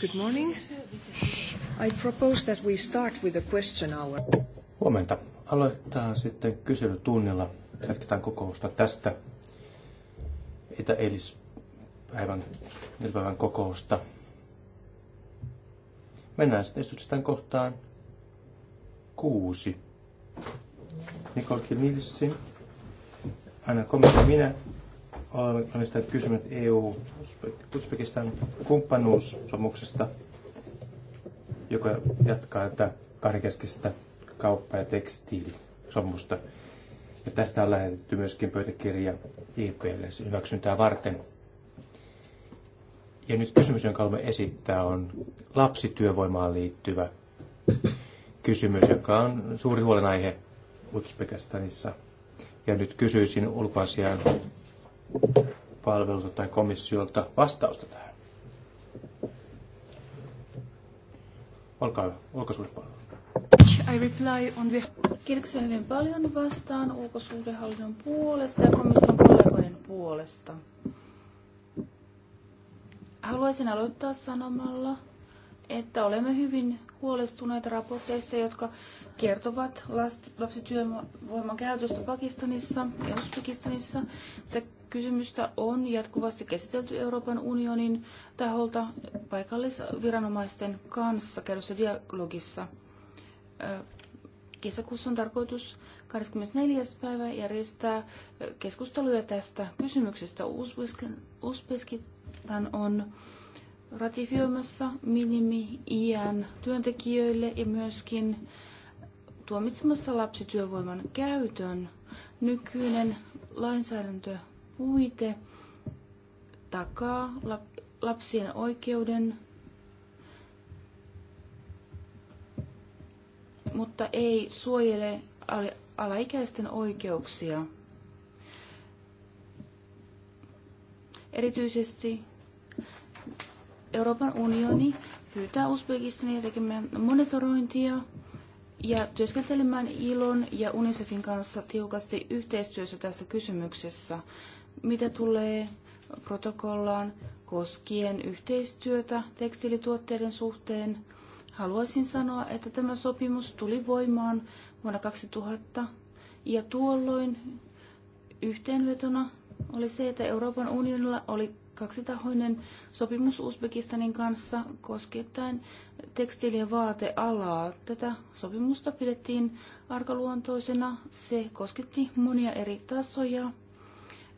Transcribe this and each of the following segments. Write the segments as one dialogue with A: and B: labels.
A: Good morning. I propose that we start with a question hour.
B: Huomenta. Aloitetaan sitten kyselytunnilla. Jatketaan kokousta tästä etäeilispäivän päivän kokousta. Mennään sitten istutetaan kohtaan kuusi. Nicole Kilmilsi, Anna Komissa minä Olenista kysynyt EU-Uzbekistan kumppanuussopimuksesta, joka jatkaa tätä kahdenkeskistä kauppa- ja tekstiilisopimusta. Ja tästä on lähetetty myöskin pöytäkirja IPL e hyväksyntää varten. Ja nyt kysymys, jonka haluamme esittää, on lapsityövoimaan liittyvä kysymys, joka on suuri huolenaihe Uzbekistanissa. Ja nyt kysyisin ulkoasian palvelulta tai komissiolta vastausta tähän. Olkaa hyvä, ulkosuudepalvelu.
C: I reply on the... Kiitoksia hyvin paljon vastaan ulkosuhdehallinnon puolesta ja komission kollegoiden puolesta. Haluaisin aloittaa sanomalla, että olemme hyvin huolestuneita raporteista, jotka kertovat lapsityövoiman käytöstä Pakistanissa ja Uzbekistanissa kysymystä on jatkuvasti käsitelty Euroopan unionin taholta paikallisviranomaisten kanssa käydyssä dialogissa. Kesäkuussa on tarkoitus 24. päivä järjestää keskusteluja tästä kysymyksestä. Uzbekistan on ratifioimassa minimi-iän työntekijöille ja myöskin tuomitsemassa lapsityövoiman käytön. Nykyinen lainsäädäntö puite takaa lapsien oikeuden, mutta ei suojele alaikäisten oikeuksia. Erityisesti Euroopan unioni pyytää Uzbekistania tekemään monitorointia ja työskentelemään ILON ja UNICEFin kanssa tiukasti yhteistyössä tässä kysymyksessä. Mitä tulee protokollaan koskien yhteistyötä tekstiilituotteiden suhteen, haluaisin sanoa, että tämä sopimus tuli voimaan vuonna 2000 ja tuolloin yhteenvetona oli se, että Euroopan unionilla oli kaksitahoinen sopimus Uzbekistanin kanssa koskettaen tekstiili- ja vaatealaa. Tätä sopimusta pidettiin arkaluontoisena. Se kosketti monia eri tasoja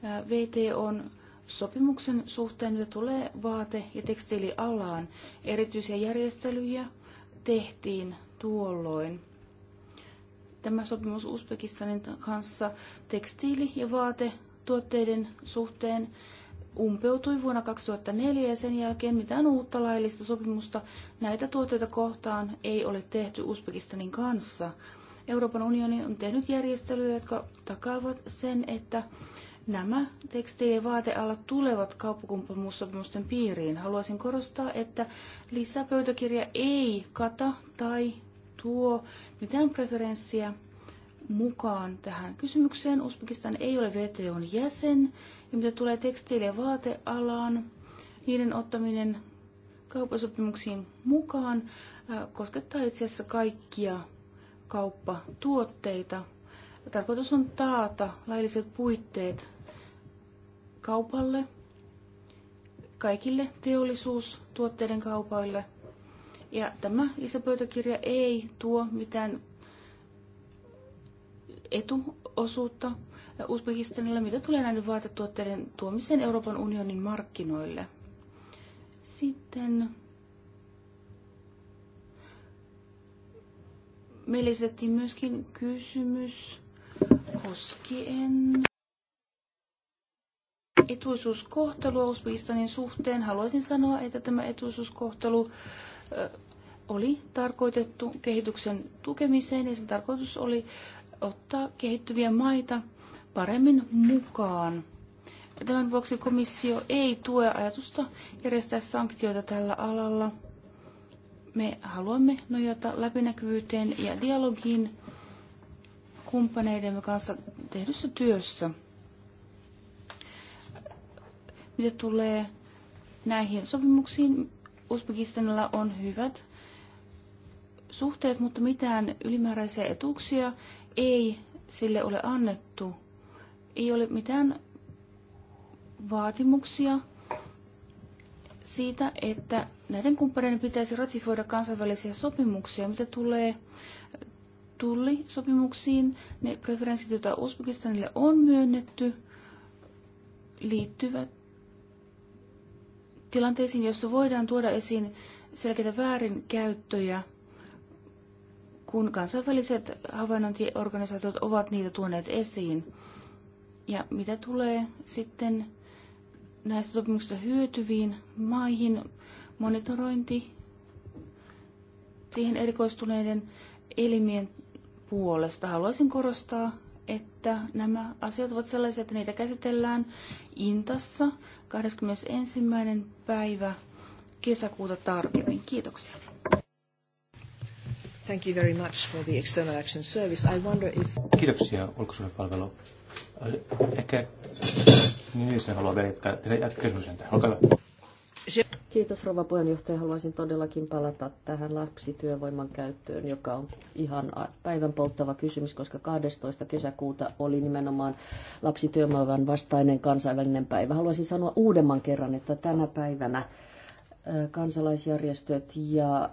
C: VTOn sopimuksen suhteen, mitä tulee vaate- ja tekstiilialaan. Erityisiä järjestelyjä tehtiin tuolloin. Tämä sopimus Uzbekistanin kanssa tekstiili- ja vaatetuotteiden suhteen umpeutui vuonna 2004 ja sen jälkeen mitään uutta laillista sopimusta näitä tuotteita kohtaan ei ole tehty Uzbekistanin kanssa. Euroopan unioni on tehnyt järjestelyjä, jotka takaavat sen, että nämä tekstejä ja vaatealat tulevat kauppakumppanuussopimusten piiriin. Haluaisin korostaa, että lisäpöytäkirja ei kata tai tuo mitään preferenssiä mukaan tähän kysymykseen. Uzbekistan ei ole VTOn jäsen ja mitä tulee tekstiili- ja vaatealaan, niiden ottaminen kauppasopimuksiin mukaan äh, koskettaa itse asiassa kaikkia kauppatuotteita. Tarkoitus on taata lailliset puitteet kaupalle, kaikille teollisuustuotteiden kaupoille. Ja tämä lisäpöytäkirja ei tuo mitään etuosuutta Uzbekistanille, mitä tulee näiden vaatetuotteiden tuomiseen Euroopan unionin markkinoille. Sitten meille esitettiin myöskin kysymys koskien etuisuuskohtelu Uzbekistanin suhteen. Haluaisin sanoa, että tämä etuisuuskohtelu oli tarkoitettu kehityksen tukemiseen ja sen tarkoitus oli ottaa kehittyviä maita paremmin mukaan. Tämän vuoksi komissio ei tue ajatusta järjestää sanktioita tällä alalla. Me haluamme nojata läpinäkyvyyteen ja dialogiin kumppaneidemme kanssa tehdyssä työssä. Mitä tulee näihin sopimuksiin, Uzbekistanilla on hyvät suhteet, mutta mitään ylimääräisiä etuuksia ei sille ole annettu. Ei ole mitään vaatimuksia siitä, että näiden kumppaneiden pitäisi ratifoida kansainvälisiä sopimuksia, mitä tulee tullisopimuksiin. Ne preferenssit, joita Uzbekistanille on myönnetty, liittyvät tilanteisiin, joissa voidaan tuoda esiin selkeitä väärinkäyttöjä, kun kansainväliset havainnointiorganisaatiot ovat niitä tuoneet esiin. Ja mitä tulee sitten näistä sopimuksista hyötyviin maihin, monitorointi siihen erikoistuneiden elimien puolesta. Haluaisin korostaa, että nämä asiat ovat sellaisia, että niitä käsitellään Intassa 21. päivä kesäkuuta tarkemmin. Kiitoksia.
A: Thank you very much for the External Action Service. I wonder if...
B: Kiitoksia ulkosuudepalvelu. Äh, ehkä Nielsen haluaa vielä tehdä kysymyksen tähän. Olkaa hyvä.
A: Kiitos rouva puheenjohtaja. Haluaisin todellakin palata tähän lapsityövoiman käyttöön, joka on ihan päivän polttava kysymys, koska 12. kesäkuuta oli nimenomaan lapsityövoiman vastainen kansainvälinen päivä. Haluaisin sanoa uudemman kerran, että tänä päivänä kansalaisjärjestöt ja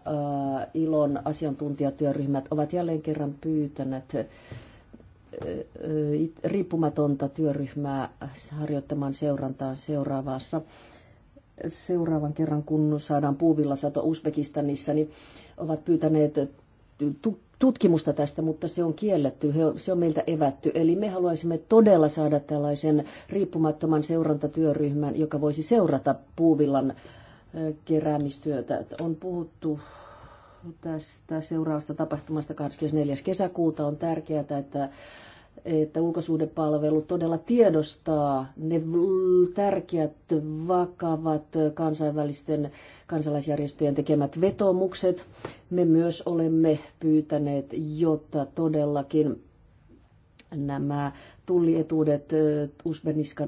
A: ILON asiantuntijatyöryhmät ovat jälleen kerran pyytäneet riippumatonta työryhmää harjoittamaan seurantaa seuraavassa seuraavan kerran, kun saadaan puuvillasato Uzbekistanissa, niin ovat pyytäneet tutkimusta tästä, mutta se on kielletty, se on meiltä evätty. Eli me haluaisimme todella saada tällaisen riippumattoman seurantatyöryhmän, joka voisi seurata puuvillan keräämistyötä. On puhuttu tästä seuraavasta tapahtumasta 24. kesäkuuta. On tärkeää, että että ulkosuhdepalvelu todella tiedostaa ne tärkeät, vakavat kansainvälisten kansalaisjärjestöjen tekemät vetomukset. Me myös olemme pyytäneet, jotta todellakin nämä tullietuudet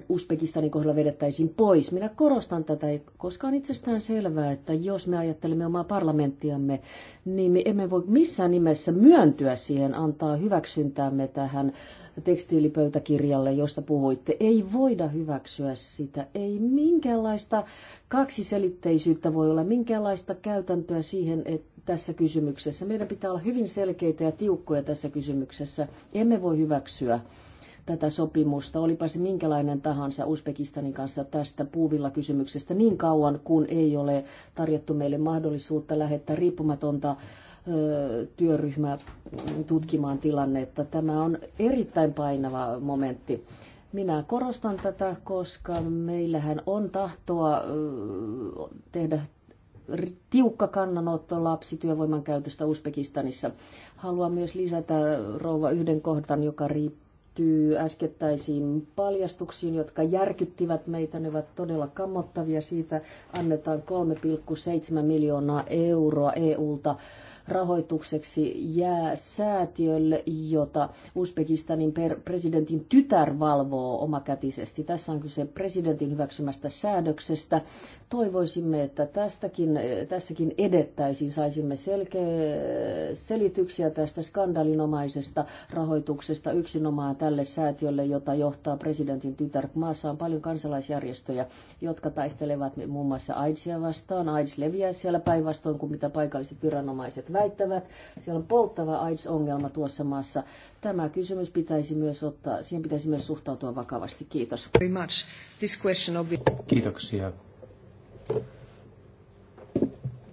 A: Uzbekistanin kohdalla vedettäisiin pois. Minä korostan tätä, koska on itsestään selvää, että jos me ajattelemme omaa parlamenttiamme, niin me emme voi missään nimessä myöntyä siihen, antaa hyväksyntäämme tähän tekstiilipöytäkirjalle, josta puhuitte. Ei voida hyväksyä sitä. Ei minkäänlaista kaksiselitteisyyttä voi olla, minkäänlaista käytäntöä siihen, että tässä kysymyksessä. Meidän pitää olla hyvin selkeitä ja tiukkoja tässä kysymyksessä. Emme voi hyväksyä tätä sopimusta, olipa se minkälainen tahansa Uzbekistanin kanssa tästä puuvilla kysymyksestä niin kauan, kun ei ole tarjottu meille mahdollisuutta lähettää riippumatonta työryhmä tutkimaan tilannetta. Tämä on erittäin painava momentti. Minä korostan tätä, koska meillähän on tahtoa tehdä tiukka kannanotto lapsityövoiman käytöstä Uzbekistanissa. Haluan myös lisätä rouva yhden kohdan, joka riittyy äskettäisiin paljastuksiin, jotka järkyttivät meitä. Ne ovat todella kammottavia. Siitä annetaan 3,7 miljoonaa euroa EU-ta rahoitukseksi jää säätiölle, jota Uzbekistanin presidentin tytär valvoo omakätisesti. Tässä on kyse presidentin hyväksymästä säädöksestä. Toivoisimme, että tästäkin, tässäkin edettäisiin, saisimme selkeä selityksiä tästä skandalinomaisesta rahoituksesta yksinomaan tälle säätiölle, jota johtaa presidentin tytär. Maassa on paljon kansalaisjärjestöjä, jotka taistelevat muun muassa AIDSia vastaan. AIDS leviää siellä päinvastoin kuin mitä paikalliset viranomaiset väittävät. Siellä on polttava AIDS-ongelma tuossa maassa. Tämä kysymys pitäisi myös ottaa, siihen pitäisi myös suhtautua vakavasti. Kiitos.
B: Kiitoksia.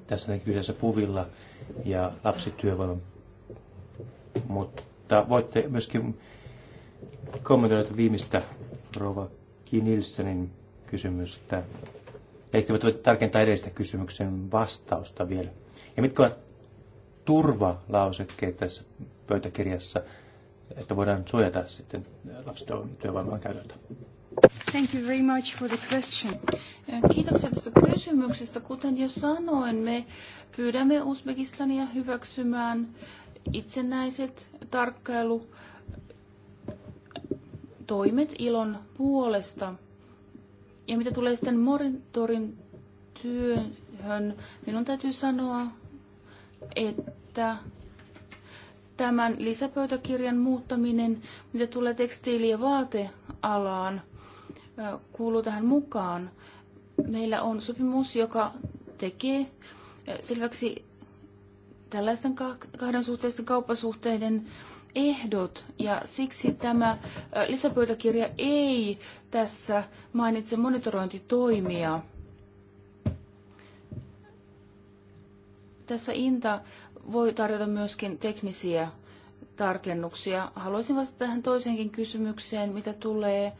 B: Tässä näkyy yhdessä puvilla ja lapsityövoiman. Mutta voitte myöskin kommentoida viimeistä rouva Kinilsenin kysymystä. Ehkä voitte tarkentaa edellistä kysymyksen vastausta vielä. Ja mitkä ovat turvalausekkeet tässä pöytäkirjassa, että voidaan suojata sitten lapsityövoiman käytöltä? Thank you
C: very much for the question. Kiitoksia tästä kysymyksestä. Kuten jo sanoin, me pyydämme Uzbekistania hyväksymään itsenäiset tarkkailu toimet ilon puolesta. Ja mitä tulee sitten monitorin työhön, minun täytyy sanoa, että että tämän lisäpöytäkirjan muuttaminen, mitä tulee tekstiili- ja vaatealaan, kuuluu tähän mukaan. Meillä on sopimus, joka tekee selväksi tällaisten kahden suhteisten kauppasuhteiden ehdot ja siksi tämä lisäpöytäkirja ei tässä mainitse monitorointitoimia. Tässä Inta voi tarjota myöskin teknisiä tarkennuksia. Haluaisin vastata tähän toiseenkin kysymykseen, mitä tulee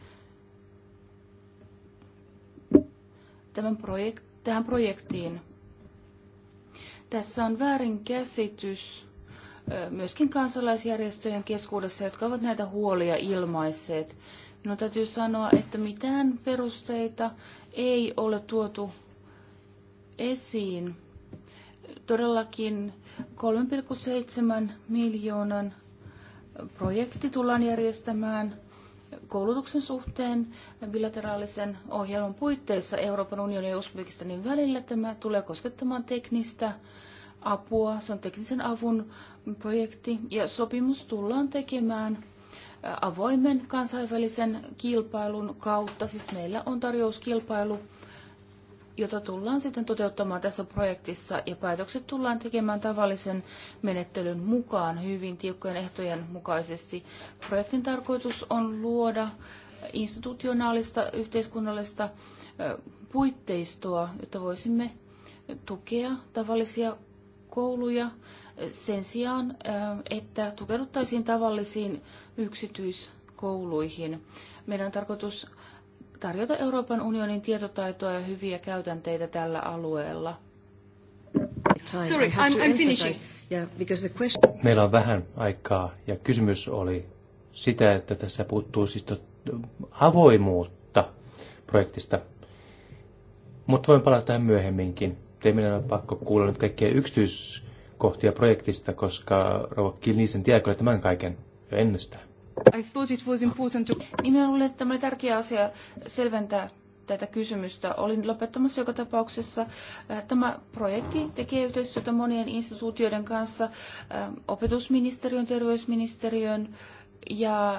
C: tämän projek- tähän projektiin. Tässä on väärinkäsitys myöskin kansalaisjärjestöjen keskuudessa, jotka ovat näitä huolia ilmaisseet. Minun täytyy sanoa, että mitään perusteita ei ole tuotu esiin. Todellakin 3,7 miljoonan projekti tullaan järjestämään koulutuksen suhteen bilateraalisen ohjelman puitteissa Euroopan unionin ja Uzbekistanin välillä. Tämä tulee koskettamaan teknistä apua, se on teknisen avun projekti ja sopimus tullaan tekemään avoimen kansainvälisen kilpailun kautta. Siis meillä on tarjouskilpailu jota tullaan sitten toteuttamaan tässä projektissa ja päätökset tullaan tekemään tavallisen menettelyn mukaan hyvin tiukkojen ehtojen mukaisesti. Projektin tarkoitus on luoda institutionaalista yhteiskunnallista puitteistoa, jotta voisimme tukea tavallisia kouluja sen sijaan, että tukeuduttaisiin tavallisiin yksityiskouluihin. Meidän on tarkoitus tarjota Euroopan unionin tietotaitoa ja hyviä käytänteitä tällä alueella.
A: Sorry, I'm, I'm finishing. Yeah, because the question...
B: Meillä on vähän aikaa ja kysymys oli sitä, että tässä puuttuu siis avoimuutta projektista. Mutta voin palata tähän myöhemminkin. Teidän on pakko kuulla nyt kaikkia yksityiskohtia projektista, koska Rova Kilnisen tietää kyllä tämän kaiken jo ennestään.
C: I thought it was important to... Niin minä luulen, että tämä oli tärkeä asia selventää tätä kysymystä. Olin lopettamassa joka tapauksessa. Äh, tämä projekti tekee yhteistyötä monien instituutioiden kanssa, äh, opetusministeriön, terveysministeriön ja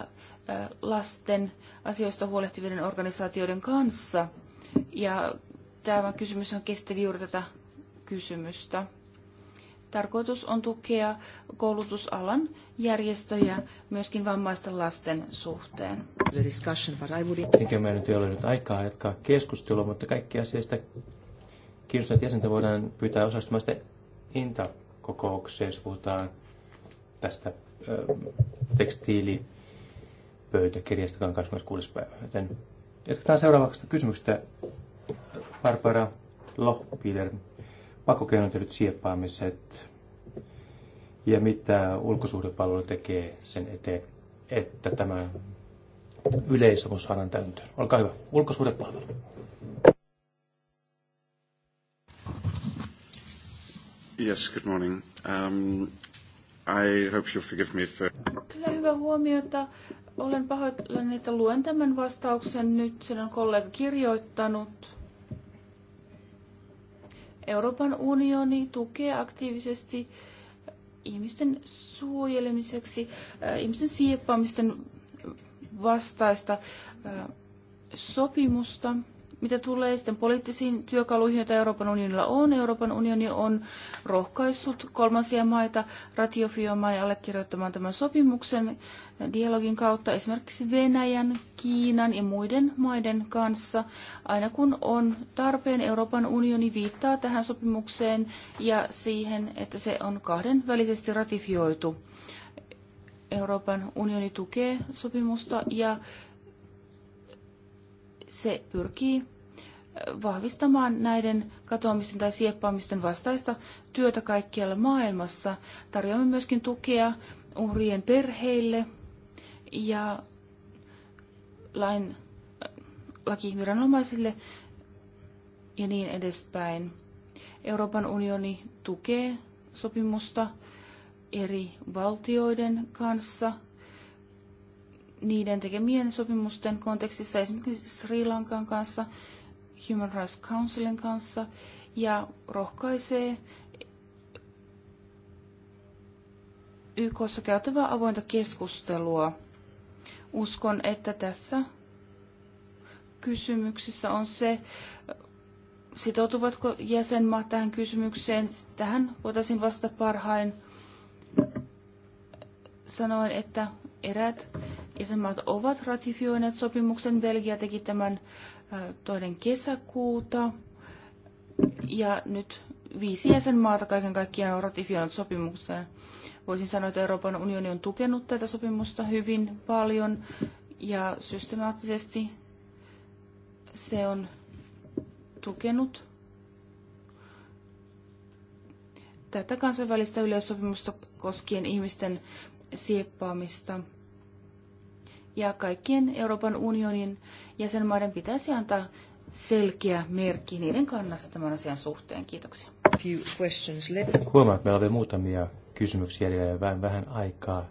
C: äh, lasten asioista huolehtivien organisaatioiden kanssa. Ja tämä kysymys on kesteli juuri tätä kysymystä. Tarkoitus on tukea koulutusalan järjestöjä myöskin vammaisten lasten suhteen.
B: Eikä meillä nyt ei ole nyt aikaa jatkaa keskustelua, mutta kaikki asiasta kiinnostuneet jäsentä voidaan pyytää osallistumaan inta intakokoukseen, jos puhutaan tästä tekstiilipöytäkirjasta, tekstiili joka on 26. päivä. Joten jatketaan seuraavaksi kysymyksestä Barbara Lohpiler pakokeinotellut sieppaamiset ja mitä ulkosuhdepalvelu tekee sen eteen, että tämä yleisomus saadaan täyntöön. Olkaa hyvä, ulkosuhdepalvelu.
A: Yes, good morning. Um, I hope you'll forgive me for...
C: Kyllä hyvä huomiota. Olen pahoillani, että luen tämän vastauksen nyt. Sen on kollega kirjoittanut. Euroopan unioni tukee aktiivisesti eh, ihmisten suojelemiseksi, eh, ihmisten sieppaamisten vastaista eh, sopimusta. Mitä tulee sitten poliittisiin työkaluihin, joita Euroopan unionilla on, Euroopan unioni on rohkaissut kolmansia maita ratifioimaan ja allekirjoittamaan tämän sopimuksen dialogin kautta esimerkiksi Venäjän, Kiinan ja muiden maiden kanssa. Aina kun on tarpeen, Euroopan unioni viittaa tähän sopimukseen ja siihen, että se on kahden välisesti ratifioitu. Euroopan unioni tukee sopimusta ja se pyrkii vahvistamaan näiden katoamisten tai sieppaamisten vastaista työtä kaikkialla maailmassa. Tarjoamme myöskin tukea uhrien perheille ja lain, lakiviranomaisille ja niin edespäin. Euroopan unioni tukee sopimusta eri valtioiden kanssa – niiden tekemien sopimusten kontekstissa esimerkiksi Sri Lankan kanssa, Human Rights Councilin kanssa ja rohkaisee YKssa käytävää avointa keskustelua. Uskon, että tässä kysymyksessä on se, sitoutuvatko jäsenmaat tähän kysymykseen. Tähän voitaisiin vasta parhain sanoin, että Erät jäsenmaat ovat ratifioineet sopimuksen. Belgia teki tämän toinen kesäkuuta. Ja nyt viisi jäsenmaata kaiken kaikkiaan on ratifioinut sopimuksen. Voisin sanoa, että Euroopan unioni on tukenut tätä sopimusta hyvin paljon ja systemaattisesti se on tukenut tätä kansainvälistä yleissopimusta koskien ihmisten sieppaamista – ja kaikkien Euroopan unionin jäsenmaiden pitäisi antaa selkeä merkki niiden kannassa tämän asian suhteen. Kiitoksia.
B: Huomaa, että meillä on vielä muutamia kysymyksiä jäljellä ja vähän, vähän aikaa.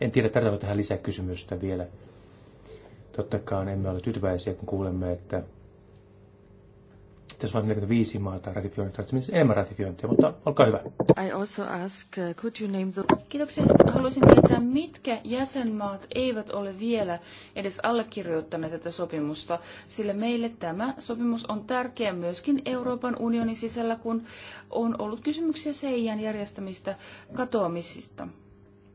B: En tiedä, tarvitaanko tähän lisäkysymystä vielä. Totta kai emme ole tyytyväisiä, kun kuulemme, että tässä on 45 maata ratifiointia, enemmän ratifiointia, mutta olkaa hyvä.
C: I also ask, uh, could you name the... Kiitoksia. Haluaisin tietää, mitkä jäsenmaat eivät ole vielä edes allekirjoittaneet tätä sopimusta, sillä meille tämä sopimus on tärkeä myöskin Euroopan unionin sisällä, kun on ollut kysymyksiä CIAn järjestämistä katoamisista.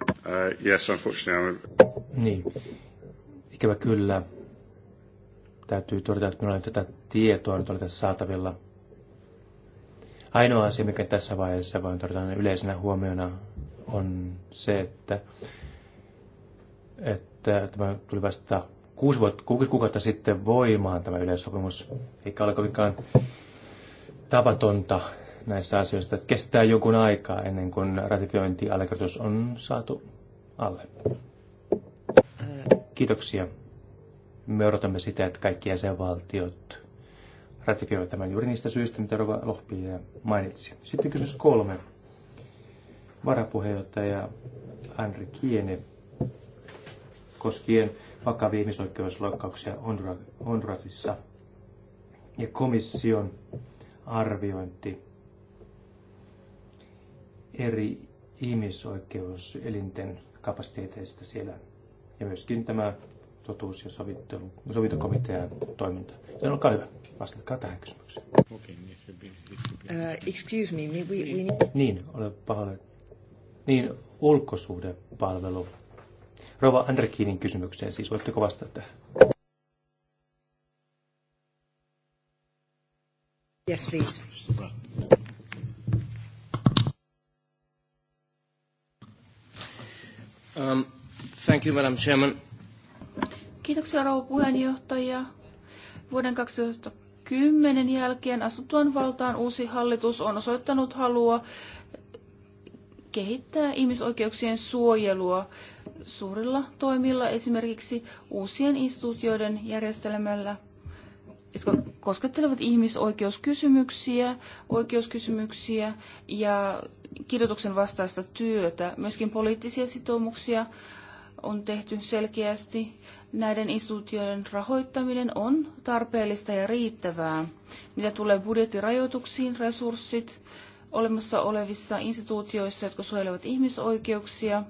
B: Uh, yes,
A: unfortunately.
B: I'm... Niin, ikävä kyllä. Täytyy todeta, että minulla ei tätä tietoa nyt ole tässä saatavilla. Ainoa asia, mikä tässä vaiheessa voin todeta yleisenä huomiona, on se, että, että tämä tuli vasta kuusi, vuotta, kuusi kuukautta sitten voimaan tämä yleissopimus, eikä ole kovinkaan tavatonta näissä asioissa, että kestää jonkun aikaa ennen kuin ratifiointiallekirjoitus on saatu alle. Kiitoksia me odotamme sitä, että kaikki jäsenvaltiot ratifioivat tämän juuri niistä syistä, mitä Rova lohpi mainitsi. Sitten kysymys kolme. Varapuheenjohtaja Andri Kiene koskien vakavia ihmisoikeusloukkauksia Hondurasissa ja komission arviointi eri ihmisoikeuselinten kapasiteeteista siellä ja myöskin tämä totuus- ja sovittelu, sovintokomitean toiminta. Se olkaa hyvä. Vastatkaa tähän kysymykseen. Okay, uh,
A: niin äh, excuse me, we, we niin.
B: need... Niin, ole pahalle Niin, ulkosuhdepalvelu. Rova Andrekinin kysymykseen siis, voitteko vastata tähän? Yes, please.
C: Um, thank you, Madam Chairman. Kiitoksia rouva puheenjohtaja. Vuoden 2010 jälkeen asuttuaan valtaan uusi hallitus on osoittanut halua kehittää ihmisoikeuksien suojelua suurilla toimilla, esimerkiksi uusien instituutioiden järjestelmällä, jotka koskettelevat ihmisoikeuskysymyksiä, oikeuskysymyksiä ja kirjoituksen vastaista työtä, myöskin poliittisia sitoumuksia on tehty selkeästi. Näiden instituutioiden rahoittaminen on tarpeellista ja riittävää. Mitä tulee budjettirajoituksiin, resurssit olemassa olevissa instituutioissa, jotka suojelevat ihmisoikeuksia,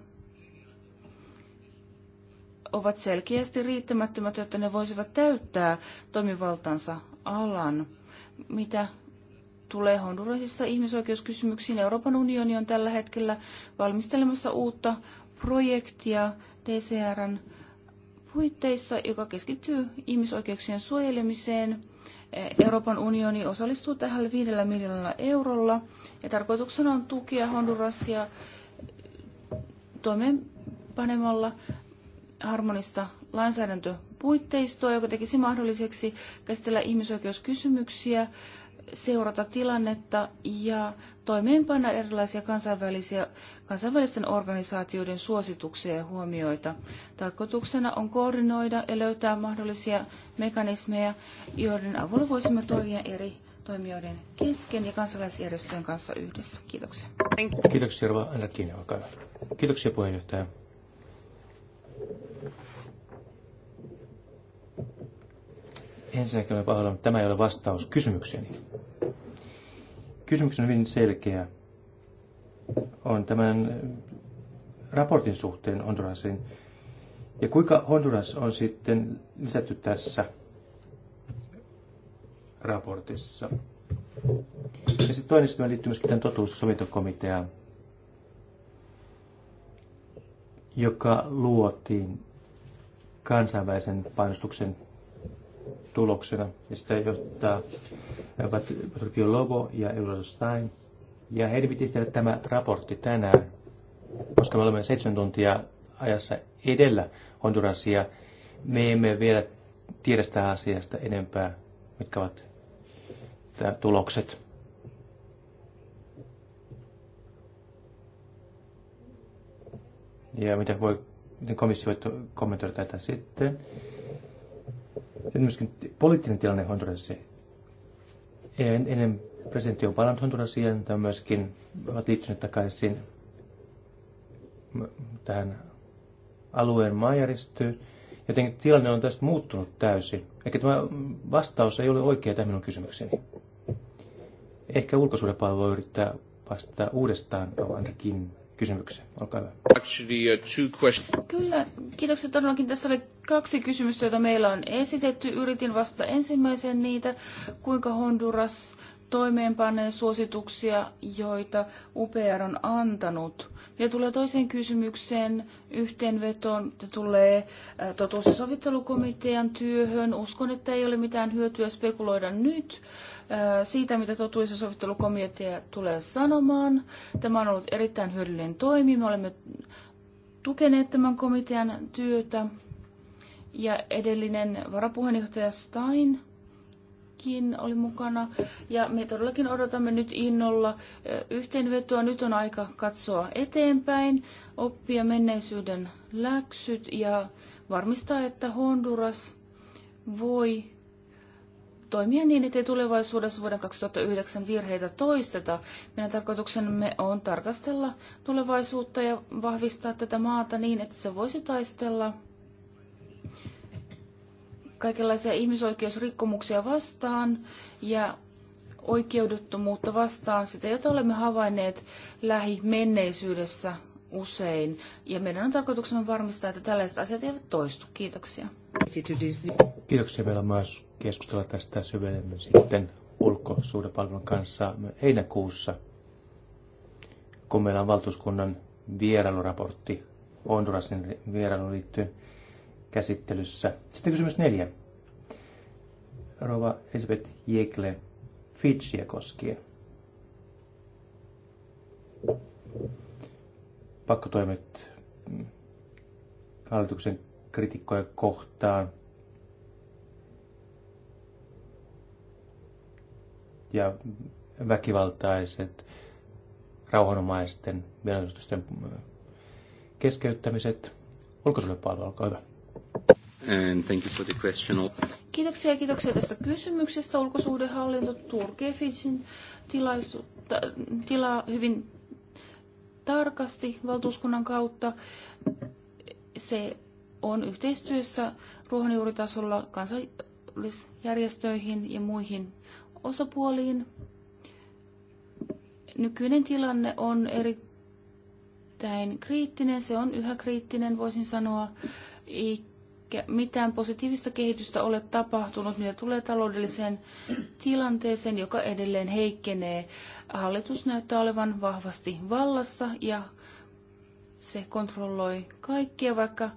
C: ovat selkeästi riittämättömät, jotta ne voisivat täyttää toimivaltansa alan. Mitä tulee Hondurasissa ihmisoikeuskysymyksiin, Euroopan unioni on tällä hetkellä valmistelemassa uutta projektia DCRn puitteissa, joka keskittyy ihmisoikeuksien suojelemiseen. Euroopan unioni osallistuu tähän viidellä miljoonalla eurolla ja tarkoituksena on tukea Hondurasia toimeenpanemalla harmonista lainsäädäntöpuitteistoa, joka tekisi mahdolliseksi käsitellä ihmisoikeuskysymyksiä seurata tilannetta ja toimeenpanna erilaisia kansainvälisiä, kansainvälisten organisaatioiden suosituksia ja huomioita. Tarkoituksena on koordinoida ja löytää mahdollisia mekanismeja, joiden avulla voisimme toimia eri toimijoiden kesken ja kansalaisjärjestöjen kanssa yhdessä. Kiitoksia.
B: Kiitoksia, Rova Anna Kiina, olkaa hyvä. Kiitoksia puheenjohtaja. Ensinnäkin olen pahoillani, tämä ei ole vastaus kysymykseeni. Kysymys on hyvin selkeä. On tämän raportin suhteen Hondurasin. Ja kuinka Honduras on sitten lisätty tässä raportissa? Ja sitten toinen sitten liittyy myöskin tämän totuus- ja joka luotiin kansainvälisen painostuksen tuloksena. Ja sitä johtaa Patrikio Lobo ja Eulal Stein. Ja heidän piti tehdä tämä raportti tänään, koska me olemme seitsemän tuntia ajassa edellä Hondurasia. Me emme vielä tiedä sitä asiasta enempää, mitkä ovat tulokset. Ja mitä voi, niin komissio voi kommentoida tätä sitten. Ja myöskin poliittinen tilanne Hondurasissa. En, ennen presidentti on palannut Hondurasia, mutta myöskin ovat liittyneet takaisin tähän alueen maanjäristöön. Jotenkin tilanne on tästä muuttunut täysin. Ehkä tämä vastaus ei ole oikea tähän minun kysymykseni. Ehkä ulkosuudepalvelu yrittää vastata uudestaan Andrikin kysymykseen. Olkaa hyvä. Uh, Kyllä,
C: kiitoksia todellakin. Tässä oli kaksi kysymystä, joita meillä on esitetty. Yritin vasta ensimmäisen niitä, kuinka Honduras toimeenpanee suosituksia, joita UPR on antanut. Ja tulee toiseen kysymykseen, yhteenvetoon, että tulee totuus- ja sovittelukomitean työhön. Uskon, että ei ole mitään hyötyä spekuloida nyt, siitä, mitä totuus- ja sovittelukomitea tulee sanomaan. Tämä on ollut erittäin hyödyllinen toimi. Me olemme tukeneet tämän komitean työtä. Ja edellinen varapuheenjohtaja Steinkin oli mukana. Ja me todellakin odotamme nyt innolla yhteenvetoa. Nyt on aika katsoa eteenpäin, oppia menneisyyden läksyt ja varmistaa, että Honduras voi toimia niin, ettei tulevaisuudessa vuoden 2009 virheitä toisteta. Meidän tarkoituksemme on tarkastella tulevaisuutta ja vahvistaa tätä maata niin, että se voisi taistella kaikenlaisia ihmisoikeusrikkomuksia vastaan ja oikeudettomuutta vastaan, sitä jota olemme havainneet lähimenneisyydessä usein. Ja meidän on tarkoituksena varmistaa, että tällaiset asiat eivät toistu. Kiitoksia.
B: Kiitoksia vielä myös keskustella tästä syvemmin sitten ulkosuhdepalvelun kanssa heinäkuussa, kun meillä on valtuuskunnan vierailuraportti Hondurasin vierailuun liittyen käsittelyssä. Sitten kysymys neljä. Rova Elisabeth Jekle Fitchia koskien. Pakkotoimet hallituksen kritikkoja kohtaan – ja väkivaltaiset rauhanomaisten mielenosoitusten äh, keskeyttämiset. palvelu, olkaa hyvä. And thank you for the question.
C: Kiitoksia ja kiitoksia tästä kysymyksestä. Ulkosuhdehallinto turkee Fidjin tilaa hyvin tarkasti valtuuskunnan kautta. Se on yhteistyössä ruohonjuuritasolla kansallisjärjestöihin ja muihin osapuoliin. Nykyinen tilanne on erittäin kriittinen, se on yhä kriittinen, voisin sanoa, eikä mitään positiivista kehitystä ole tapahtunut, mitä tulee taloudelliseen tilanteeseen, joka edelleen heikkenee. Hallitus näyttää olevan vahvasti vallassa ja se kontrolloi kaikkia, vaikka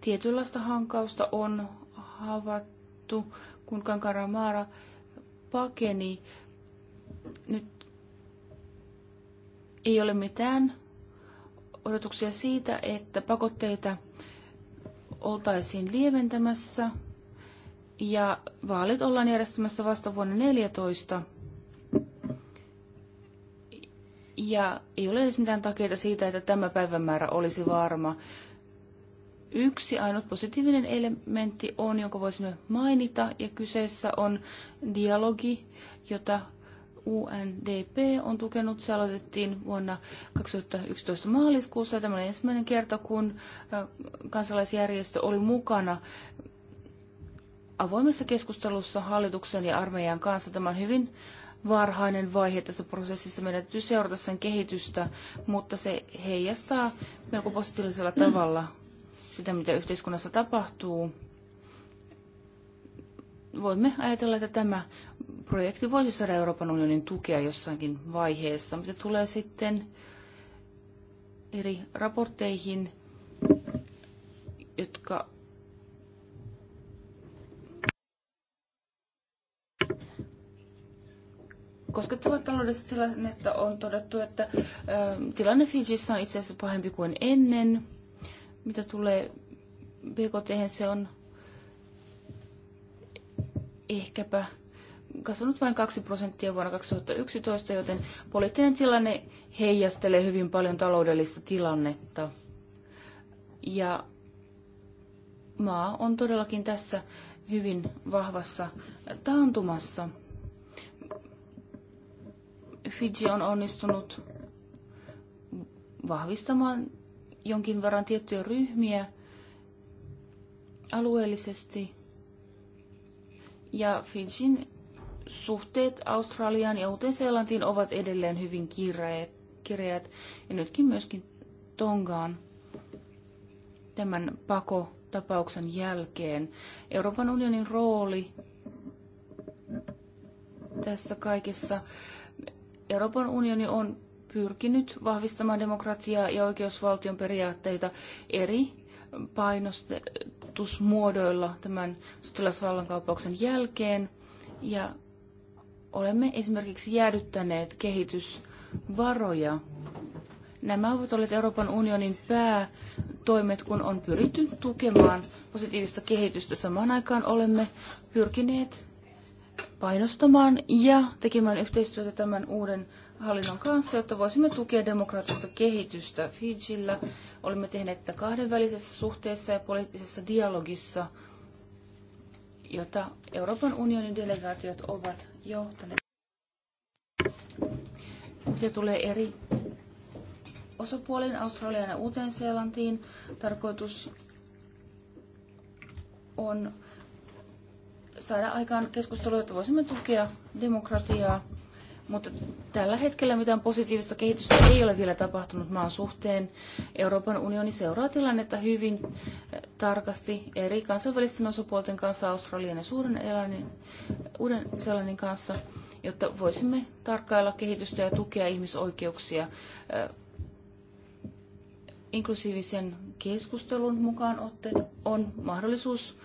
C: tietynlaista hankausta on havaittu, kun Kankaramaara pakeni. Nyt ei ole mitään odotuksia siitä, että pakotteita oltaisiin lieventämässä ja vaalit ollaan järjestämässä vasta vuonna 2014. Ja ei ole edes mitään takeita siitä, että tämä päivämäärä olisi varma yksi ainut positiivinen elementti on, jonka voisimme mainita, ja kyseessä on dialogi, jota UNDP on tukenut. Se aloitettiin vuonna 2011 maaliskuussa. Ja tämä oli ensimmäinen kerta, kun kansalaisjärjestö oli mukana avoimessa keskustelussa hallituksen ja armeijan kanssa. Tämä on hyvin varhainen vaihe tässä prosessissa. Meidän täytyy seurata sen kehitystä, mutta se heijastaa melko positiivisella tavalla sitä, mitä yhteiskunnassa tapahtuu, voimme ajatella, että tämä projekti voisi saada Euroopan unionin tukea jossakin vaiheessa, mitä tulee sitten eri raportteihin, jotka koskettavat taloudellista tilannetta on todettu, että ähm, tilanne Fijissä on itse asiassa pahempi kuin ennen. Mitä tulee BKT, se on ehkäpä kasvanut vain 2 prosenttia vuonna 2011, joten poliittinen tilanne heijastelee hyvin paljon taloudellista tilannetta. Ja maa on todellakin tässä hyvin vahvassa taantumassa. Fiji on onnistunut vahvistamaan jonkin verran tiettyjä ryhmiä alueellisesti. Ja Finchin suhteet Australiaan ja Uuteen-Seelantiin ovat edelleen hyvin kireät ja nytkin myöskin Tongaan tämän pakotapauksen jälkeen. Euroopan unionin rooli tässä kaikessa. Euroopan unioni on pyrkinyt vahvistamaan demokratiaa ja oikeusvaltion periaatteita eri painostusmuodoilla tämän sotilasvallankaupauksen jälkeen. Ja olemme esimerkiksi jäädyttäneet kehitysvaroja. Nämä ovat olleet Euroopan unionin päätoimet, kun on pyritty tukemaan positiivista kehitystä. Samaan aikaan olemme pyrkineet painostamaan ja tekemään yhteistyötä tämän uuden hallinnon kanssa, jotta voisimme tukea demokraattista kehitystä Fijillä. Olimme tehneet tätä kahdenvälisessä suhteessa ja poliittisessa dialogissa, jota Euroopan unionin delegaatiot ovat johtaneet. Mitä tulee eri osapuoliin, Australian ja Uuteen-Seelantiin, tarkoitus on saada aikaan keskustelua, että voisimme tukea demokratiaa mutta tällä hetkellä mitään positiivista kehitystä ei ole vielä tapahtunut maan suhteen. Euroopan unioni seuraa tilannetta hyvin eh, tarkasti eri kansainvälisten osapuolten kanssa, Australian ja Suuren Elänin, Uuden Seelannin kanssa, jotta voisimme tarkkailla kehitystä ja tukea ihmisoikeuksia eh, inklusiivisen keskustelun mukaan otte, on mahdollisuus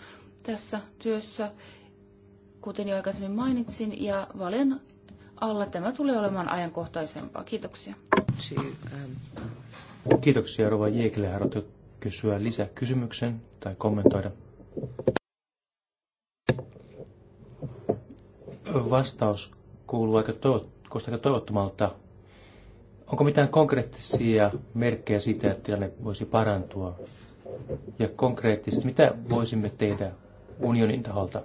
C: tässä työssä, kuten jo aikaisemmin mainitsin, ja valen alla tämä tulee olemaan ajankohtaisempaa. Kiitoksia.
B: Ähm. Kiitoksia Rova Jekille. Haluatko kysyä lisäkysymyksen tai kommentoida? Vastaus kuuluu aika, toivot- aika toivottomalta. Onko mitään konkreettisia merkkejä siitä, että tilanne voisi parantua? Ja konkreettisesti, mitä voisimme tehdä unionin taholta?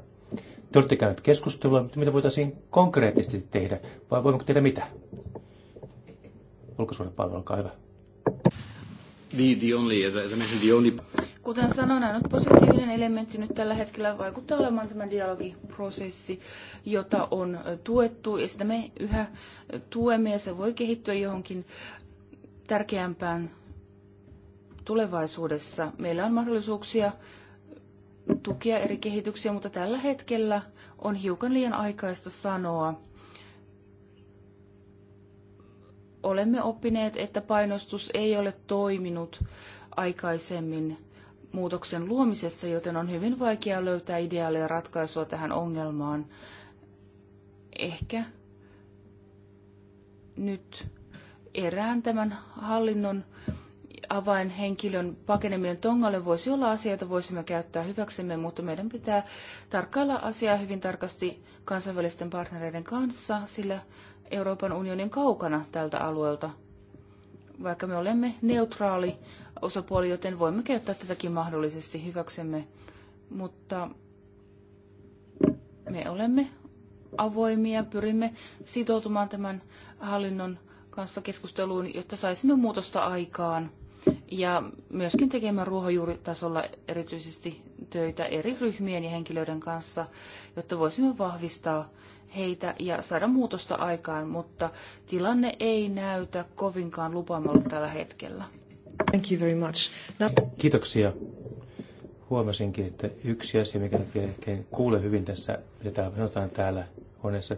B: Te olette käyneet keskustelua, mutta mitä voitaisiin konkreettisesti tehdä, vai voimmeko tehdä mitä? palvelu, olkaa hyvä. The, the only, as I mentioned, the only...
C: Kuten sanoin, ainut positiivinen elementti nyt tällä hetkellä vaikuttaa olemaan tämä dialogiprosessi, jota on tuettu ja sitä me yhä tuemme ja se voi kehittyä johonkin tärkeämpään tulevaisuudessa. Meillä on mahdollisuuksia tukea eri kehityksiä, mutta tällä hetkellä on hiukan liian aikaista sanoa. Olemme oppineet, että painostus ei ole toiminut aikaisemmin muutoksen luomisessa, joten on hyvin vaikea löytää ideaaleja ratkaisua tähän ongelmaan. Ehkä nyt erään tämän hallinnon avainhenkilön pakeneminen Tongalle voisi olla asia, jota voisimme käyttää hyväksemme, mutta meidän pitää tarkkailla asiaa hyvin tarkasti kansainvälisten partnereiden kanssa, sillä Euroopan unionin kaukana tältä alueelta. Vaikka me olemme neutraali osapuoli, joten voimme käyttää tätäkin mahdollisesti hyväksemme, mutta me olemme avoimia, pyrimme sitoutumaan tämän hallinnon kanssa keskusteluun, jotta saisimme muutosta aikaan ja myöskin tekemään ruohonjuuritasolla erityisesti töitä eri ryhmien ja henkilöiden kanssa, jotta voisimme vahvistaa heitä ja saada muutosta aikaan, mutta tilanne ei näytä kovinkaan lupaamalta tällä hetkellä.
B: Thank you very much. Now... Kiitoksia. Huomasinkin, että yksi asia, mikä en kuule hyvin tässä, mitä täällä sanotaan täällä huoneessa,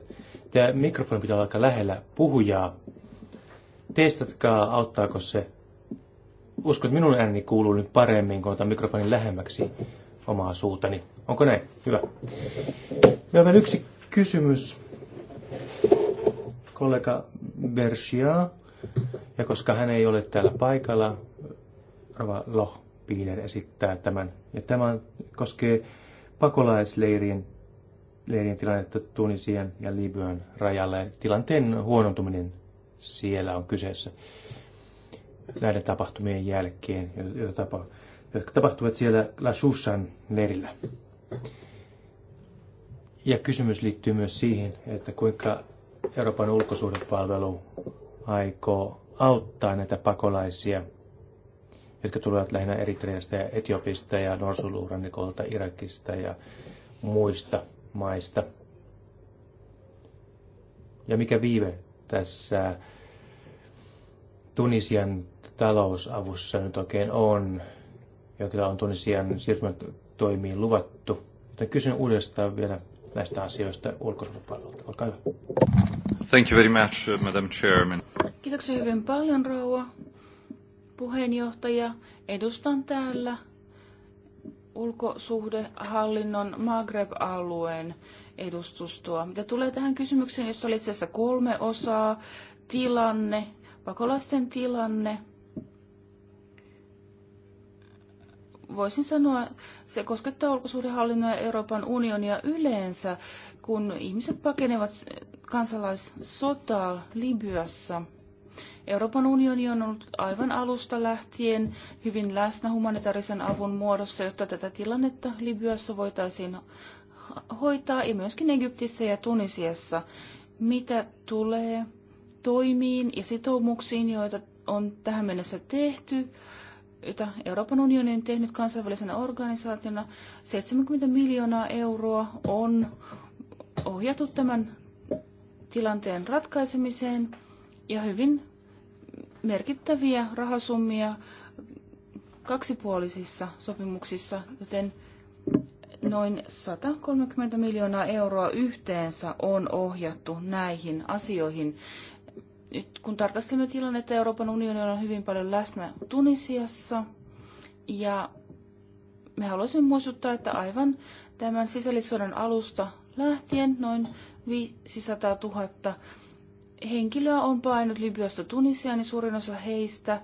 B: tämä mikrofoni pitää olla aika lähellä puhujaa. Testatkaa, auttaako se uskon, että minun ääni kuuluu nyt paremmin, kun otan mikrofonin lähemmäksi omaa suutani. Onko näin? Hyvä. Meillä on yksi kysymys. Kollega Bersia, ja koska hän ei ole täällä paikalla, Rova Piiner esittää tämän. Ja tämä koskee pakolaisleirien leirien tilannetta Tunisian ja Libyan rajalle Tilanteen huonontuminen siellä on kyseessä näiden tapahtumien jälkeen, jotka tapahtuivat siellä Lasussan merillä. Ja kysymys liittyy myös siihen, että kuinka Euroopan ulkosuhdepalvelu aikoo auttaa näitä pakolaisia, jotka tulevat lähinnä Eritreasta ja Etiopista ja Norsuluurannikolta, Irakista ja muista maista. Ja mikä viive tässä Tunisian talousavussa nyt oikein on, jota on Tunisian siirtymätoimiin luvattu. Joten kysyn uudestaan vielä näistä asioista ulkosuhdepalvelta. Olkaa hyvä. Thank you very much, uh, Madam Chairman.
C: Kiitoksia hyvin paljon, rouva puheenjohtaja. Edustan täällä ulkosuhdehallinnon Maghreb-alueen edustustoa. Mitä tulee tähän kysymykseen, jossa oli itse asiassa kolme osaa, tilanne, pakolaisten tilanne, voisin sanoa, se koskettaa ulkosuhdehallinnon ja Euroopan unionia yleensä, kun ihmiset pakenevat kansalaissotaa Libyassa. Euroopan unioni on ollut aivan alusta lähtien hyvin läsnä humanitaarisen avun muodossa, jotta tätä tilannetta Libyassa voitaisiin hoitaa ja myöskin Egyptissä ja Tunisiassa. Mitä tulee toimiin ja sitoumuksiin, joita on tähän mennessä tehty, jota Euroopan unioni on tehnyt kansainvälisenä organisaationa. 70 miljoonaa euroa on ohjattu tämän tilanteen ratkaisemiseen ja hyvin merkittäviä rahasummia kaksipuolisissa sopimuksissa, joten noin 130 miljoonaa euroa yhteensä on ohjattu näihin asioihin nyt kun tarkastelemme tilannetta, Euroopan unioni on hyvin paljon läsnä Tunisiassa ja me haluaisimme muistuttaa, että aivan tämän sisällissodan alusta lähtien noin 500 000 henkilöä on painut Libyasta Tunisiaan niin ja suurin osa heistä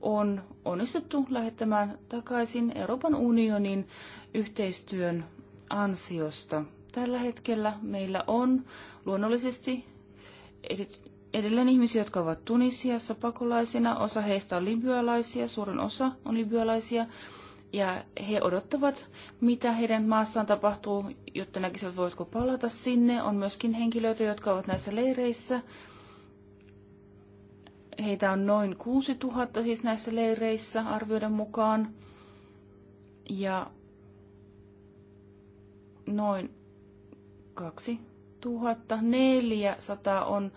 C: on onnistuttu lähettämään takaisin Euroopan unionin yhteistyön ansiosta. Tällä hetkellä meillä on luonnollisesti edelleen ihmisiä, jotka ovat Tunisiassa pakolaisina. Osa heistä on libyalaisia, suurin osa on libyalaisia. Ja he odottavat, mitä heidän maassaan tapahtuu, jotta näkisivät, voitko palata sinne. On myöskin henkilöitä, jotka ovat näissä leireissä. Heitä on noin 6000 siis näissä leireissä arvioiden mukaan. Ja noin 2400 on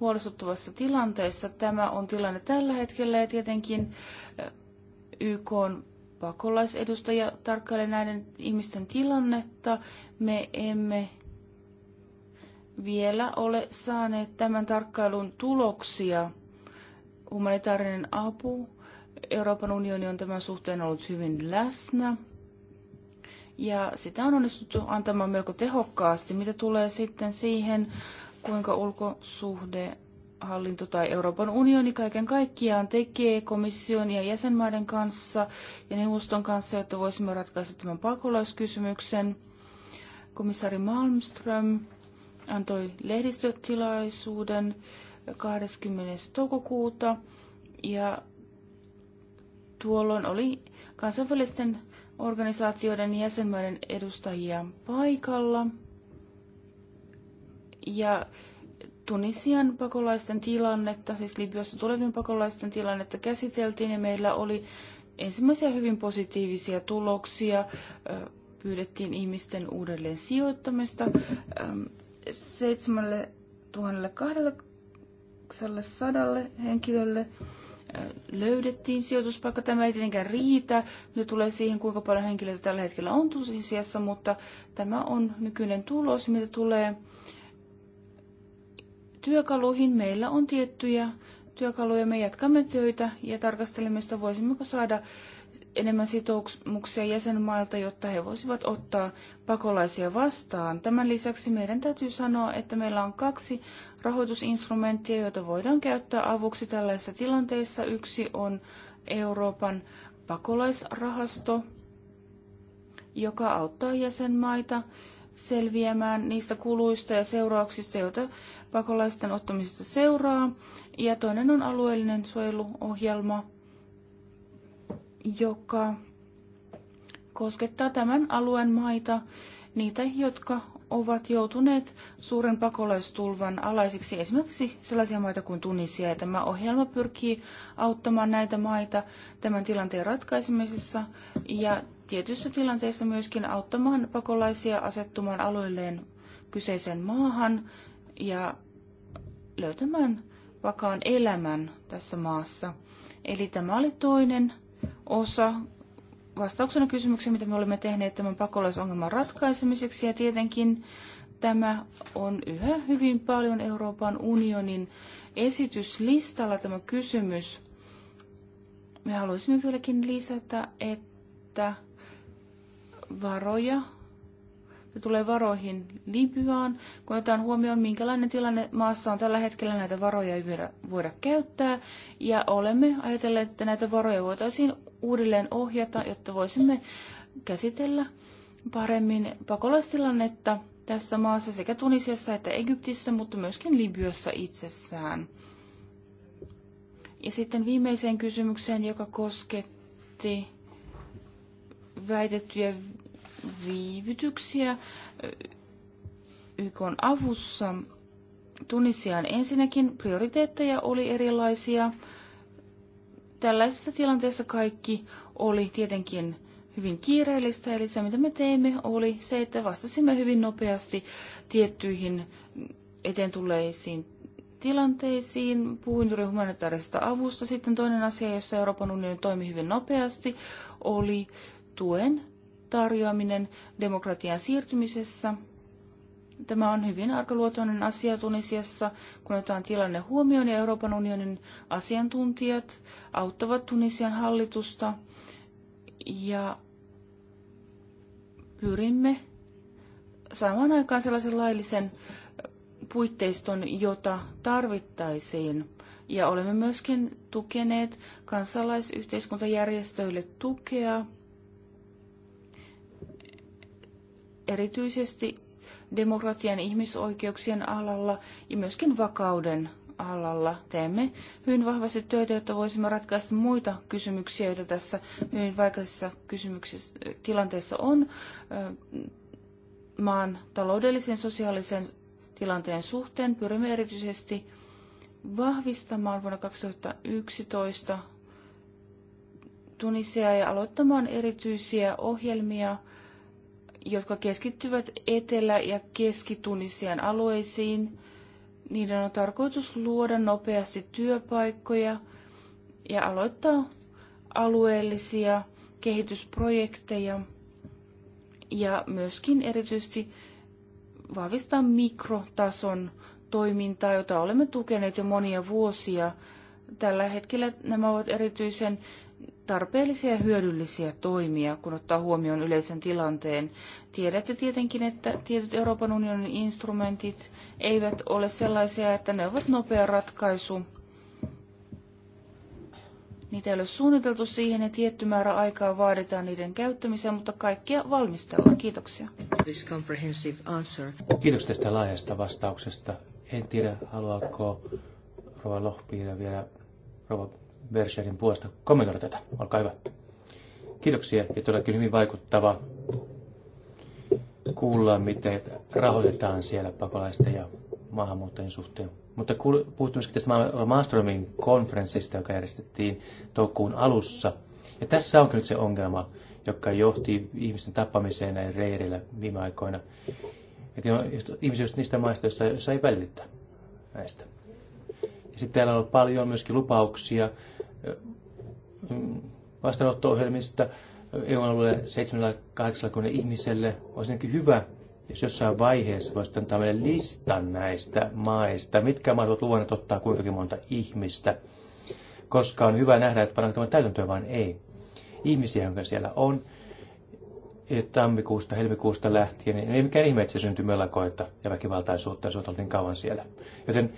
C: huolestuttavassa tilanteessa. Tämä on tilanne tällä hetkellä ja tietenkin eh, YK on pakolaisedustaja tarkkailee näiden ihmisten tilannetta. Me emme vielä ole saaneet tämän tarkkailun tuloksia. Humanitaarinen apu. Euroopan unioni on tämän suhteen ollut hyvin läsnä. Ja sitä on onnistuttu antamaan melko tehokkaasti. Mitä tulee sitten siihen, kuinka ulkosuhde hallinto tai Euroopan unioni kaiken kaikkiaan tekee komission ja jäsenmaiden kanssa ja neuvoston kanssa, jotta voisimme ratkaista tämän pakolaiskysymyksen. Komissaari Malmström antoi lehdistötilaisuuden 20. toukokuuta ja tuolloin oli kansainvälisten organisaatioiden jäsenmaiden edustajia paikalla – ja Tunisian pakolaisten tilannetta, siis Libyassa tulevien pakolaisten tilannetta käsiteltiin ja meillä oli ensimmäisiä hyvin positiivisia tuloksia. Pyydettiin ihmisten uudelleen sijoittamista 7200 henkilölle löydettiin sijoituspaikka. Tämä ei tietenkään riitä. Nyt tulee siihen, kuinka paljon henkilöitä tällä hetkellä on tosiasiassa, mutta tämä on nykyinen tulos, mitä tulee työkaluihin. Meillä on tiettyjä työkaluja. Me jatkamme töitä ja tarkastelemme sitä, voisimmeko saada enemmän sitoumuksia jäsenmailta, jotta he voisivat ottaa pakolaisia vastaan. Tämän lisäksi meidän täytyy sanoa, että meillä on kaksi rahoitusinstrumenttia, joita voidaan käyttää avuksi tällaisissa tilanteissa. Yksi on Euroopan pakolaisrahasto, joka auttaa jäsenmaita selviämään niistä kuluista ja seurauksista, joita pakolaisten ottamisesta seuraa. Ja toinen on alueellinen suojeluohjelma, joka koskettaa tämän alueen maita, niitä, jotka ovat joutuneet suuren pakolaistulvan alaisiksi esimerkiksi sellaisia maita kuin Tunisia. Ja tämä ohjelma pyrkii auttamaan näitä maita tämän tilanteen ratkaisemisessa ja tietyissä tilanteissa myöskin auttamaan pakolaisia asettumaan aloilleen kyseisen maahan ja löytämään vakaan elämän tässä maassa. Eli tämä oli toinen osa vastauksena kysymykseen, mitä me olemme tehneet tämän pakolaisongelman ratkaisemiseksi. Ja tietenkin tämä on yhä hyvin paljon Euroopan unionin esityslistalla tämä kysymys. Me haluaisimme vieläkin lisätä, että varoja se tulee varoihin Libyaan. Kun otetaan huomioon, minkälainen tilanne maassa on tällä hetkellä, näitä varoja ei voida, voida käyttää. Ja olemme ajatelleet, että näitä varoja voitaisiin uudelleen ohjata, jotta voisimme käsitellä paremmin pakolaistilannetta tässä maassa sekä Tunisiassa että Egyptissä, mutta myöskin Libyassa itsessään. Ja sitten viimeiseen kysymykseen, joka kosketti väitettyjä viivytyksiä YK avussa Tunisiaan ensinnäkin prioriteetteja oli erilaisia. Tällaisessa tilanteessa kaikki oli tietenkin hyvin kiireellistä, eli se mitä me teimme oli se, että vastasimme hyvin nopeasti tiettyihin eteen tulleisiin tilanteisiin. Puhuin juuri humanitaarisesta avusta. Sitten toinen asia, jossa Euroopan unioni toimi hyvin nopeasti, oli tuen tarjoaminen demokratian siirtymisessä – Tämä on hyvin arkaluotoinen asia Tunisiassa, kun otetaan tilanne huomioon ja Euroopan unionin asiantuntijat auttavat Tunisian hallitusta ja pyrimme saamaan aikaan sellaisen laillisen puitteiston, jota tarvittaisiin. Ja olemme myöskin tukeneet kansalaisyhteiskuntajärjestöille tukea, erityisesti demokratian, ihmisoikeuksien alalla ja myöskin vakauden alalla. Teemme hyvin vahvasti työtä, jotta voisimme ratkaista muita kysymyksiä, joita tässä hyvin vaikeassa tilanteessa on maan taloudellisen sosiaalisen tilanteen suhteen. Pyrimme erityisesti vahvistamaan vuonna 2011 Tunisia ja aloittamaan erityisiä ohjelmia – jotka keskittyvät Etelä- ja Keskitunisian alueisiin. Niiden on tarkoitus luoda nopeasti työpaikkoja ja aloittaa alueellisia kehitysprojekteja ja myöskin erityisesti vahvistaa mikrotason toimintaa, jota olemme tukeneet jo monia vuosia. Tällä hetkellä nämä ovat erityisen tarpeellisia ja hyödyllisiä toimia, kun ottaa huomioon yleisen tilanteen. Tiedätte tietenkin, että tietyt Euroopan unionin instrumentit eivät ole sellaisia, että ne ovat nopea ratkaisu. Niitä ei ole suunniteltu siihen ja tietty määrä aikaa vaaditaan niiden käyttämiseen, mutta kaikkia valmistellaan. Kiitoksia.
B: This comprehensive answer. Kiitos tästä laajasta vastauksesta. En tiedä, haluaako Rova Lohpiilä vielä Rova Verscherin puolesta kommentoida tätä. Olkaa hyvä. Kiitoksia ja todellakin hyvin vaikuttava kuulla, miten rahoitetaan siellä pakolaisten ja maahanmuuttajien suhteen. Mutta puhuttu myöskin tästä Maastromin konferenssista, joka järjestettiin toukokuun alussa. Ja tässä onkin nyt se ongelma, joka johti ihmisten tappamiseen näin reireillä viime aikoina. Ja ihmisiä just niistä maista, joissa, ei välitä näistä. Ja sitten täällä on ollut paljon myöskin lupauksia vastaanotto-ohjelmista EU-alueelle 780 ihmiselle. Olisi hyvä, jos jossain vaiheessa voisi antaa meille listan näistä maista, mitkä maat ovat luvanneet ottaa kuinkakin monta ihmistä, koska on hyvä nähdä, että pannaanko tämä täytäntöön vaan ei. Ihmisiä, jotka siellä on, eh, tammikuusta, helmikuusta lähtien, niin ei mikään ihme, että se syntyy melakoita ja väkivaltaisuutta, jos olet niin kauan siellä. Joten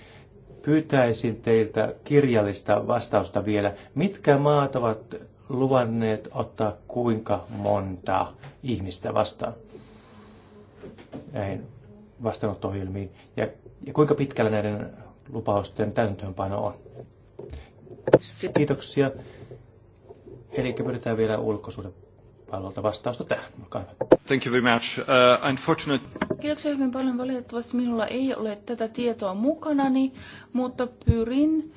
B: pyytäisin teiltä kirjallista vastausta vielä. Mitkä maat ovat luvanneet ottaa kuinka monta ihmistä vastaan näihin vastaanotto-ohjelmiin ja, ja kuinka pitkällä näiden lupausten täytäntöönpano on? Kiitoksia. Eli pyydetään vielä ulkosuuden palvelulta vastausta tähän. Olkaa hyvä. Thank you very much. Uh, unfortunate...
C: Kiitoksia hyvin paljon. Valitettavasti minulla ei ole tätä tietoa mukanani, mutta pyrin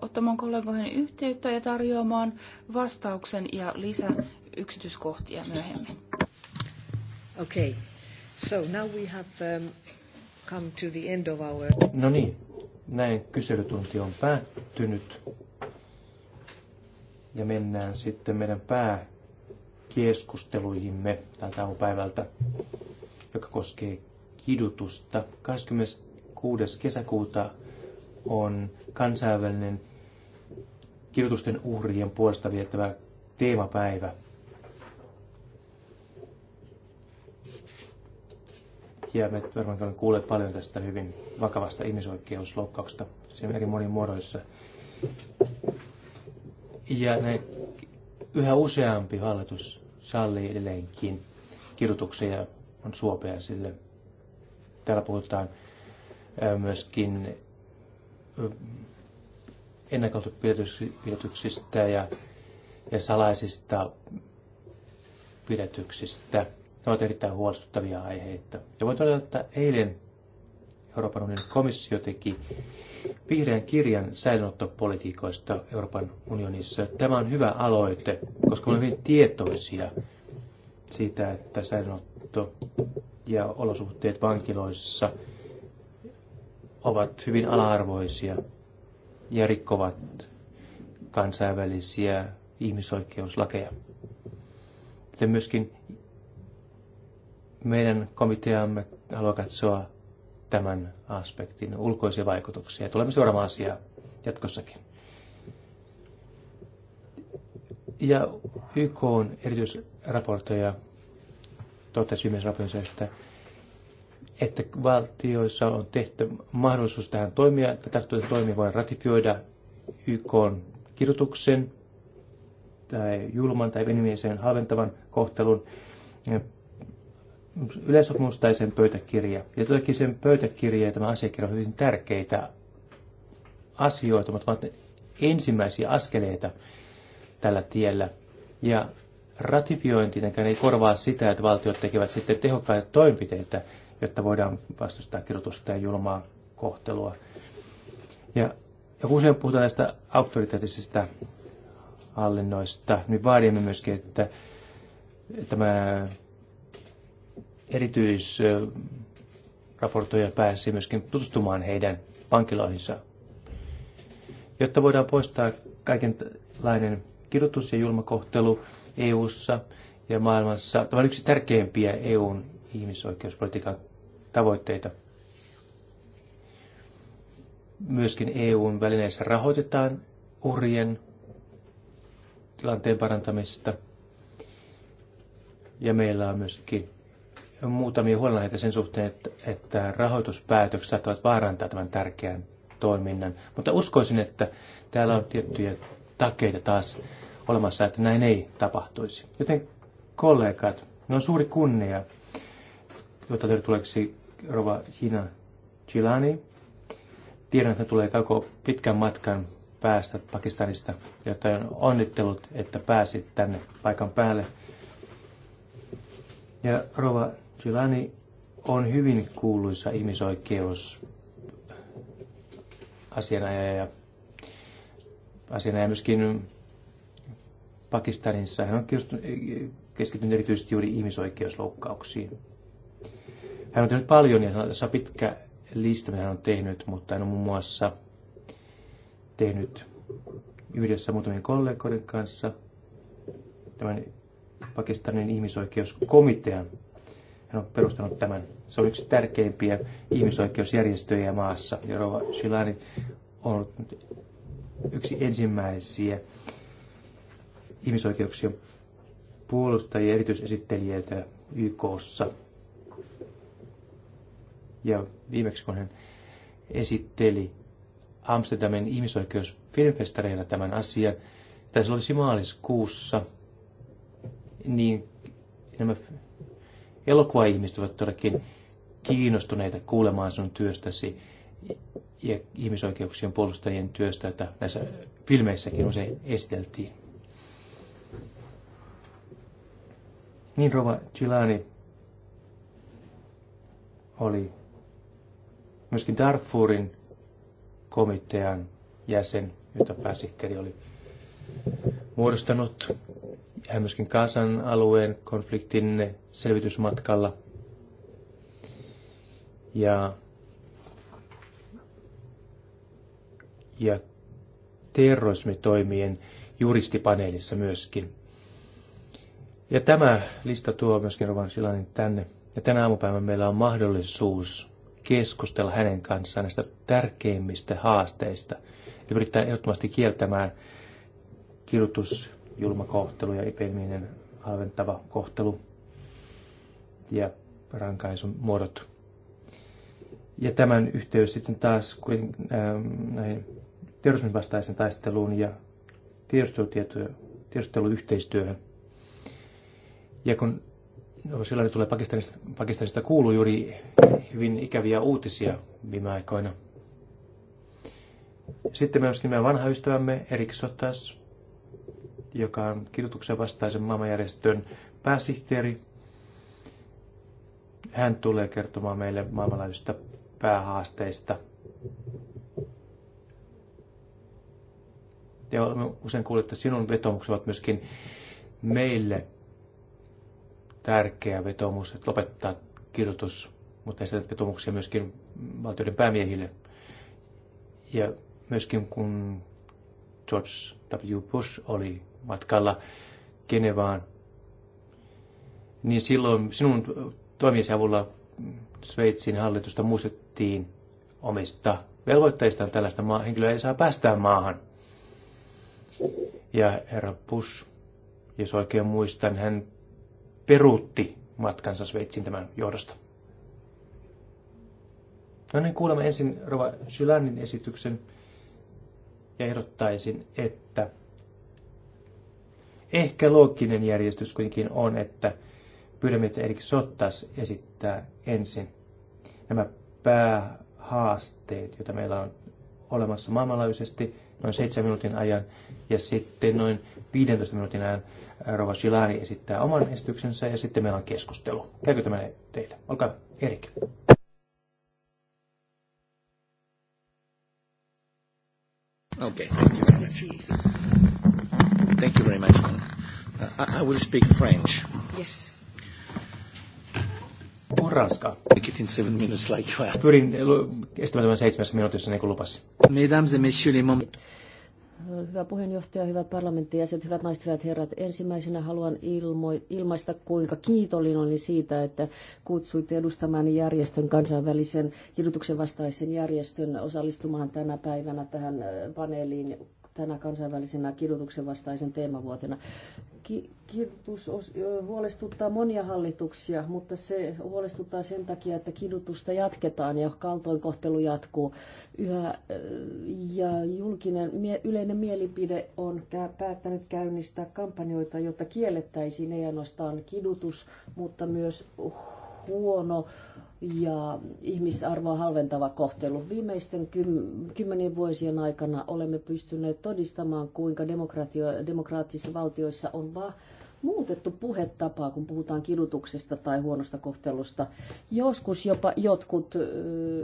C: ottamaan kollegoihin yhteyttä ja tarjoamaan vastauksen ja lisä yksityiskohtia myöhemmin.
A: Okay. So now we have um, come to the end of our...
B: No niin, näin kyselytunti on päättynyt. Ja mennään sitten meidän pää keskusteluihimme tältä aamupäivältä, joka koskee kidutusta. 26. kesäkuuta on kansainvälinen kidutusten uhrien puolesta viettävä teemapäivä. Ja me varmaan olemme kuulleet paljon tästä hyvin vakavasta ihmisoikeusloukkauksesta sen eri monin muodoissa. Ja näin yhä useampi hallitus sallii edelleenkin kirjoituksia on suopea sille. Täällä puhutaan myöskin ennakkoltupidätyksistä ja, ja salaisista pidätyksistä. Ne ovat erittäin huolestuttavia aiheita. Ja voi todeta, että eilen Euroopan unionin komissio teki vihreän kirjan säilönottopolitiikoista Euroopan unionissa. Tämä on hyvä aloite, koska olemme hyvin tietoisia siitä, että säilönotto ja olosuhteet vankiloissa ovat hyvin ala-arvoisia ja rikkovat kansainvälisiä ihmisoikeuslakeja. Joten myöskin meidän komiteamme haluaa katsoa tämän aspektin ulkoisia vaikutuksia. Tulemme seuraamaan asiaa jatkossakin. Ja YK on erityisraportoja totesi viimeisen raportissa, että, että valtioissa on tehty mahdollisuus tähän toimia, että toimia voidaan ratifioida YK on kirjoituksen tai julman tai venimielisen halventavan kohtelun yleisopimus tai sen pöytäkirja. Ja todellakin sen pöytäkirja ja tämä asiakirja on hyvin tärkeitä asioita, mutta ovat ensimmäisiä askeleita tällä tiellä. Ja ratifiointi ei korvaa sitä, että valtiot tekevät sitten tehokkaita toimenpiteitä, jotta voidaan vastustaa kirjoitusta ja julmaa kohtelua. Ja, ja kun usein puhutaan näistä auktoriteettisista hallinnoista, niin vaadimme myöskin, että tämä erityisraportoja pääsi myöskin tutustumaan heidän vankiloihinsa, jotta voidaan poistaa kaikenlainen kidutus ja julmakohtelu EU-ssa ja maailmassa. Tämä on yksi tärkeimpiä EUn ihmisoikeuspolitiikan tavoitteita. Myöskin EUn välineissä rahoitetaan uhrien tilanteen parantamista. Ja meillä on myöskin muutamia huolenaiheita sen suhteen, että, että rahoituspäätökset saattavat vaarantaa tämän tärkeän toiminnan. Mutta uskoisin, että täällä on tiettyjä takeita taas olemassa, että näin ei tapahtuisi. Joten kollegat, ne on suuri kunnia, jota tervetulleeksi Rova Hina Chilani. Tiedän, että ne tulee koko pitkän matkan päästä Pakistanista, on onnittelut, että pääsit tänne paikan päälle. Ja Rova Gilani on hyvin kuuluisa ihmisoikeus asianajaja ja asianajaja myöskin Pakistanissa. Hän on keskittynyt erityisesti juuri ihmisoikeusloukkauksiin. Hän on tehnyt paljon ja hän on pitkä lista, mitä hän on tehnyt, mutta hän on muun muassa tehnyt yhdessä muutamien kollegoiden kanssa tämän Pakistanin ihmisoikeuskomitean hän on perustanut tämän. Se on yksi tärkeimpiä ihmisoikeusjärjestöjä maassa. Ja Rova Shilani on ollut yksi ensimmäisiä ihmisoikeuksien puolustajia, erityisesittelijöitä YKssa. Ja viimeksi kun hän esitteli Amsterdamin ihmisoikeusfilmfestareilla tämän asian, tässä olisi maaliskuussa, niin nämä elokuva ihmiset ovat todellakin kiinnostuneita kuulemaan sun työstäsi ja ihmisoikeuksien puolustajien työstä, että näissä filmeissäkin usein esiteltiin. Niin Rova Chilani oli myöskin Darfurin komitean jäsen, jota pääsihteeri oli muodostanut hän myöskin Kaasan alueen konfliktin selvitysmatkalla. Ja, ja terrorismitoimien juristipaneelissa myöskin. Ja tämä lista tuo myöskin Rovan Silanin tänne. Ja tänä aamupäivänä meillä on mahdollisuus keskustella hänen kanssaan näistä tärkeimmistä haasteista. Ja pyritään ehdottomasti kieltämään kirjoitus julma kohtelu ja epäilminen halventava kohtelu ja rankaisun muodot. Ja tämän yhteys sitten taas ähm, näihin terrorismin vastaisen taisteluun ja tiedusteluyhteistyöhön. Ja kun no, silloin tulee Pakistanista, Pakistanista kuuluu juuri hyvin ikäviä uutisia viime aikoina. Sitten myös nimen vanha ystävämme Erik Sotas joka on kidutuksen vastaisen maailmanjärjestön pääsihteeri. Hän tulee kertomaan meille maailmanlaajuisista päähaasteista. Ja olemme usein kuulleet, että sinun vetomukset ovat myöskin meille tärkeä vetomus, että lopettaa kirjoitus, mutta esität vetomuksia myöskin valtioiden päämiehille. Ja myöskin kun George W. Bush oli matkalla Genevaan, niin silloin sinun toimiesi avulla Sveitsin hallitusta muistettiin omista velvoitteistaan tällaista maa, henkilöä ei saa päästää maahan. Ja herra Bush, jos oikein muistan, hän peruutti matkansa sveitsin tämän johdosta. No niin, kuulemme ensin Rova Sylännin esityksen ja ehdottaisin, että Ehkä looginen järjestys kuitenkin on, että pyydämme, että Erik Sottas esittää ensin nämä päähaasteet, joita meillä on olemassa maailmanlaajuisesti noin 7 minuutin ajan, ja sitten noin 15 minuutin ajan Rova Shilani esittää oman esityksensä, ja sitten meillä on keskustelu. Käykö tämä teille? Olkaa Erik. Okay, thank you very much. Thank you very much. Uh, I, I will speak French. Yes. Puhun ranskaa. Make it in seven minutes like you are. Pyrin estämään tämän seitsemässä minuutissa niin kuin lupasi. Mesdames et messieurs les membres.
A: Hyvä puheenjohtaja, hyvät parlamentin jäsenet, hyvät naiset, hyvät herrat. Ensimmäisenä haluan ilmo, ilmaista, kuinka kiitollinen olin siitä, että kutsuitte edustamani järjestön kansainvälisen kidutuksen vastaisen järjestön osallistumaan tänä päivänä tähän äh, paneeliin tänä kansainvälisenä kidutuksen vastaisen teemavuotena. Ki- kidutus huolestuttaa monia hallituksia, mutta se huolestuttaa sen takia, että kidutusta jatketaan ja kaltoinkohtelu jatkuu. Yhä, ja julkinen yleinen mielipide on päättänyt käynnistää kampanjoita, jotta kiellettäisiin ei ainoastaan kidutus, mutta myös huono ja ihmisarvoa halventava kohtelu. Viimeisten kymmenien vuosien aikana olemme pystyneet todistamaan, kuinka demokraattisissa valtioissa on va- muutettu puhetapaa, kun puhutaan kidutuksesta tai huonosta kohtelusta. Joskus jopa jotkut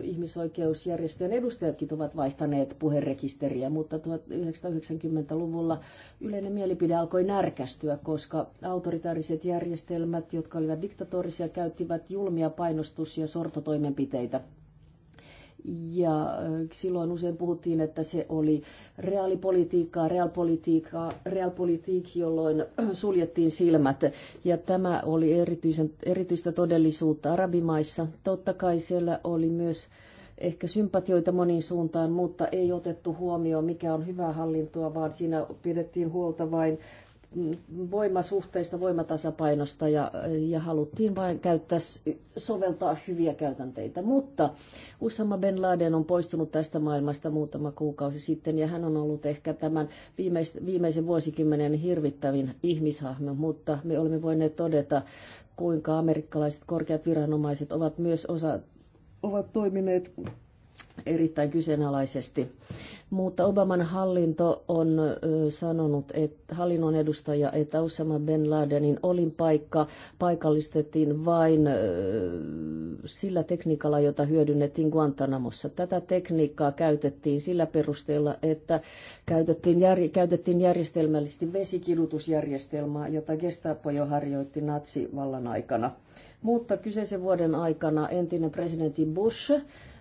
A: ihmisoikeusjärjestöjen edustajatkin ovat vaihtaneet puherekisteriä, mutta 1990-luvulla yleinen mielipide alkoi närkästyä, koska autoritaariset järjestelmät, jotka olivat diktatorisia, käyttivät julmia painostus- ja sortotoimenpiteitä ja äh, silloin usein puhuttiin, että se oli reaalipolitiikkaa, realpolitiikkaa, realpolitiikki, jolloin suljettiin silmät. Ja tämä oli erityisen, erityistä todellisuutta arabimaissa. Totta kai siellä oli myös ehkä sympatioita moniin suuntaan, mutta ei otettu huomioon, mikä on hyvää hallintoa, vaan siinä pidettiin huolta vain voimasuhteista, voimatasapainosta ja, ja haluttiin vain käyttää, soveltaa hyviä käytänteitä. Mutta Usama Ben Laden on poistunut tästä maailmasta muutama kuukausi sitten ja hän on ollut ehkä tämän viimeis, viimeisen vuosikymmenen hirvittävin ihmishahmo, mutta me olemme voineet todeta, kuinka amerikkalaiset korkeat viranomaiset ovat myös osa ovat toimineet erittäin kyseenalaisesti. Mutta Obaman hallinto on sanonut, että hallinnon edustaja, että Osama Ben Ladenin olinpaikka paikallistettiin vain sillä tekniikalla, jota hyödynnettiin Guantanamossa. Tätä tekniikkaa käytettiin sillä perusteella, että käytettiin, jär, käytettiin järjestelmällisesti vesikidutusjärjestelmää, jota Gestapo jo harjoitti natsivallan aikana. Mutta kyseisen vuoden aikana entinen presidentti Bush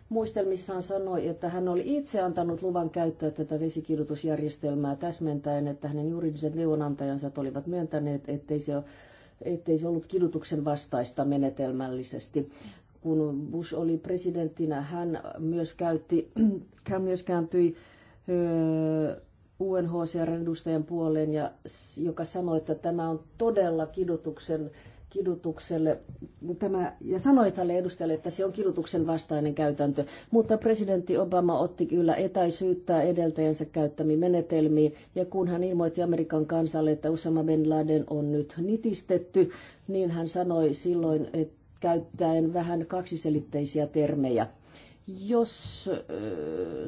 A: muistelmissaan sanoi, että hän oli itse antanut luvan käyttää tätä vesikirjoitusjärjestelmää täsmentäen, että hänen juridiset neuvonantajansa olivat myöntäneet, ettei se, ettei se ollut kidutuksen vastaista menetelmällisesti kun Bush oli presidenttinä, hän myös, käytti, hän myös kääntyi UNHCR-edustajan puoleen, ja, joka sanoi, että tämä on todella kidutuksen kidutukselle tämä, ja sanoi tälle edustajalle, että se on kidutuksen vastainen käytäntö. Mutta presidentti Obama otti kyllä etäisyyttä edeltäjänsä käyttämiin menetelmiin, ja kun hän ilmoitti Amerikan kansalle, että Osama Bin Laden on nyt nitistetty, niin hän sanoi silloin, että käyttäen vähän kaksiselitteisiä termejä – jos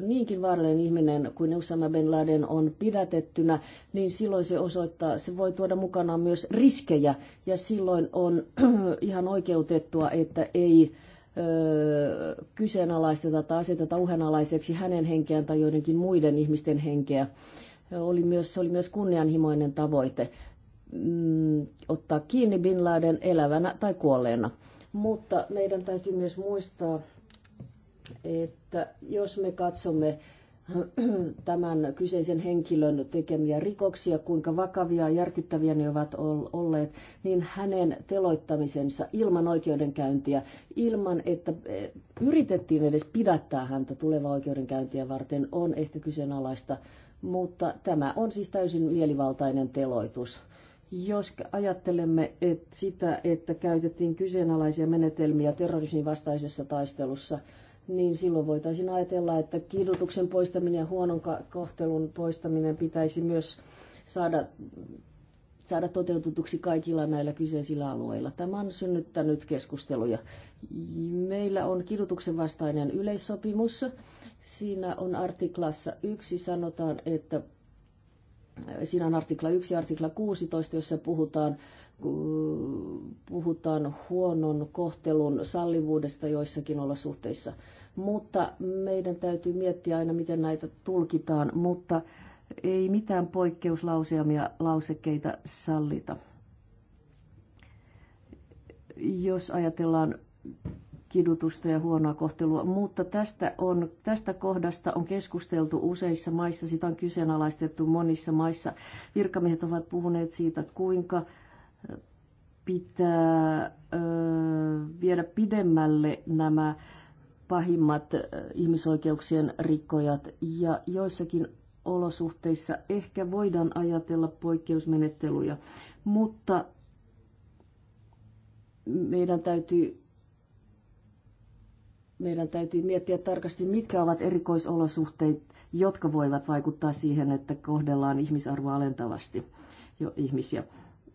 A: niinkin vaarallinen ihminen kuin Osama Bin Laden on pidätettynä, niin silloin se osoittaa, se voi tuoda mukanaan myös riskejä ja silloin on ihan oikeutettua, että ei kyseenalaisteta tai aseteta uhanalaiseksi hänen henkeään tai joidenkin muiden ihmisten henkeä. Oli myös, se oli myös kunnianhimoinen tavoite mm, ottaa kiinni Bin Laden elävänä tai kuolleena. Mutta meidän täytyy myös muistaa että jos me katsomme tämän kyseisen henkilön tekemiä rikoksia, kuinka vakavia ja järkyttäviä ne ovat olleet, niin hänen teloittamisensa ilman oikeudenkäyntiä, ilman että e, yritettiin edes pidättää häntä tulevaa oikeudenkäyntiä varten, on ehkä kyseenalaista. Mutta tämä on siis täysin mielivaltainen teloitus. Jos ajattelemme että sitä, että käytettiin kyseenalaisia menetelmiä terrorismin vastaisessa taistelussa, niin silloin voitaisiin ajatella, että kidutuksen poistaminen ja huonon kohtelun poistaminen pitäisi myös saada, saada toteutetuksi kaikilla näillä kyseisillä alueilla. Tämä on synnyttänyt keskusteluja. Meillä on kidutuksen vastainen yleissopimus. Siinä on artiklassa yksi sanotaan, että Siinä on artikla 1 ja artikla 16, jossa puhutaan, puhutaan huonon kohtelun sallivuudesta joissakin olosuhteissa. Mutta meidän täytyy miettiä aina, miten näitä tulkitaan, mutta ei mitään poikkeuslauseamia lausekkeita sallita. Jos ajatellaan kidutusta ja huonoa kohtelua, mutta tästä, on, tästä kohdasta on keskusteltu useissa maissa, sitä on kyseenalaistettu monissa maissa. Virkamiehet ovat puhuneet siitä, kuinka pitää ö, viedä pidemmälle nämä pahimmat ihmisoikeuksien rikkojat ja joissakin olosuhteissa ehkä voidaan ajatella poikkeusmenettelyjä, mutta meidän täytyy meidän täytyy miettiä tarkasti, mitkä ovat erikoisolosuhteet, jotka voivat vaikuttaa siihen, että kohdellaan ihmisarvoa alentavasti jo ihmisiä.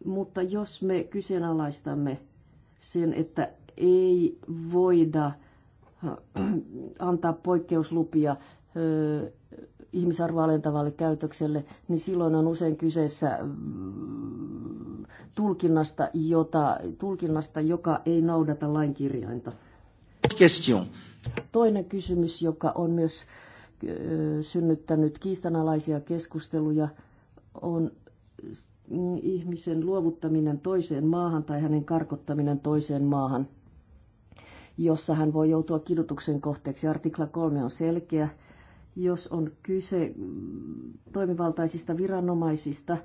A: Mutta jos me kyseenalaistamme sen, että ei voida äh, antaa poikkeuslupia äh, ihmisarvoa alentavalle käytökselle, niin silloin on usein kyseessä mm, tulkinnasta, jota, tulkinnasta joka ei noudata lainkirjainta. Question. Toinen kysymys, joka on myös synnyttänyt kiistanalaisia keskusteluja, on ihmisen luovuttaminen toiseen maahan tai hänen karkottaminen toiseen maahan, jossa hän voi joutua kidutuksen kohteeksi. Artikla 3 on selkeä. Jos on kyse mm, toimivaltaisista viranomaisista,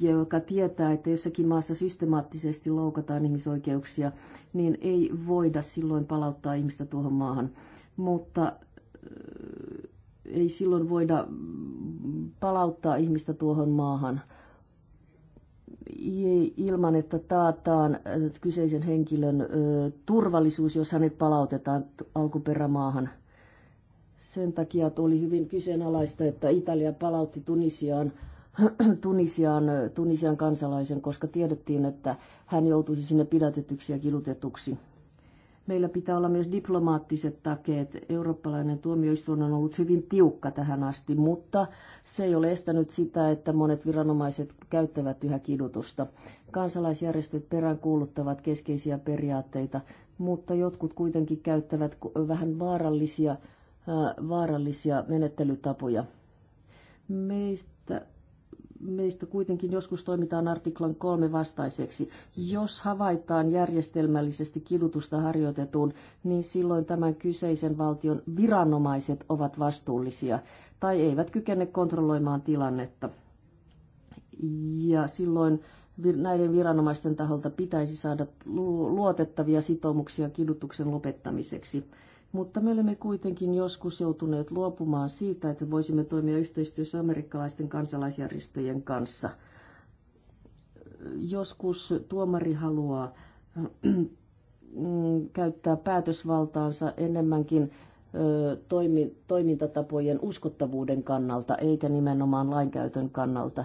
A: joka tietää, että jossakin maassa systemaattisesti loukataan ihmisoikeuksia, niin ei voida silloin palauttaa ihmistä tuohon maahan. Mutta ei silloin voida palauttaa ihmistä tuohon maahan ilman, että taataan kyseisen henkilön turvallisuus, jos hänet palautetaan alkuperämaahan. Sen takia oli hyvin kyseenalaista, että Italia palautti Tunisiaan Tunisian, Tunisian kansalaisen, koska tiedettiin, että hän joutuisi sinne pidätetyksi ja kilutetuksi. Meillä pitää olla myös diplomaattiset takeet. Eurooppalainen tuomioistuin on ollut hyvin tiukka tähän asti, mutta se ei ole estänyt sitä, että monet viranomaiset käyttävät yhä kidutusta. Kansalaisjärjestöt peräänkuuluttavat keskeisiä periaatteita, mutta jotkut kuitenkin käyttävät vähän vaarallisia, äh, vaarallisia menettelytapoja. Meistä meistä kuitenkin joskus toimitaan artiklan kolme vastaiseksi. Jos havaitaan järjestelmällisesti kidutusta harjoitetun, niin silloin tämän kyseisen valtion viranomaiset ovat vastuullisia tai eivät kykene kontrolloimaan tilannetta. Ja silloin näiden viranomaisten taholta pitäisi saada luotettavia sitoumuksia kidutuksen lopettamiseksi mutta me olemme kuitenkin joskus joutuneet luopumaan siitä, että voisimme toimia yhteistyössä amerikkalaisten kansalaisjärjestöjen kanssa. Joskus tuomari haluaa äh, mm, käyttää päätösvaltaansa enemmänkin äh, toimi, toimintatapojen uskottavuuden kannalta, eikä nimenomaan lainkäytön kannalta.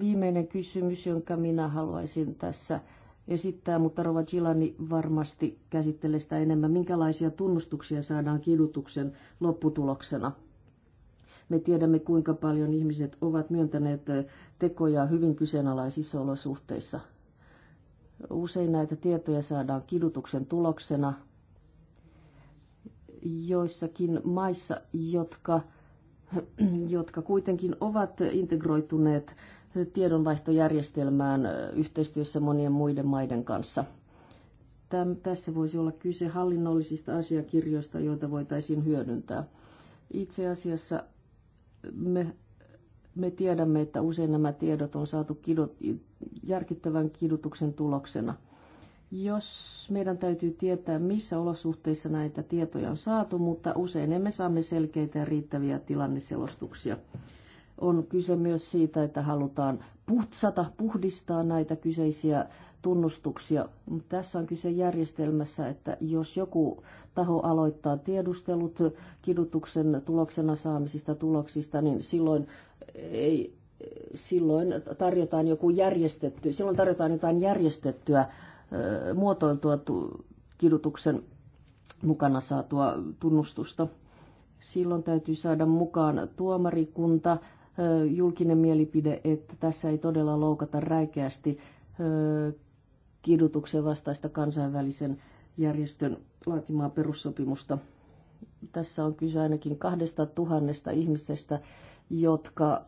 A: Viimeinen kysymys, jonka minä haluaisin tässä esittää, mutta Rova Chilani varmasti käsittelee sitä enemmän. Minkälaisia tunnustuksia saadaan kidutuksen lopputuloksena? Me tiedämme, kuinka paljon ihmiset ovat myöntäneet eh, tekoja hyvin kyseenalaisissa olosuhteissa. Usein näitä tietoja saadaan kidutuksen tuloksena joissakin maissa, jotka, jotka kuitenkin ovat integroituneet tiedonvaihtojärjestelmään yhteistyössä monien muiden maiden kanssa. Täm, tässä voisi olla kyse hallinnollisista asiakirjoista, joita voitaisiin hyödyntää. Itse asiassa me, me tiedämme, että usein nämä tiedot on saatu kidot, järkyttävän kidutuksen tuloksena. Jos meidän täytyy tietää, missä olosuhteissa näitä tietoja on saatu, mutta usein emme saamme selkeitä ja riittäviä tilanneselostuksia. On kyse myös siitä, että halutaan putsata, puhdistaa näitä kyseisiä tunnustuksia. Tässä on kyse järjestelmässä, että jos joku taho aloittaa tiedustelut kidutuksen tuloksena saamisista tuloksista, niin silloin ei, silloin tarjotaan joku järjestetty, silloin tarjotaan jotain järjestettyä muotoiltua kidutuksen mukana saatua tunnustusta. Silloin täytyy saada mukaan tuomarikunta, julkinen mielipide, että tässä ei todella loukata räikeästi kidutuksen vastaista kansainvälisen järjestön laatimaa perussopimusta. Tässä on kyse ainakin kahdesta tuhannesta ihmisestä, jotka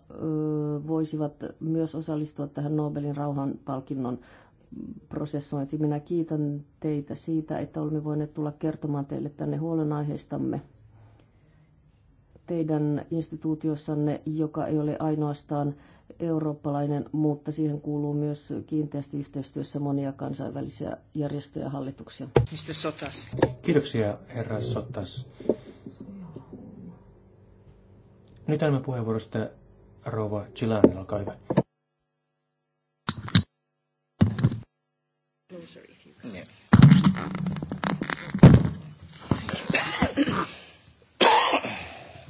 A: voisivat myös osallistua tähän Nobelin rauhanpalkinnon prosessointiin. Minä kiitän teitä siitä, että olemme voineet tulla kertomaan teille tänne huolenaiheistamme teidän instituutiossanne, joka ei ole ainoastaan eurooppalainen, mutta siihen kuuluu myös kiinteästi yhteistyössä monia kansainvälisiä järjestöjä ja hallituksia.
B: Mr. Sotas. Kiitoksia, herra Sotas. Nyt annamme puheenvuorosta rouva Chilani, olkaa hyvä. Yeah.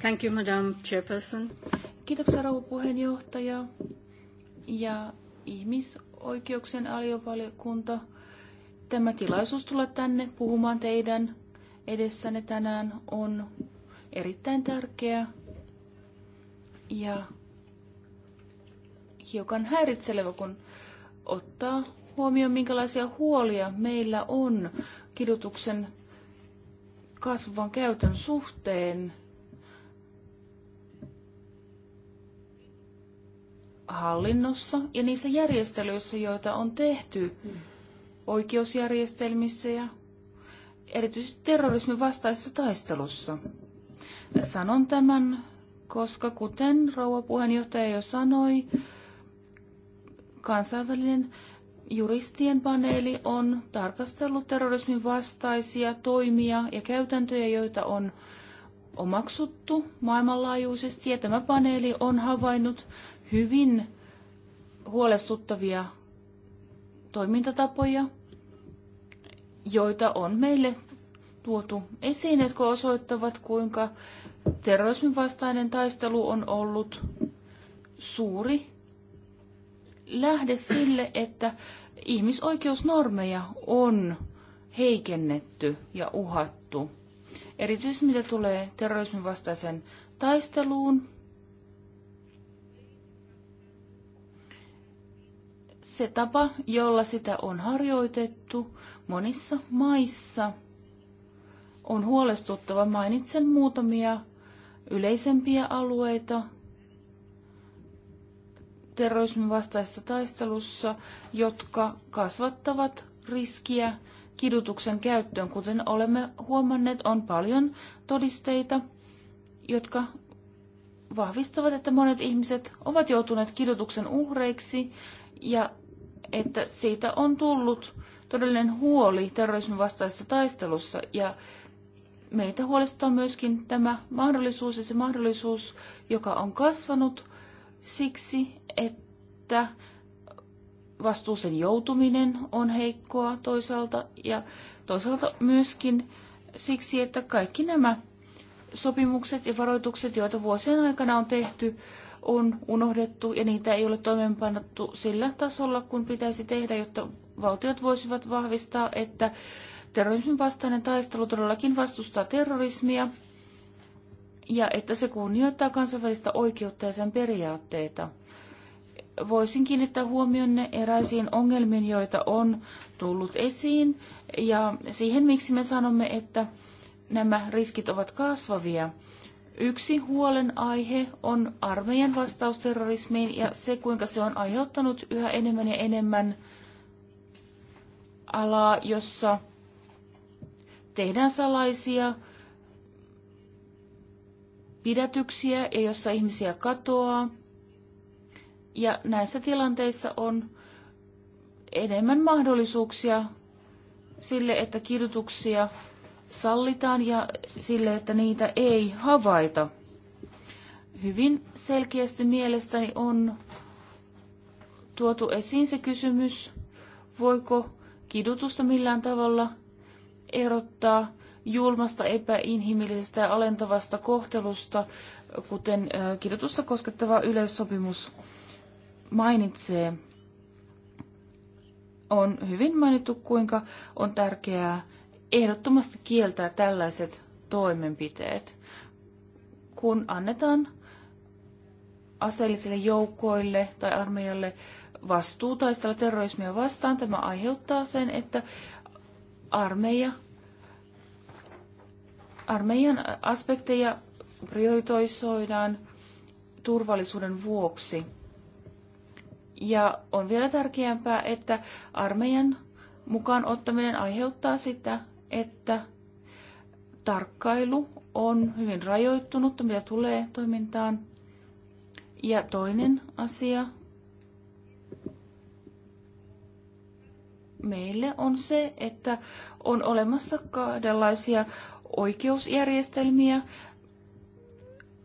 A: Thank you, Madam Chairperson.
C: Kiitoksia, rouva puheenjohtaja. Ja ihmisoikeuksien aliovaliokunta. Tämä tilaisuus tulla tänne puhumaan teidän edessänne tänään on erittäin tärkeä ja hiukan häiritselevä, kun ottaa huomioon, minkälaisia huolia meillä on kidutuksen kasvavan käytön suhteen – hallinnossa ja niissä järjestelyissä, joita on tehty oikeusjärjestelmissä ja erityisesti terrorismin vastaisessa taistelussa. Sanon tämän, koska kuten rouva puheenjohtaja jo sanoi, kansainvälinen juristien paneeli on tarkastellut terrorismin vastaisia toimia ja käytäntöjä, joita on omaksuttu maailmanlaajuisesti. Ja tämä paneeli on havainnut hyvin huolestuttavia toimintatapoja, joita on meille tuotu esiin, jotka osoittavat, kuinka terrorismin vastainen taistelu on ollut suuri lähde sille, että ihmisoikeusnormeja on heikennetty ja uhattu. Erityisesti mitä tulee terrorismin vastaisen taisteluun, se tapa, jolla sitä on harjoitettu monissa maissa, on huolestuttava. Mainitsen muutamia yleisempiä alueita terrorismin vastaisessa taistelussa, jotka kasvattavat riskiä kidutuksen käyttöön. Kuten olemme huomanneet, on paljon todisteita, jotka vahvistavat, että monet ihmiset ovat joutuneet kidutuksen uhreiksi ja että siitä on tullut todellinen huoli terrorismin vastaisessa taistelussa ja meitä huolestuttaa myöskin tämä mahdollisuus ja se mahdollisuus, joka on kasvanut siksi, että vastuusen joutuminen on heikkoa toisaalta ja toisaalta myöskin siksi, että kaikki nämä sopimukset ja varoitukset, joita vuosien aikana on tehty, on unohdettu ja niitä ei ole toimeenpanottu sillä tasolla, kun pitäisi tehdä, jotta valtiot voisivat vahvistaa, että terrorismin vastainen taistelu todellakin vastustaa terrorismia ja että se kunnioittaa kansainvälistä oikeutta ja sen periaatteita. Voisin kiinnittää huomionne eräisiin ongelmiin, joita on tullut esiin ja siihen, miksi me sanomme, että nämä riskit ovat kasvavia. Yksi huolenaihe on armeijan vastaus terrorismiin ja se, kuinka se on aiheuttanut yhä enemmän ja enemmän alaa, jossa tehdään salaisia pidätyksiä ja jossa ihmisiä katoaa. Ja näissä tilanteissa on enemmän mahdollisuuksia sille, että kidutuksia sallitaan ja sille, että niitä ei havaita. Hyvin selkeästi mielestäni on tuotu esiin se kysymys, voiko kidutusta millään tavalla erottaa julmasta, epäinhimillisestä ja alentavasta kohtelusta, kuten kidutusta koskettava yleissopimus mainitsee. On hyvin mainittu, kuinka on tärkeää ehdottomasti kieltää tällaiset toimenpiteet, kun annetaan aseellisille joukoille tai armeijalle vastuu taistella terrorismia vastaan. Tämä aiheuttaa sen, että armeija, armeijan aspekteja prioritoisoidaan turvallisuuden vuoksi. Ja on vielä tärkeämpää, että armeijan mukaan ottaminen aiheuttaa sitä, että tarkkailu on hyvin rajoittunut, mitä tulee toimintaan. Ja toinen asia meille on se, että on olemassa kahdenlaisia oikeusjärjestelmiä.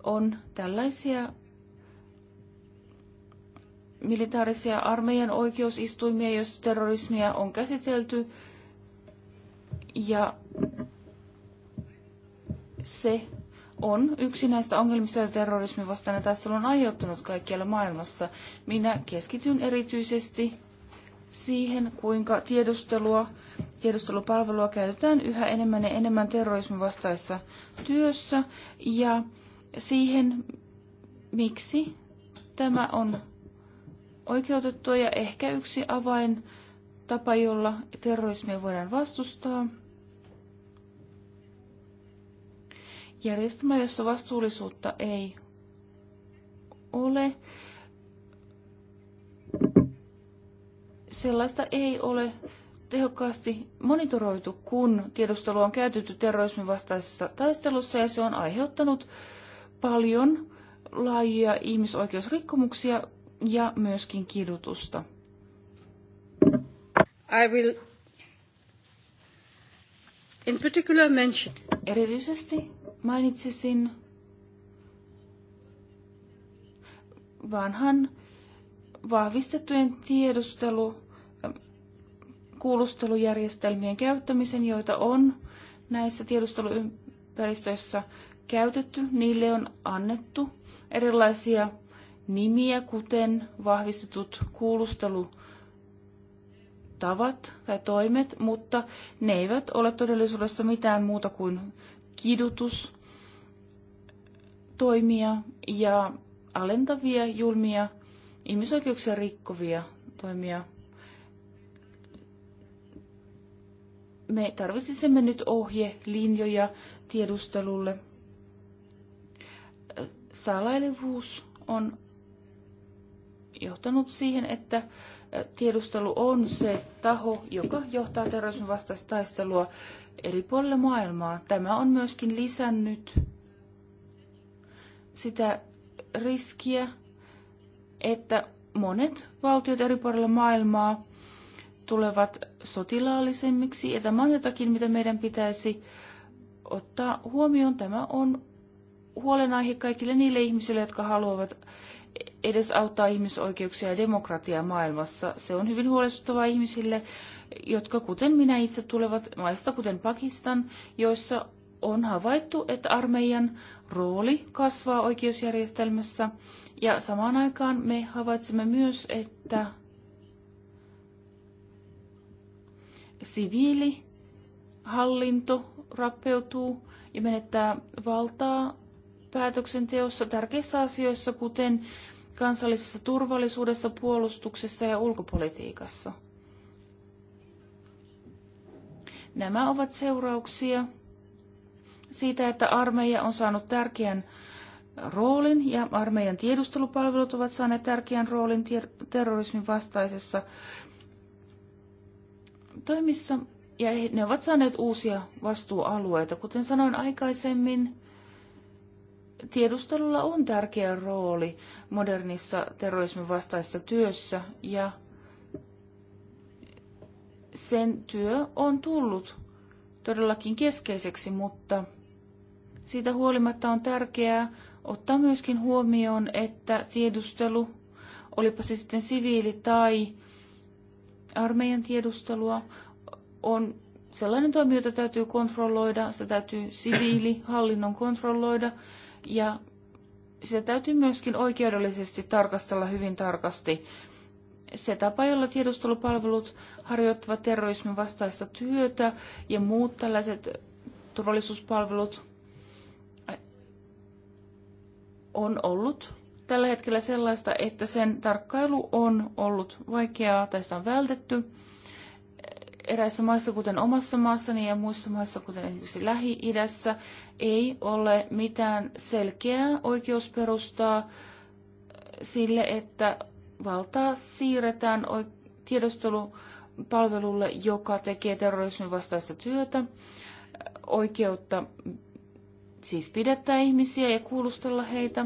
C: On tällaisia militaarisia armeijan oikeusistuimia, jos terrorismia on käsitelty – ja se on yksi näistä ongelmista, joita terrorismin vastainen taistelu on aiheuttanut kaikkialla maailmassa. Minä keskityn erityisesti siihen, kuinka tiedustelua, tiedustelupalvelua käytetään yhä enemmän ja enemmän terrorismin vastaisessa työssä ja siihen, miksi tämä on oikeutettua ja ehkä yksi avain tapa, jolla terrorismia voidaan vastustaa – järjestelmä, jossa vastuullisuutta ei ole. Sellaista ei ole tehokkaasti monitoroitu, kun tiedustelu on käytetty terrorismin vastaisessa taistelussa ja se on aiheuttanut paljon laajia ihmisoikeusrikkomuksia ja myöskin kidutusta. I will in particular mention... Erityisesti mainitsisin vanhan vahvistettujen tiedustelu ähm, kuulustelujärjestelmien käyttämisen, joita on näissä tiedusteluympäristöissä käytetty. Niille on annettu erilaisia nimiä, kuten vahvistetut kuulustelutavat tai toimet, mutta ne eivät ole todellisuudessa mitään muuta kuin toimia ja alentavia, julmia, ihmisoikeuksia rikkovia toimia. Me tarvitsisimme nyt ohje, linjoja tiedustelulle. Salailevuus on johtanut siihen, että tiedustelu on se taho, joka johtaa terrorismin vastaista taistelua eri puolilla maailmaa. Tämä on myöskin lisännyt sitä riskiä, että monet valtiot eri puolilla maailmaa tulevat sotilaallisemmiksi. Ja tämä on jotakin, mitä meidän pitäisi ottaa huomioon. Tämä on huolenaihe kaikille niille ihmisille, jotka haluavat edes auttaa ihmisoikeuksia ja demokratiaa maailmassa. Se on hyvin huolestuttavaa ihmisille, jotka kuten minä itse tulevat maista kuten Pakistan, joissa on havaittu, että armeijan rooli kasvaa oikeusjärjestelmässä ja samaan aikaan me havaitsemme myös, että siviilihallinto rappeutuu ja menettää valtaa päätöksenteossa tärkeissä asioissa, kuten kansallisessa turvallisuudessa, puolustuksessa ja ulkopolitiikassa. Nämä ovat seurauksia siitä, että armeija on saanut tärkeän roolin ja armeijan tiedustelupalvelut ovat saaneet tärkeän roolin terrorismin vastaisessa toimissa ja ne ovat saaneet uusia vastuualueita. Kuten sanoin aikaisemmin, tiedustelulla on tärkeä rooli modernissa terrorismin vastaisessa työssä ja sen työ on tullut todellakin keskeiseksi, mutta siitä huolimatta on tärkeää ottaa myöskin huomioon, että tiedustelu, olipa se sitten siviili tai armeijan tiedustelua, on sellainen toimi, jota täytyy kontrolloida, sitä täytyy siviilihallinnon kontrolloida ja sitä täytyy myöskin oikeudellisesti tarkastella hyvin tarkasti se tapa, jolla tiedustelupalvelut harjoittavat terrorismin vastaista työtä ja muut tällaiset turvallisuuspalvelut on ollut tällä hetkellä sellaista, että sen tarkkailu on ollut vaikeaa tai sitä on vältetty. Eräissä maissa, kuten omassa maassani ja muissa maissa, kuten esimerkiksi Lähi-idässä, ei ole mitään selkeää oikeusperustaa sille, että valtaa siirretään tiedostelupalvelulle, joka tekee terrorismin vastaista työtä, oikeutta siis pidättää ihmisiä ja kuulustella heitä.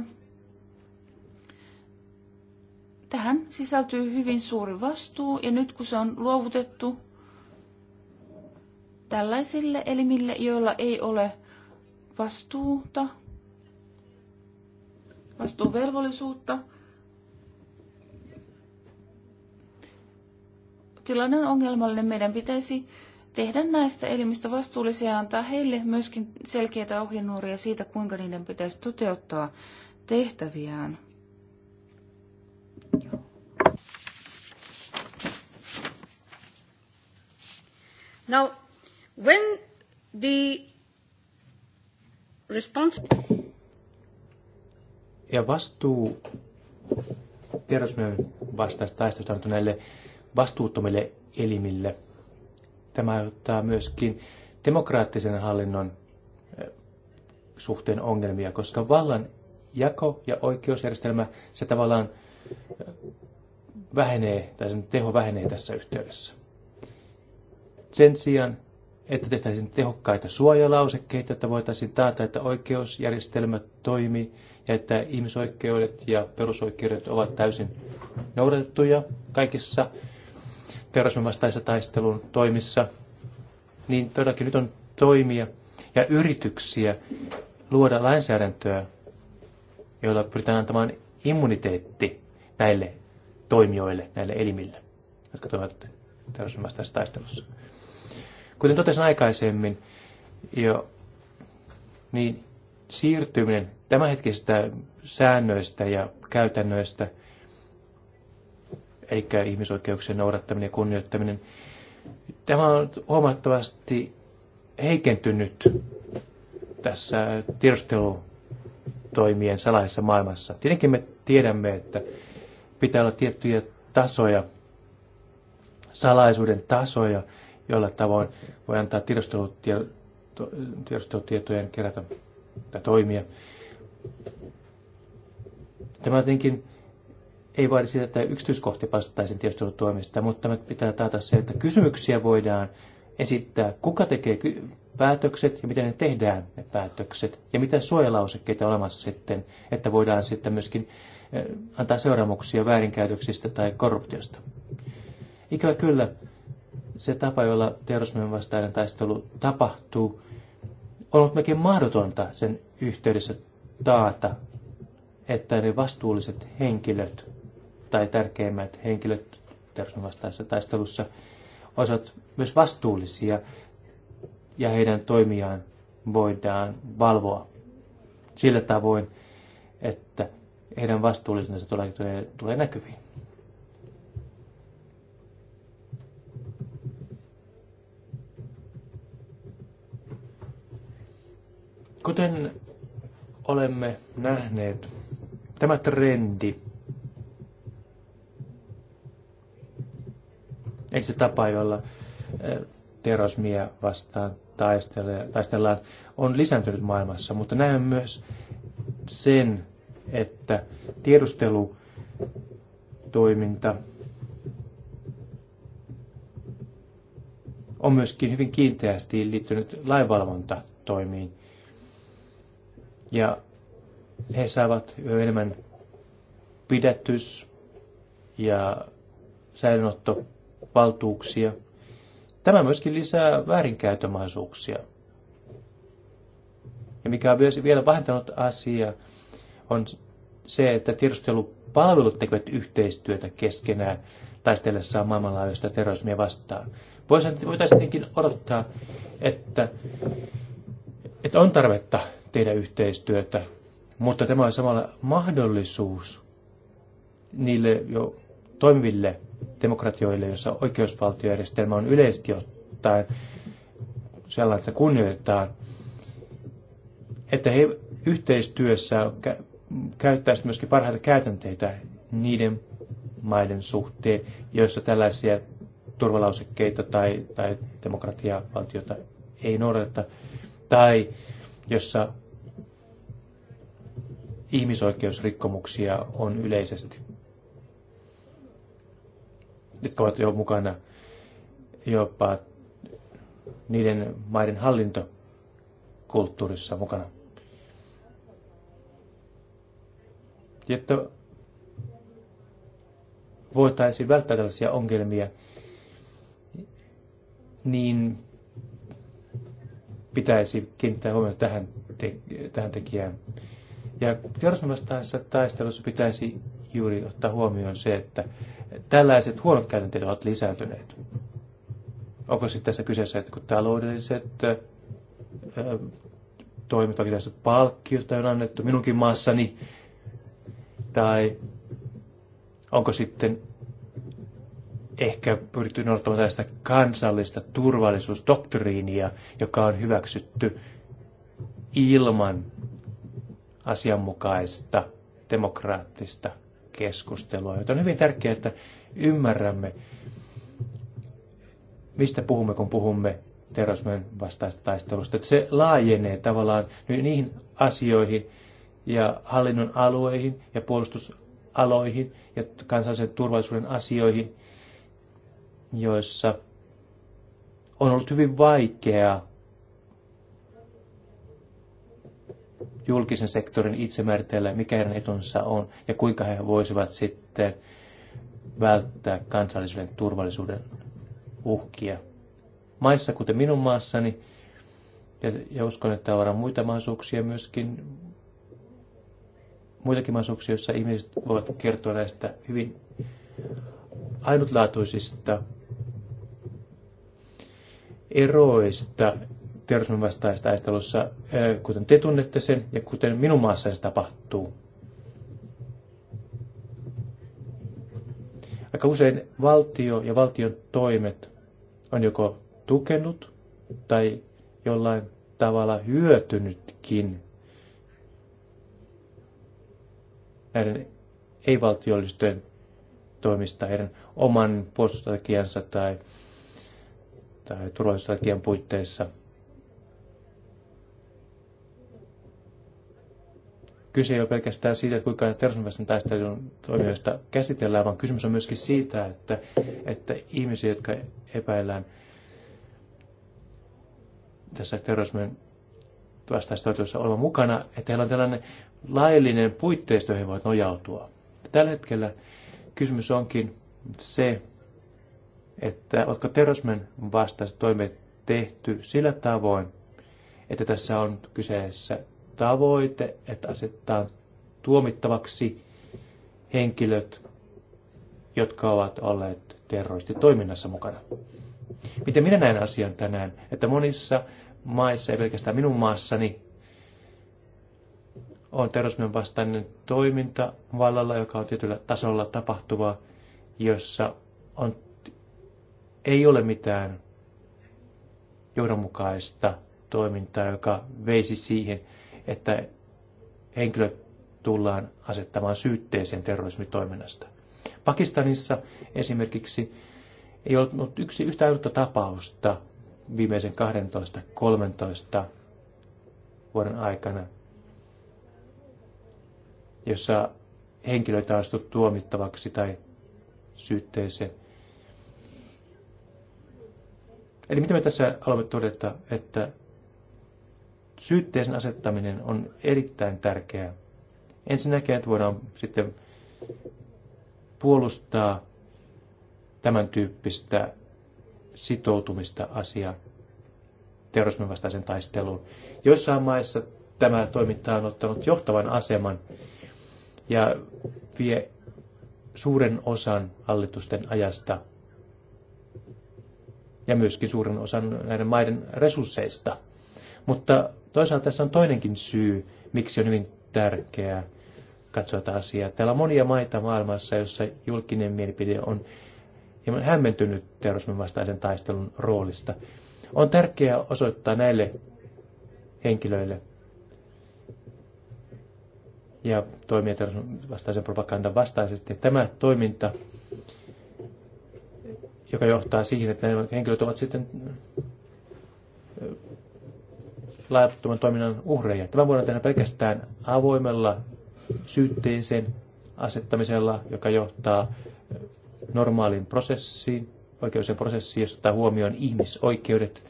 C: Tähän sisältyy hyvin suuri vastuu ja nyt kun se on luovutettu tällaisille elimille, joilla ei ole vastuuta, vastuuvelvollisuutta – tilanne on ongelmallinen. Meidän pitäisi tehdä näistä elimistä vastuullisia ja antaa heille myöskin selkeitä ohjenuoria siitä, kuinka niiden pitäisi toteuttaa tehtäviään. Now, when the response...
B: Ja vastuu terrorismin vastaista taistosta antuneille vastuuttomille elimille. Tämä aiheuttaa myöskin demokraattisen hallinnon suhteen ongelmia, koska vallan jako ja oikeusjärjestelmä, se tavallaan vähenee, tai sen teho vähenee tässä yhteydessä. Sen sijaan, että tehtäisiin tehokkaita suojalausekkeita, että voitaisiin taata, että oikeusjärjestelmä toimii ja että ihmisoikeudet ja perusoikeudet ovat täysin noudatettuja kaikissa terrorismin taistelun toimissa, niin todellakin nyt on toimia ja yrityksiä luoda lainsäädäntöä, joilla pyritään antamaan immuniteetti näille toimijoille, näille elimille, jotka toimivat terrorismin vastaisessa taistelussa. Kuten totesin aikaisemmin, jo, niin siirtyminen tämänhetkisistä säännöistä ja käytännöistä – eli ihmisoikeuksien noudattaminen ja kunnioittaminen. Tämä on huomattavasti heikentynyt tässä tiedustelutoimien salaisessa maailmassa. Tietenkin me tiedämme, että pitää olla tiettyjä tasoja, salaisuuden tasoja, joilla tavoin voi antaa tiedustelutietojen kerätä tai toimia. Tämä on tietenkin ei vaadi sitä, että yksityiskohtia vastattaisiin tiedustelutoimista, mutta me pitää taata se, että kysymyksiä voidaan esittää, kuka tekee päätökset ja miten ne tehdään ne päätökset ja mitä suojalausekkeita olemassa sitten, että voidaan sitten myöskin antaa seuraamuksia väärinkäytöksistä tai korruptiosta. Ikävä kyllä, se tapa, jolla terrorismin vastainen taistelu tapahtuu, on ollut melkein mahdotonta sen yhteydessä taata, että ne vastuulliset henkilöt tai tärkeimmät henkilöt terrorismin vastaisessa taistelussa olisivat myös vastuullisia ja heidän toimiaan voidaan valvoa sillä tavoin, että heidän vastuullisuutensa tulee, tulee näkyviin. Kuten olemme nähneet, tämä trendi Eikö se tapa, jolla terrorismia vastaan taistellaan, on lisääntynyt maailmassa, mutta näen myös sen, että tiedustelutoiminta on myöskin hyvin kiinteästi liittynyt lainvalvontatoimiin. Ja he saavat enemmän pidätys- ja säilönotto valtuuksia. Tämä myöskin lisää väärinkäytömaisuuksia. Ja mikä on myös vielä vähentänyt asia, on se, että tiedustelupalvelut tekevät yhteistyötä keskenään taistellessaan maailmanlaajuista terrorismia vastaan. Voitaisiin tietenkin odottaa, että, että on tarvetta tehdä yhteistyötä, mutta tämä on samalla mahdollisuus niille jo toimiville demokratioille, joissa oikeusvaltiojärjestelmä on yleisesti ottaen sellaista kunnioitetaan, että he yhteistyössä käyttäisivät myöskin parhaita käytänteitä niiden maiden suhteen, joissa tällaisia turvalausekkeita tai, tai demokratiavaltiota ei noudateta, tai jossa ihmisoikeusrikkomuksia on yleisesti jotka ovat jo mukana jopa niiden maiden hallintokulttuurissa mukana. Jotta voitaisiin välttää tällaisia ongelmia, niin pitäisi kiinnittää huomiota tähän, te- tähän tekijään. Ja terrorismin vastaisessa taistelussa pitäisi juuri ottaa huomioon se, että tällaiset huonot käytänteet ovat lisääntyneet. Onko sitten tässä kyseessä, että kun taloudelliset toimet, tällaiset palkkiot on annettu minunkin maassani, tai onko sitten ehkä pyritty noudattamaan tästä kansallista turvallisuusdoktriinia, joka on hyväksytty ilman asianmukaista demokraattista keskustelua, joten on hyvin tärkeää, että ymmärrämme, mistä puhumme, kun puhumme terrorismin vastaista taistelusta. Että se laajenee tavallaan niihin asioihin ja hallinnon alueihin ja puolustusaloihin ja kansallisen turvallisuuden asioihin, joissa on ollut hyvin vaikeaa julkisen sektorin itse määritellä, mikä heidän etunsa on ja kuinka he voisivat sitten välttää kansallisuuden turvallisuuden uhkia. Maissa, kuten minun maassani, ja, ja uskon, että on varmaan muita mahdollisuuksia myöskin, muitakin mahdollisuuksia, joissa ihmiset voivat kertoa näistä hyvin ainutlaatuisista eroista terrorismin vastaista taistelussa, kuten te tunnette sen ja kuten minun maassa se tapahtuu. Aika usein valtio ja valtion toimet on joko tukenut tai jollain tavalla hyötynytkin näiden ei-valtiollisten toimista heidän oman puolustustrategiansa tai, tai turvallisuusstrategian puitteissa – kyse ei ole pelkästään siitä, että kuinka terrorismin taistelun toimijoista käsitellään, vaan kysymys on myöskin siitä, että, että ihmisiä, jotka epäillään tässä terrorismin vastaistoituissa olevan mukana, että heillä on tällainen laillinen puitteisto, johon voivat nojautua. Tällä hetkellä kysymys onkin se, että oletko terrorismin vastaiset toimet tehty sillä tavoin, että tässä on kyseessä tavoite, että asettaa tuomittavaksi henkilöt, jotka ovat olleet terroristitoiminnassa mukana. Miten minä näen asian tänään? Että monissa maissa, ei pelkästään minun maassani, on terrorismin vastainen toiminta vallalla, joka on tietyllä tasolla tapahtuvaa, jossa on, ei ole mitään johdonmukaista toimintaa, joka veisi siihen, että henkilö tullaan asettamaan syytteeseen terrorismitoiminnasta. Pakistanissa esimerkiksi ei ollut yksi yhtä ainutta tapausta viimeisen 12-13 vuoden aikana, jossa henkilöitä on tuomittavaksi tai syytteeseen. Eli mitä me tässä haluamme todeta, että syytteisen asettaminen on erittäin tärkeää. Ensinnäkin, että voidaan sitten puolustaa tämän tyyppistä sitoutumista asia terrorismin vastaisen taisteluun. Joissain maissa tämä toiminta on ottanut johtavan aseman ja vie suuren osan hallitusten ajasta ja myöskin suuren osan näiden maiden resursseista. Mutta Toisaalta tässä on toinenkin syy, miksi on hyvin tärkeää katsoa tätä asiaa. Täällä on monia maita maailmassa, jossa julkinen mielipide on hieman hämmentynyt terrorismin vastaisen taistelun roolista. On tärkeää osoittaa näille henkilöille ja toimia terrorismin vastaisen propagandan vastaisesti. Tämä toiminta, joka johtaa siihen, että nämä henkilöt ovat sitten laajattoman toiminnan uhreja. Tämä voidaan tehdä pelkästään avoimella syytteeseen asettamisella, joka johtaa normaaliin prosessiin, oikeuden prosessiin, jossa ottaa huomioon ihmisoikeudet.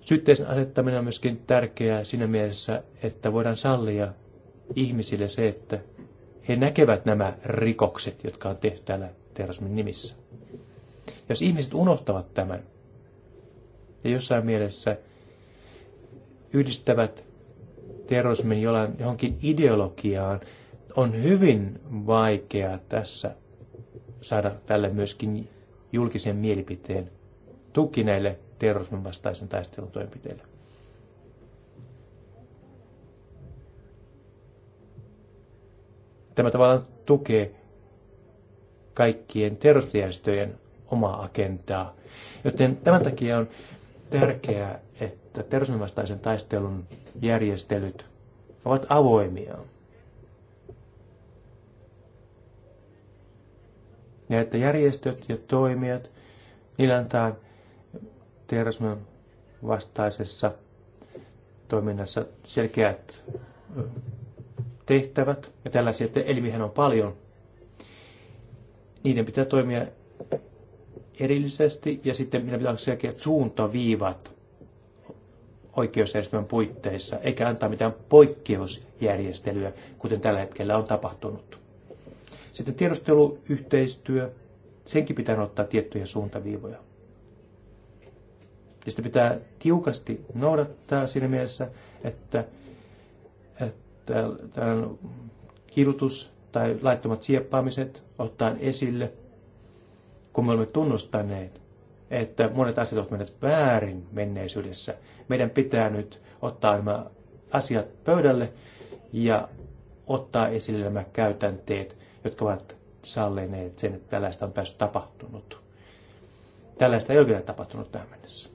B: Syytteisen asettaminen on myöskin tärkeää siinä mielessä, että voidaan sallia ihmisille se, että he näkevät nämä rikokset, jotka on tehty täällä terrorismin nimissä. Jos ihmiset unohtavat tämän, ja jossain mielessä – yhdistävät terrorismin jollain, johonkin ideologiaan, on hyvin vaikea tässä saada tälle myöskin julkisen mielipiteen tuki näille terrorismin vastaisen taistelun toimenpiteille. Tämä tavallaan tukee kaikkien terroristijärjestöjen omaa agendaa. Joten tämän takia on tärkeää, että terrorismin taistelun järjestelyt ovat avoimia. Ja että järjestöt ja toimijat, niillä antaa terrorismin vastaisessa toiminnassa selkeät tehtävät. Ja tällaisia elimihän on paljon. Niiden pitää toimia erillisesti ja sitten meillä pitää olla selkeät suuntaviivat oikeusjärjestelmän puitteissa, eikä antaa mitään poikkeusjärjestelyä, kuten tällä hetkellä on tapahtunut. Sitten tiedusteluyhteistyö, senkin pitää ottaa tiettyjä suuntaviivoja. Ja sitä pitää tiukasti noudattaa siinä mielessä, että, että kirjoitus tai laittomat sieppaamiset ottaa esille, kun me olemme tunnustaneet, että monet asiat ovat menneet väärin menneisyydessä, meidän pitää nyt ottaa nämä asiat pöydälle ja ottaa esille nämä käytänteet, jotka ovat sallineet sen, että tällaista on päässyt tapahtunut. Tällaista ei ole tapahtunut tähän mennessä.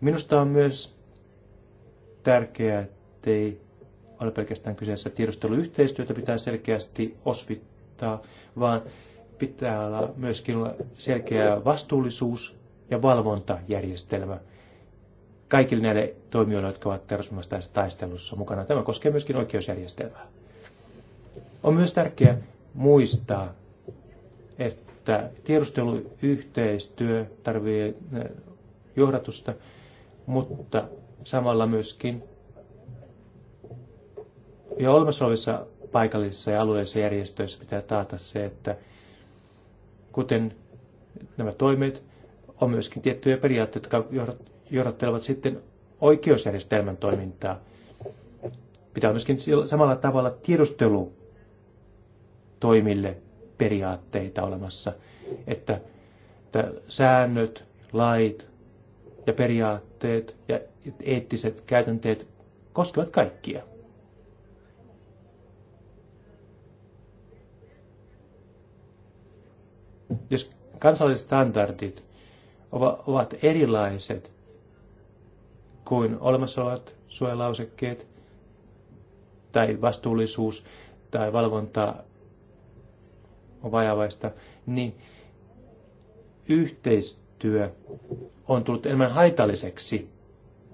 B: Minusta on myös tärkeää, ei ole pelkästään kyseessä tiedusteluyhteistyötä, pitää selkeästi osvittaa, vaan pitää olla myöskin selkeä vastuullisuus ja valvontajärjestelmä, kaikille näille toimijoille, jotka ovat terrorismivastaisessa taistelussa mukana. Tämä koskee myöskin oikeusjärjestelmää. On myös tärkeää muistaa, että tiedusteluyhteistyö tarvitsee eh, johdatusta, mutta samalla myöskin jo olemassa olevissa paikallisissa ja alueellisissa järjestöissä pitää taata se, että kuten nämä toimet, on myöskin tiettyjä periaatteita, jotka johdattelevat sitten oikeusjärjestelmän toimintaa. Pitää myöskin samalla tavalla tiedustelutoimille periaatteita olemassa, että, että säännöt, lait ja periaatteet ja eettiset käytänteet koskevat kaikkia. Jos kansalliset standardit ovat erilaiset kuin olemassa olevat suojalausekkeet tai vastuullisuus tai valvonta on vajavaista, niin yhteistyö on tullut enemmän haitalliseksi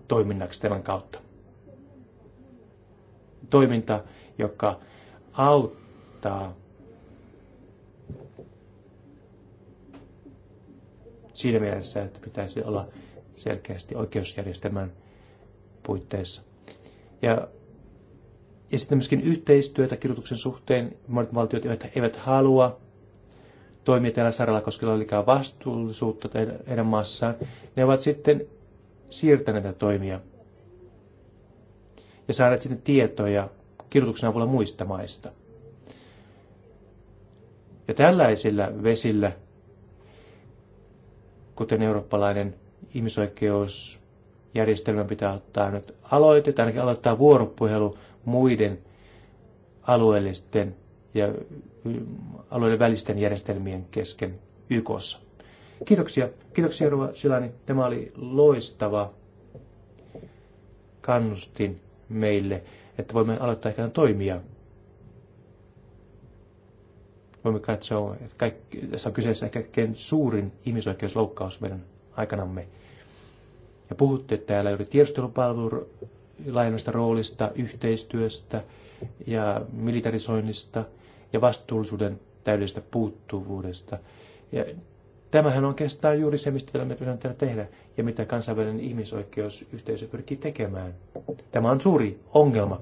B: toiminnaksi tämän kautta. Toiminta, joka auttaa siinä mielessä, että pitäisi olla selkeästi oikeusjärjestelmän puitteissa. Ja, ja sitten myöskin yhteistyötä kirjoituksen suhteen. Monet valtiot eivät, eivät halua toimia tällä saralla, koska on liikaa vastuullisuutta heidän maassaan. Ne ovat sitten siirtäneet näitä toimia ja saaneet sitten tietoja kirjoituksen avulla muista maista. Ja tällaisilla vesillä, kuten eurooppalainen ihmisoikeus järjestelmän pitää ottaa nyt aloite, tai ainakin aloittaa vuoropuhelu muiden alueellisten ja alueiden välisten järjestelmien kesken YKssa. Kiitoksia. Kiitoksia Ruva Silani. Tämä oli loistava kannustin meille, että voimme aloittaa ikään toimia. Voimme katsoa, että kaikki, tässä on kyseessä ehkä suurin ihmisoikeusloukkaus meidän aikanamme. Ja puhutte täällä juuri tiedustelupalvelulainoista roolista, yhteistyöstä ja militarisoinnista ja vastuullisuuden täydellisestä puuttuvuudesta. Ja tämähän on oikeastaan juuri se, mistä me pitää täällä tehdä ja mitä kansainvälinen ihmisoikeusyhteisö pyrkii tekemään. Tämä on suuri ongelma.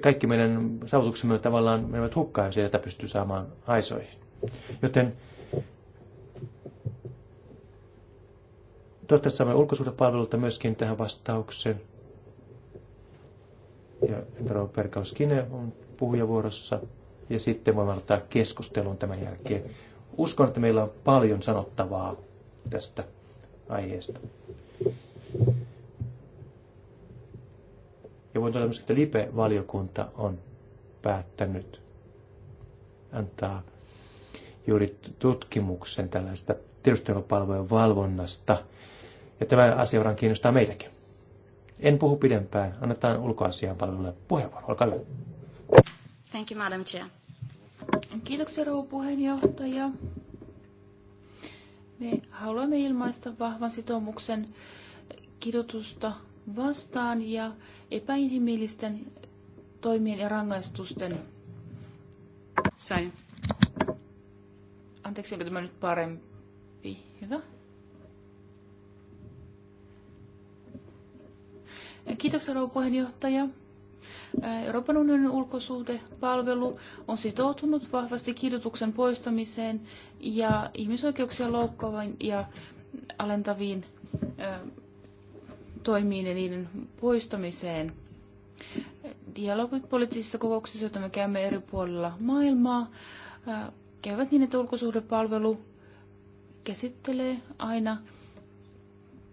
B: Kaikki meidän saavutuksemme tavallaan menevät hukkaan ja sieltä pystyy saamaan aisoihin. Joten Toivottavasti saamme ulkosuhdepalvelulta myöskin tähän vastauksen. Ja Entaro Perkauskine on puhujavuorossa. Ja sitten voimme aloittaa keskustelun tämän jälkeen. Uskon, että meillä on paljon sanottavaa tästä aiheesta. Ja voin todeta että LIPE-valiokunta on päättänyt antaa juuri tutkimuksen tällaista tiedustelupalvelujen valvonnasta ja tämä asia varmaan kiinnostaa meitäkin. En puhu pidempään. Annetaan ulkoasiaan palvelulle puheenvuoro. Olkaa hyvä.
C: Thank you, Madam Chair. Kiitoksia, rouva puheenjohtaja. Me haluamme ilmaista vahvan sitoumuksen kidutusta vastaan ja epäinhimillisten toimien ja rangaistusten. Sain. Anteeksi, onko tämä nyt parempi? Hyvä. Kiitos, rouva puheenjohtaja. Euroopan unionin ulkosuhdepalvelu on sitoutunut vahvasti kidutuksen poistamiseen ja ihmisoikeuksia loukkaaviin ja alentaviin toimiin ja niiden poistamiseen. Dialogit poliittisissa kokouksissa, joita me käymme eri puolilla maailmaa, käyvät niin, että ulkosuhdepalvelu käsittelee aina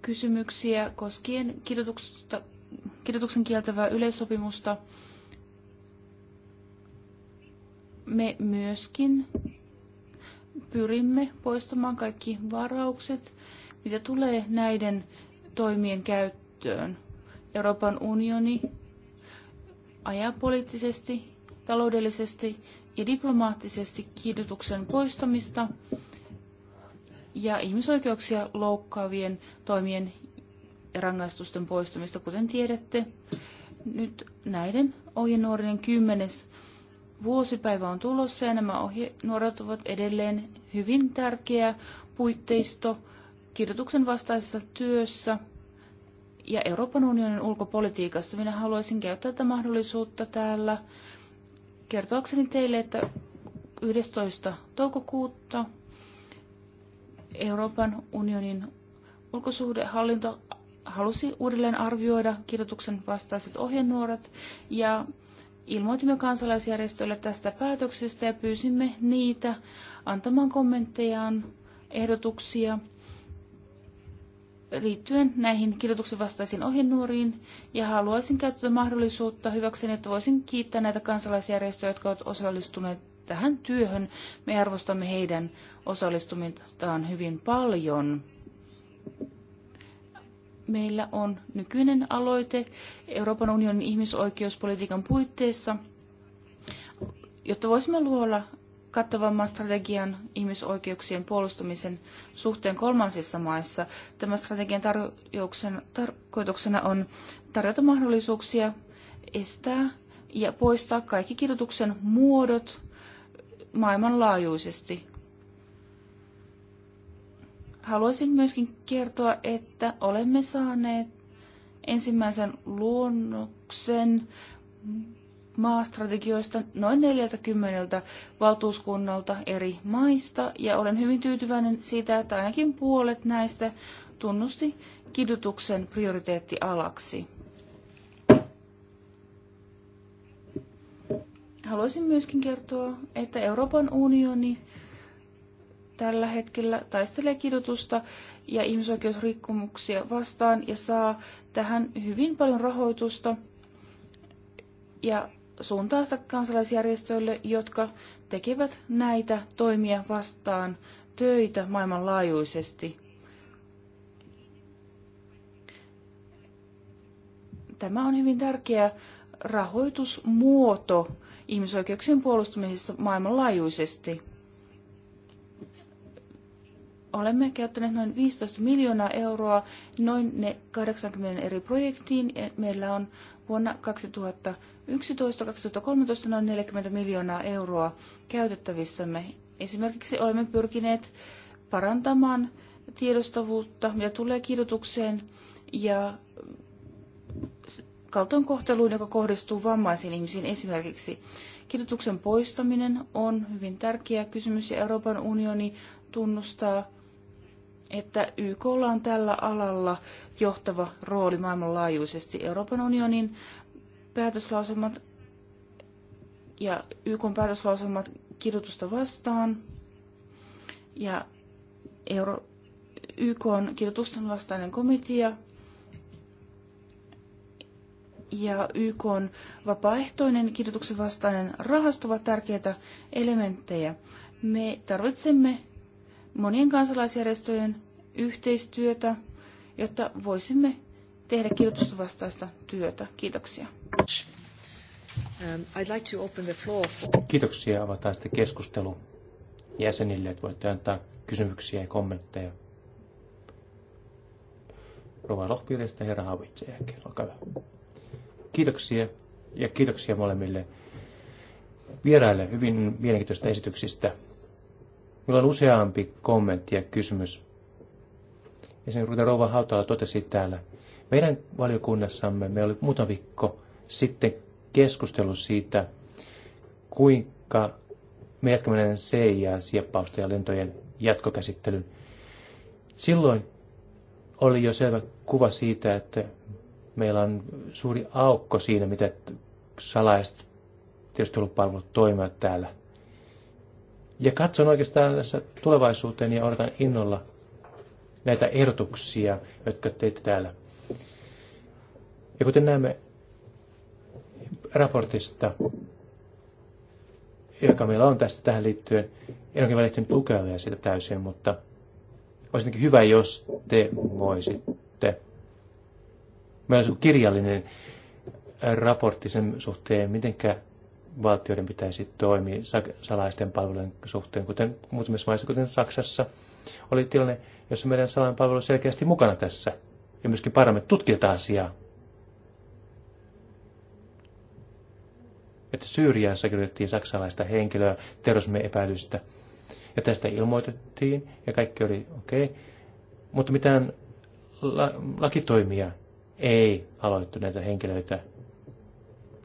C: kysymyksiä koskien kidutuksesta kidutuksen kieltävää yleissopimusta me myöskin pyrimme poistamaan kaikki varaukset, mitä tulee näiden toimien käyttöön. Euroopan unioni ajaa poliittisesti, taloudellisesti ja diplomaattisesti kiidutuksen poistamista ja ihmisoikeuksia loukkaavien toimien ja rangaistusten poistamista, kuten tiedätte. Nyt näiden ohjenuorien kymmenes vuosipäivä on tulossa ja nämä ohjenuoret ovat edelleen hyvin tärkeä puitteisto kirjoituksen vastaisessa työssä ja Euroopan unionin ulkopolitiikassa. Minä haluaisin käyttää tätä mahdollisuutta täällä kertoakseni teille, että 11. toukokuuta Euroopan unionin ulkosuhdehallinto halusi uudelleen arvioida kirjoituksen vastaiset ohjenuorat ja ilmoitimme kansalaisjärjestöille tästä päätöksestä ja pyysimme niitä antamaan kommenttejaan, ehdotuksia liittyen näihin kirjoituksen vastaisiin ohjenuoriin ja haluaisin käyttää mahdollisuutta hyväkseni, että voisin kiittää näitä kansalaisjärjestöjä, jotka ovat osallistuneet tähän työhön. Me arvostamme heidän osallistumistaan hyvin paljon meillä on nykyinen aloite Euroopan unionin ihmisoikeuspolitiikan puitteissa, jotta voisimme luoda kattavamman strategian ihmisoikeuksien puolustamisen suhteen kolmansissa maissa. Tämän strategian tarkoituksena on tarjota mahdollisuuksia estää ja poistaa kaikki kidutuksen muodot maailmanlaajuisesti. Haluaisin myöskin kertoa, että olemme saaneet ensimmäisen luonnoksen maastrategioista noin 40 valtuuskunnalta eri maista, ja olen hyvin tyytyväinen siitä, että ainakin puolet näistä tunnusti kidutuksen prioriteettialaksi. Haluaisin myöskin kertoa, että Euroopan unioni tällä hetkellä taistelee kidutusta ja ihmisoikeusrikkomuksia vastaan ja saa tähän hyvin paljon rahoitusta ja suuntaa sitä kansalaisjärjestöille, jotka tekevät näitä toimia vastaan töitä maailmanlaajuisesti. Tämä on hyvin tärkeä rahoitusmuoto ihmisoikeuksien puolustamisessa maailmanlaajuisesti olemme käyttäneet noin 15 miljoonaa euroa noin ne 80 eri projektiin. Meillä on vuonna 2011-2013 noin 40 miljoonaa euroa käytettävissämme. Esimerkiksi olemme pyrkineet parantamaan tiedostavuutta, mitä tulee kidutukseen ja kaltoinkohteluun, joka kohdistuu vammaisiin ihmisiin esimerkiksi. Kidutuksen poistaminen on hyvin tärkeä kysymys ja Euroopan unioni tunnustaa että YK on tällä alalla johtava rooli maailmanlaajuisesti. Euroopan unionin päätöslauselmat ja YKn päätöslauselmat kidutusta vastaan ja Euro- on kidutusten vastainen komitea ja on vapaaehtoinen kidutuksen vastainen rahasto ovat tärkeitä elementtejä. Me tarvitsemme monien kansalaisjärjestöjen yhteistyötä, jotta voisimme tehdä kidutusta vastaista työtä. Kiitoksia. Um, I'd like
A: to open the floor for...
B: Kiitoksia. Avataan sitten keskustelu jäsenille, että voitte antaa kysymyksiä ja kommentteja. Rova Lohpiirestä herra Havitse jälkeen. Olkaa hyvä. Kiitoksia ja kiitoksia molemmille vieraille hyvin mielenkiintoisista esityksistä. Minulla on useampi kommentti ja kysymys. Esimerkiksi kuten Rouva Hautala totesi täällä, meidän valiokunnassamme me oli muutama viikko sitten keskustelu siitä, kuinka me jatkamme näiden CIA-sieppausten ja lentojen jatkokäsittelyn. Silloin oli jo selvä kuva siitä, että meillä on suuri aukko siinä, mitä salaiset tiedustelupalvelut toimivat täällä – ja katson oikeastaan tässä tulevaisuuteen ja odotan innolla näitä ehdotuksia, jotka teitte täällä. Ja kuten näemme raportista, joka meillä on tästä tähän liittyen, en ole välittynyt lukea vielä sitä täysin, mutta olisi hyvä, jos te voisitte. Meillä on kirjallinen raportti sen suhteen, mitenkä valtioiden pitäisi toimia salaisten palvelujen suhteen, kuten muutamissa maissa, kuten Saksassa, oli tilanne, jossa meidän salainen palvelu selkeästi mukana tässä. Ja myöskin parlamentti tutki tätä asiaa. Että Syyriassa kirjoitettiin saksalaista henkilöä terrorismin epäilystä. Ja tästä ilmoitettiin ja kaikki oli okei. Okay. Mutta mitään la- lakitoimia ei aloittu näitä henkilöitä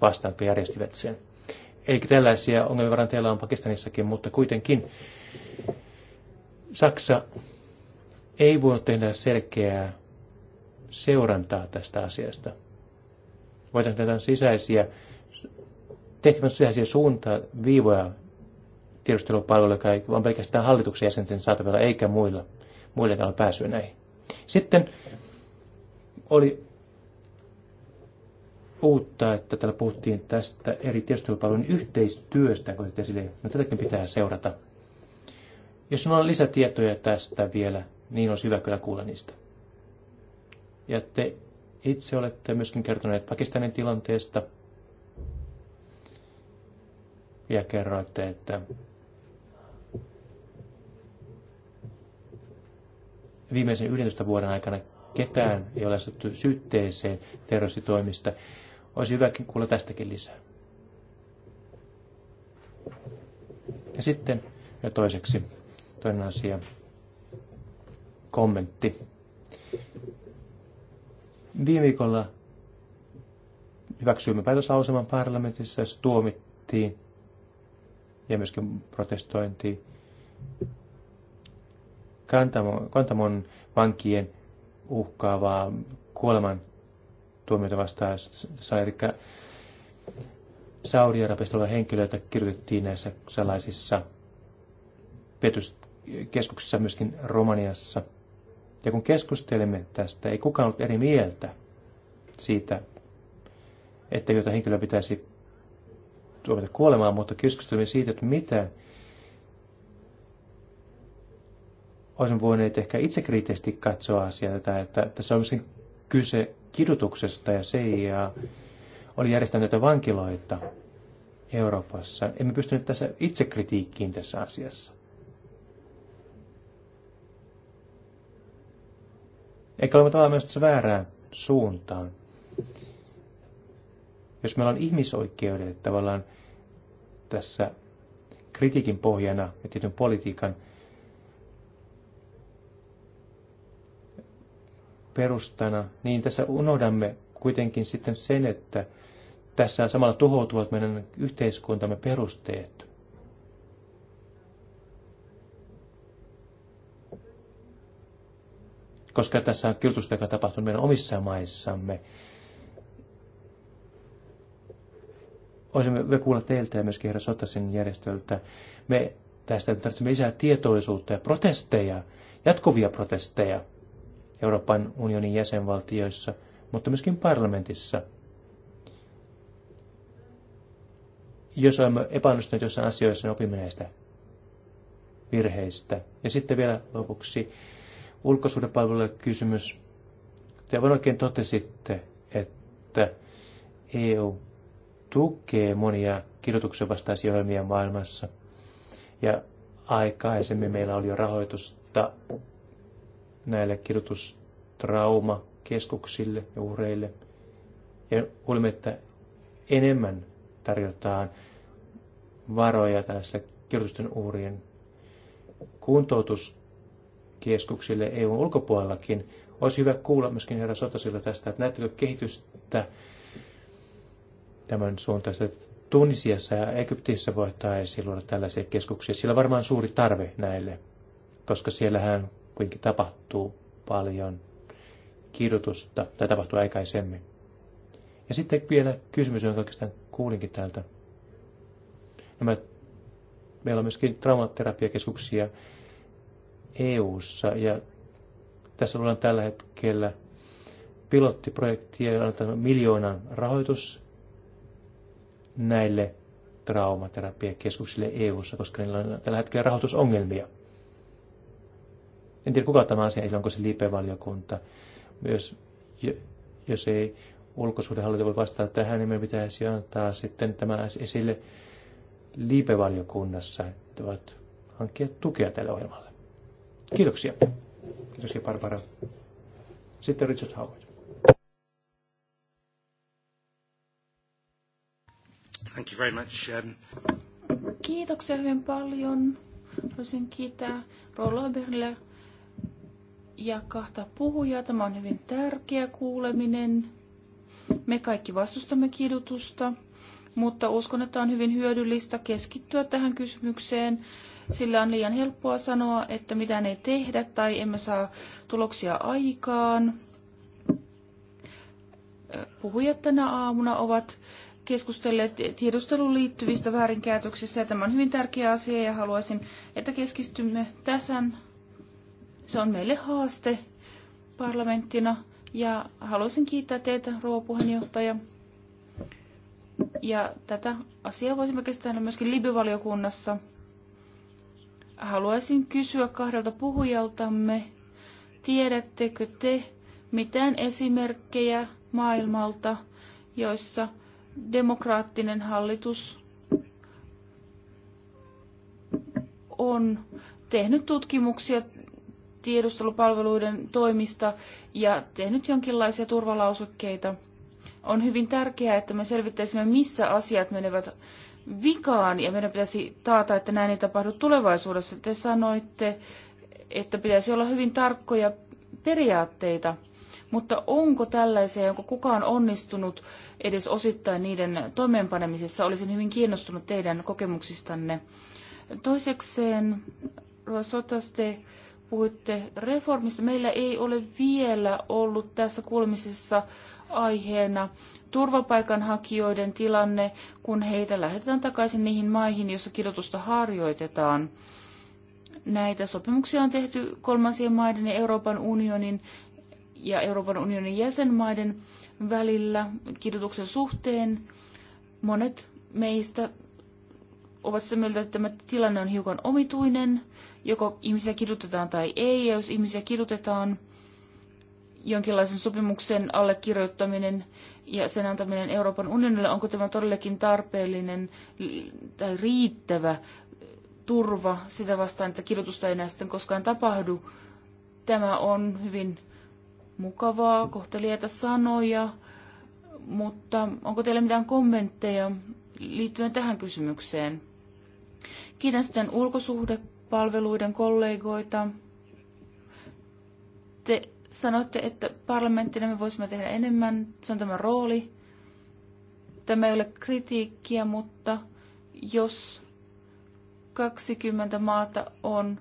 B: vastaan, kun järjestivät sen eikä tällaisia ongelmia varmaan teillä on Pakistanissakin, mutta kuitenkin Saksa ei voinut tehdä selkeää seurantaa tästä asiasta. Voidaan tehdä sisäisiä, tehtävän sisäisiä suuntaa, viivoja tiedustelupalveluilla, joka on pelkästään hallituksen jäsenten saatavilla, eikä muilla, muille täällä pääsyä näihin. Sitten oli uutta, että täällä puhuttiin tästä eri tiedustelupalvelujen yhteistyöstä, kun esille. No, tätäkin pitää seurata. Jos sinulla on lisätietoja tästä vielä, niin olisi hyvä kyllä kuulla niistä. Ja te itse olette myöskin kertoneet Pakistanin tilanteesta. Ja kerroitte, että viimeisen 11 vuoden aikana ketään ei ole asettu syytteeseen terroristitoimista. Olisi hyväkin kuulla tästäkin lisää. Ja sitten ja toiseksi toinen asia, kommentti. Viime viikolla hyväksyimme päätöslauselman parlamentissa, jossa tuomittiin ja myöskin protestointiin Kantamon, Kantamon vankien uhkaavaa kuoleman tuomioita vastaan sai. Eli Saudi-Arabiasta olevia henkilöitä kirjoitettiin näissä salaisissa petuskeskuksissa myöskin Romaniassa. Ja kun keskustelimme tästä, ei kukaan ollut eri mieltä siitä, että jota henkilöä pitäisi tuomita kuolemaan, mutta keskustelimme siitä, että miten olisimme voineet ehkä itsekriittisesti katsoa asiaa, että tässä on myöskin kyse kidutuksesta ja CIA oli järjestänyt vankiloita Euroopassa. Emme pystyneet tässä itsekritiikkiin tässä asiassa. Eikä ole tavallaan myös tässä väärään suuntaan. Jos meillä on ihmisoikeudet tavallaan tässä kritiikin pohjana ja tietyn politiikan – perustana, niin tässä unohdamme kuitenkin sitten sen, että tässä samalla tuhoutuvat meidän yhteiskuntamme perusteet. Koska tässä on kirjoitusta, joka tapahtunut meidän omissa maissamme. Olisimme kuulla teiltä ja myöskin herra Sotasin järjestöltä. Me tästä tarvitsemme lisää tietoisuutta ja protesteja, jatkuvia protesteja Euroopan unionin jäsenvaltioissa, mutta myöskin parlamentissa. Jos olemme epäonnistuneet jossain asioissa, niin opimme näistä virheistä. Ja sitten vielä lopuksi ulkosuhdepalvelulle kysymys. Te aivan oikein totesitte, että EU tukee monia kirjoituksen vastaisia ohjelmia maailmassa. Ja aikaisemmin meillä oli jo rahoitusta näille kidutustraumakeskuksille ja uhreille. Ja kuulimme, että enemmän tarjotaan varoja tällaisille kidutusten uhrien kuntoutuskeskuksille EUn ulkopuolellakin. Olisi hyvä kuulla myöskin herra Sotasilta tästä, että näettekö kehitystä tämän suuntaista, että Tunisiassa ja Egyptissä voitaisiin luoda tällaisia keskuksia. Siellä on varmaan suuri tarve näille, koska siellähän kuitenkin tapahtuu paljon kirjoitusta, tai tapahtuu aikaisemmin. Ja sitten vielä kysymys, jonka oikeastaan kuulinkin täältä. Nämä, meillä on myöskin traumaterapiakeskuksia EU-ssa, ja tässä ollaan tällä hetkellä pilottiprojektia, jolla on miljoonan rahoitus näille traumaterapiakeskuksille EU-ssa, koska niillä on tällä hetkellä rahoitusongelmia – en tiedä kuka tämä asia, onko se liipevaliokunta. Myös jos ei ulkosuhdehallinto voi vastata tähän, niin me pitäisi antaa sitten tämä esille liipevaliokunnassa, että voit hankkia tukea tälle ohjelmalle. Kiitoksia. Kiitoksia Barbara. Sitten Richard Howard. Thank you very much. Um...
C: Kiitoksia hyvin paljon. Voisin kiittää Rollo Berle ja kahta puhujaa. Tämä on hyvin tärkeä kuuleminen. Me kaikki vastustamme kidutusta, mutta uskon, että on hyvin hyödyllistä keskittyä tähän kysymykseen, sillä on liian helppoa sanoa, että mitään ei tehdä tai emme saa tuloksia aikaan. Puhujat tänä aamuna ovat keskustelleet tiedusteluun liittyvistä väärinkäytöksistä ja tämä on hyvin tärkeä asia ja haluaisin, että keskistymme tässä se on meille haaste parlamenttina ja haluaisin kiittää teitä, rouva puheenjohtaja. Ja tätä asiaa voisimme käsitellä myöskin Libyvaliokunnassa. Haluaisin kysyä kahdelta puhujaltamme, tiedättekö te mitään esimerkkejä maailmalta, joissa demokraattinen hallitus on tehnyt tutkimuksia tiedustelupalveluiden toimista ja tehnyt jonkinlaisia turvalausukkeita. On hyvin tärkeää, että me selvittäisimme, missä asiat menevät vikaan ja meidän pitäisi taata, että näin ei tapahdu tulevaisuudessa. Te sanoitte, että pitäisi olla hyvin tarkkoja periaatteita, mutta onko tällaisia, onko kukaan onnistunut edes osittain niiden toimeenpanemisessa? Olisin hyvin kiinnostunut teidän kokemuksistanne. Toisekseen, ruotsotaste puhuitte reformista. Meillä ei ole vielä ollut tässä kuulemisessa aiheena turvapaikanhakijoiden tilanne, kun heitä lähetetään takaisin niihin maihin, joissa kidutusta harjoitetaan. Näitä sopimuksia on tehty kolmansien maiden ja Euroopan unionin ja Euroopan unionin jäsenmaiden välillä kidutuksen suhteen. Monet meistä ovat sitä mieltä, että tämä tilanne on hiukan omituinen joko ihmisiä kidutetaan tai ei, ja jos ihmisiä kidutetaan, jonkinlaisen sopimuksen allekirjoittaminen ja sen antaminen Euroopan unionille, onko tämä todellakin tarpeellinen tai riittävä turva sitä vastaan, että kidutusta ei enää sitten koskaan tapahdu. Tämä on hyvin mukavaa, kohtelijaita sanoja, mutta onko teillä mitään kommentteja liittyen tähän kysymykseen? Kiitän sitten ulkosuhde palveluiden kollegoita. Te sanotte, että parlamenttina me voisimme tehdä enemmän, se on tämä rooli. Tämä ei ole kritiikkiä, mutta jos 20 maata on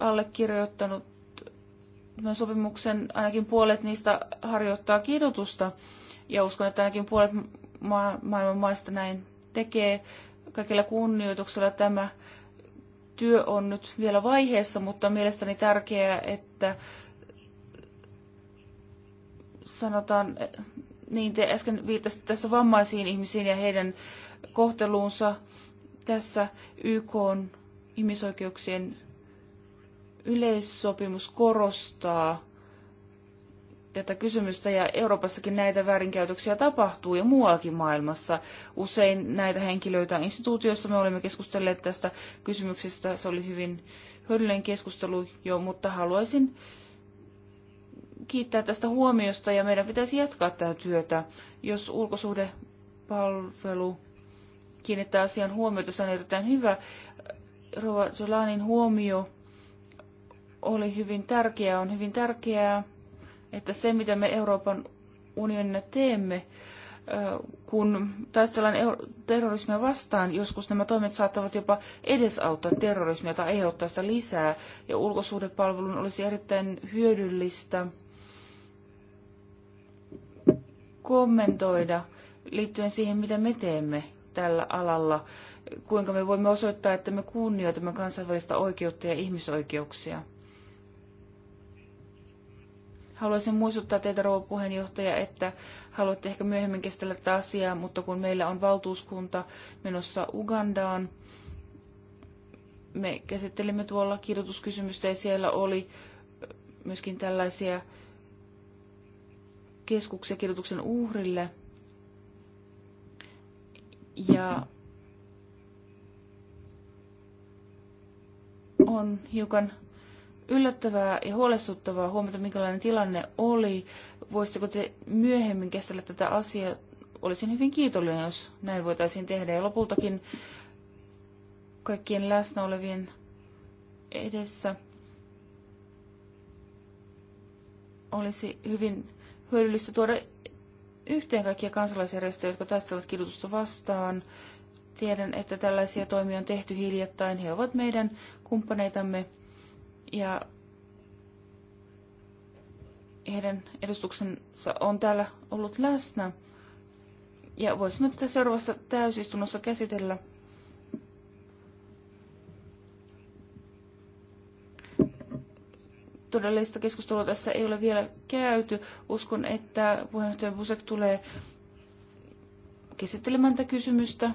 C: allekirjoittanut tämän sopimuksen, ainakin puolet niistä harjoittaa kidutusta. Ja uskon, että ainakin puolet ma- maailman maista näin tekee. Kaikilla kunnioituksella tämä työ on nyt vielä vaiheessa, mutta on mielestäni tärkeää, että sanotaan, niin te äsken viittasitte tässä vammaisiin ihmisiin ja heidän kohteluunsa tässä YK on ihmisoikeuksien yleissopimus korostaa tätä kysymystä ja Euroopassakin näitä väärinkäytöksiä tapahtuu ja muuallakin maailmassa. Usein näitä henkilöitä instituutioissa me olemme keskustelleet tästä kysymyksestä. Se oli hyvin hyödyllinen keskustelu jo, mutta haluaisin kiittää tästä huomiosta ja meidän pitäisi jatkaa tätä työtä. Jos ulkosuhdepalvelu kiinnittää asian huomiota, se on erittäin hyvä. Rova Solanin huomio oli hyvin tärkeä, on hyvin tärkeää että se, mitä me Euroopan unionina teemme, kun taistellaan terrorismia vastaan, joskus nämä toimet saattavat jopa edesauttaa terrorismia tai aiheuttaa sitä lisää. Ja ulkosuhdepalvelun olisi erittäin hyödyllistä kommentoida liittyen siihen, mitä me teemme tällä alalla, kuinka me voimme osoittaa, että me kunnioitamme kansainvälistä oikeutta ja ihmisoikeuksia. Haluaisin muistuttaa teitä, rouva puheenjohtaja, että haluatte ehkä myöhemmin käsitellä tätä asiaa, mutta kun meillä on valtuuskunta menossa Ugandaan, me käsittelimme tuolla kidutuskysymystä ja siellä oli myöskin tällaisia keskuksia kidutuksen uhrille. Ja on hiukan yllättävää ja huolestuttavaa huomata, minkälainen tilanne oli. Voisitteko te myöhemmin kestellä tätä asiaa? Olisin hyvin kiitollinen, jos näin voitaisiin tehdä. Ja lopultakin kaikkien läsnä olevien edessä olisi hyvin hyödyllistä tuoda yhteen kaikkia kansalaisjärjestöjä, jotka taistelevat kidutusta vastaan. Tiedän, että tällaisia toimia on tehty hiljattain. He ovat meidän kumppaneitamme ja heidän edustuksensa on täällä ollut läsnä. Ja voisimme tätä seuraavassa täysistunnossa käsitellä. Todellista keskustelua tässä ei ole vielä käyty. Uskon, että puheenjohtaja Busek tulee käsittelemään tätä kysymystä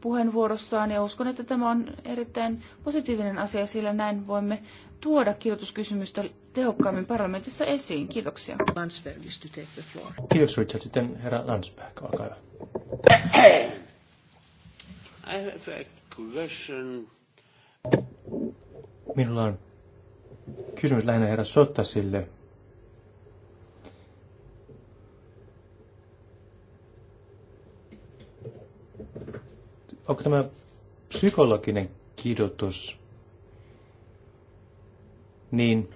C: puheenvuorossaan ja uskon, että tämä on erittäin positiivinen asia, sillä näin voimme tuoda kirjoituskysymystä tehokkaammin parlamentissa esiin. Kiitoksia. Landsberg to take the floor.
B: Kiitos Richard. Sitten herra Landsberg, olkaa hyvä. I have a question. Minulla on kysymys lähinnä herra Sottasille. onko tämä psykologinen kidutus, niin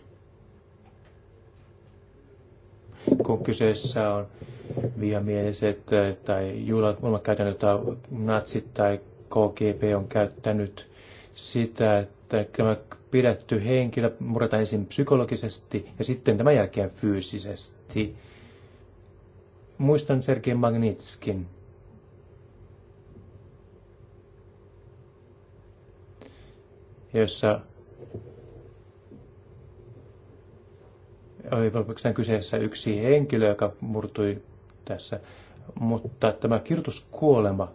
B: kun kyseessä on vihamieliset tai juulat, mulla käytänyt jotain natsit tai KGB on käyttänyt sitä, että tämä pidetty henkilö murretaan ensin psykologisesti ja sitten tämän jälkeen fyysisesti. Muistan Sergei Magnitskin Jossa oli oikeastaan kyseessä yksi henkilö, joka murtui tässä. Mutta tämä kirjoituskuolema,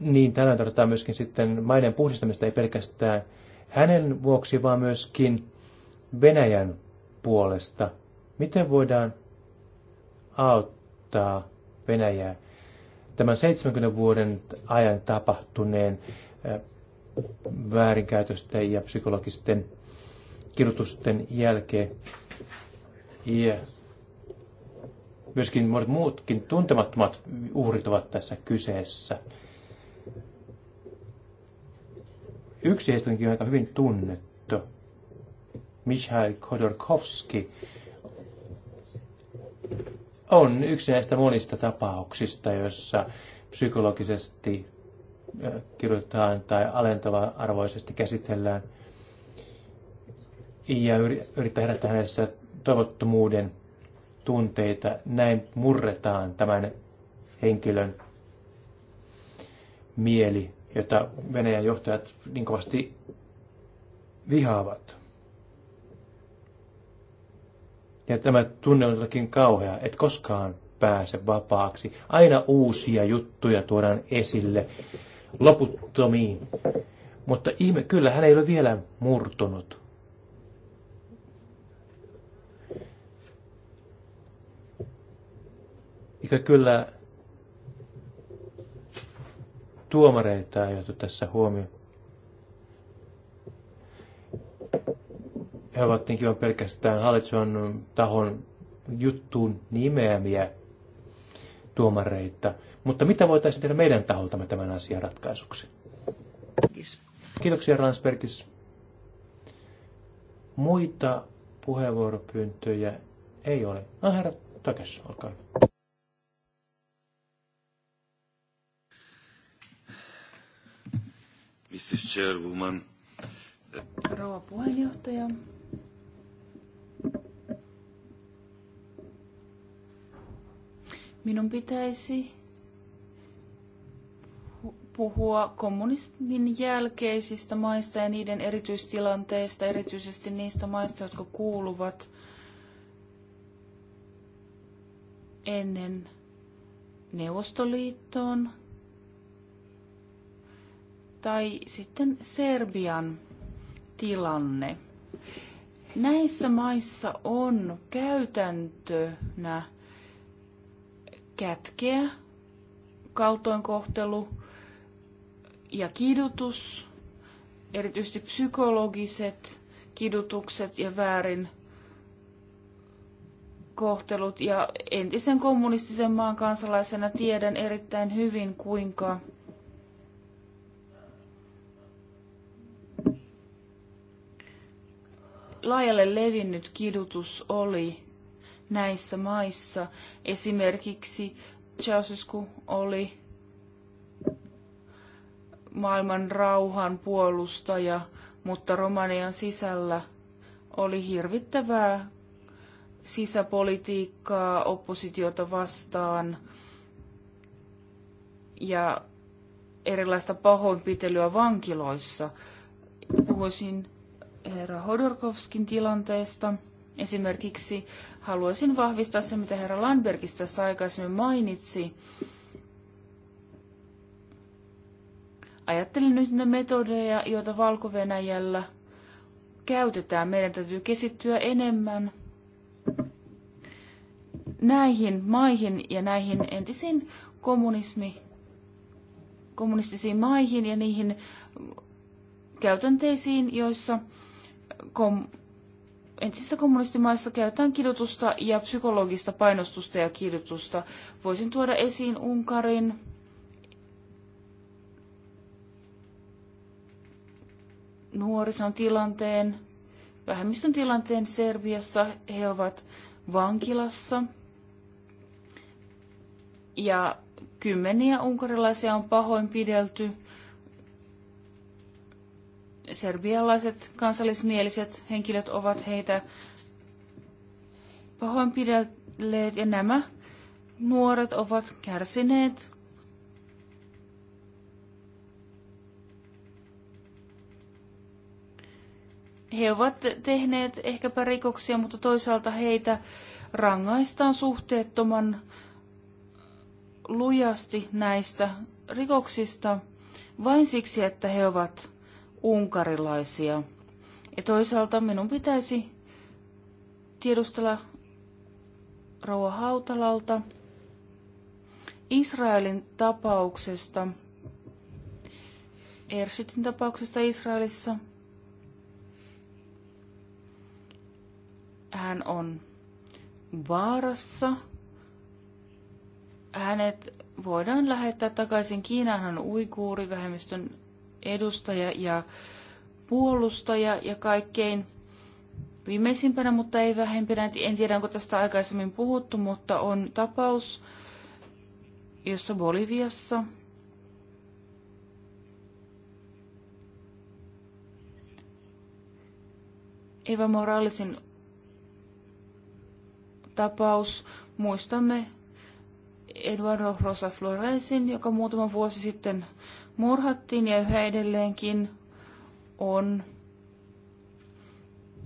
B: niin tällöin tarvitaan myöskin sitten maiden puhdistamista, ei pelkästään hänen vuoksi, vaan myöskin Venäjän puolesta. Miten voidaan auttaa Venäjää tämän 70 vuoden ajan tapahtuneen väärinkäytösten ja psykologisten kirjoitusten jälkeen. Ja myöskin monet muutkin tuntemattomat uhrit ovat tässä kyseessä. Yksi heistä on aika hyvin tunnettu. Mikhail Khodorkovski on yksi näistä monista tapauksista, joissa psykologisesti kirjoitetaan tai alentava-arvoisesti käsitellään ja yrittää herättää hänessä toivottomuuden tunteita. Näin murretaan tämän henkilön mieli, jota Venäjän johtajat niin kovasti vihaavat. Ja tämä tunne on jotakin kauhea, et koskaan pääse vapaaksi. Aina uusia juttuja tuodaan esille, loputtomiin. Mutta ihme, kyllä hän ei ole vielä murtunut. Ikä kyllä tuomareita ei otettu tässä huomioon. He ovat vain niin pelkästään hallitsevan tahon juttuun nimeämiä tuomareita. Mutta mitä voitaisiin tehdä meidän taholtamme tämän asian ratkaisuksi? Kiitoksia Ransbergis. Muita puheenvuoropyyntöjä ei ole. Ah, herra Tökes, olkaa hyvä. Mrs. Chairwoman.
C: Rouva puheenjohtaja. Minun pitäisi puhua kommunismin jälkeisistä maista ja niiden erityistilanteista, erityisesti niistä maista, jotka kuuluvat ennen Neuvostoliittoon tai sitten Serbian tilanne. Näissä maissa on käytäntönä kätkeä kaltoinkohtelu ja kidutus, erityisesti psykologiset kidutukset ja väärin kohtelut. Ja entisen kommunistisen maan kansalaisena tiedän erittäin hyvin, kuinka laajalle levinnyt kidutus oli näissä maissa. Esimerkiksi Ceausescu oli maailman rauhan puolustaja, mutta Romanian sisällä oli hirvittävää sisäpolitiikkaa oppositiota vastaan ja erilaista pahoinpitelyä vankiloissa. Puhuisin herra Hodorkovskin tilanteesta. Esimerkiksi haluaisin vahvistaa se, mitä herra Landbergista aikaisemmin mainitsi, Ajattelen nyt niitä metodeja, joita valko käytetään. Meidän täytyy kesittyä enemmän näihin maihin ja näihin entisiin kommunismi, kommunistisiin maihin ja niihin käytänteisiin, joissa kom, entisissä kommunistimaissa käytetään kidutusta ja psykologista painostusta ja kidutusta. Voisin tuoda esiin Unkarin, nuorison tilanteen, vähemmistön tilanteen Serbiassa. He ovat vankilassa ja kymmeniä unkarilaisia on pahoinpidelty. Serbialaiset kansallismieliset henkilöt ovat heitä pahoinpidelleet ja nämä nuoret ovat kärsineet He ovat tehneet ehkäpä rikoksia, mutta toisaalta heitä rangaistaan suhteettoman lujasti näistä rikoksista vain siksi, että he ovat unkarilaisia. Ja toisaalta minun pitäisi tiedustella Rauha Hautalalta Israelin tapauksesta, Ersytin tapauksesta Israelissa – hän on vaarassa. Hänet voidaan lähettää takaisin Kiinaan. Hän on uikuuri, vähemmistön edustaja ja puolustaja ja kaikkein viimeisimpänä, mutta ei vähempänä. En tiedä, onko tästä aikaisemmin puhuttu, mutta on tapaus, jossa Boliviassa Eva Moralesin tapaus. Muistamme Eduardo Rosa Floresin, joka muutama vuosi sitten murhattiin ja yhä edelleenkin on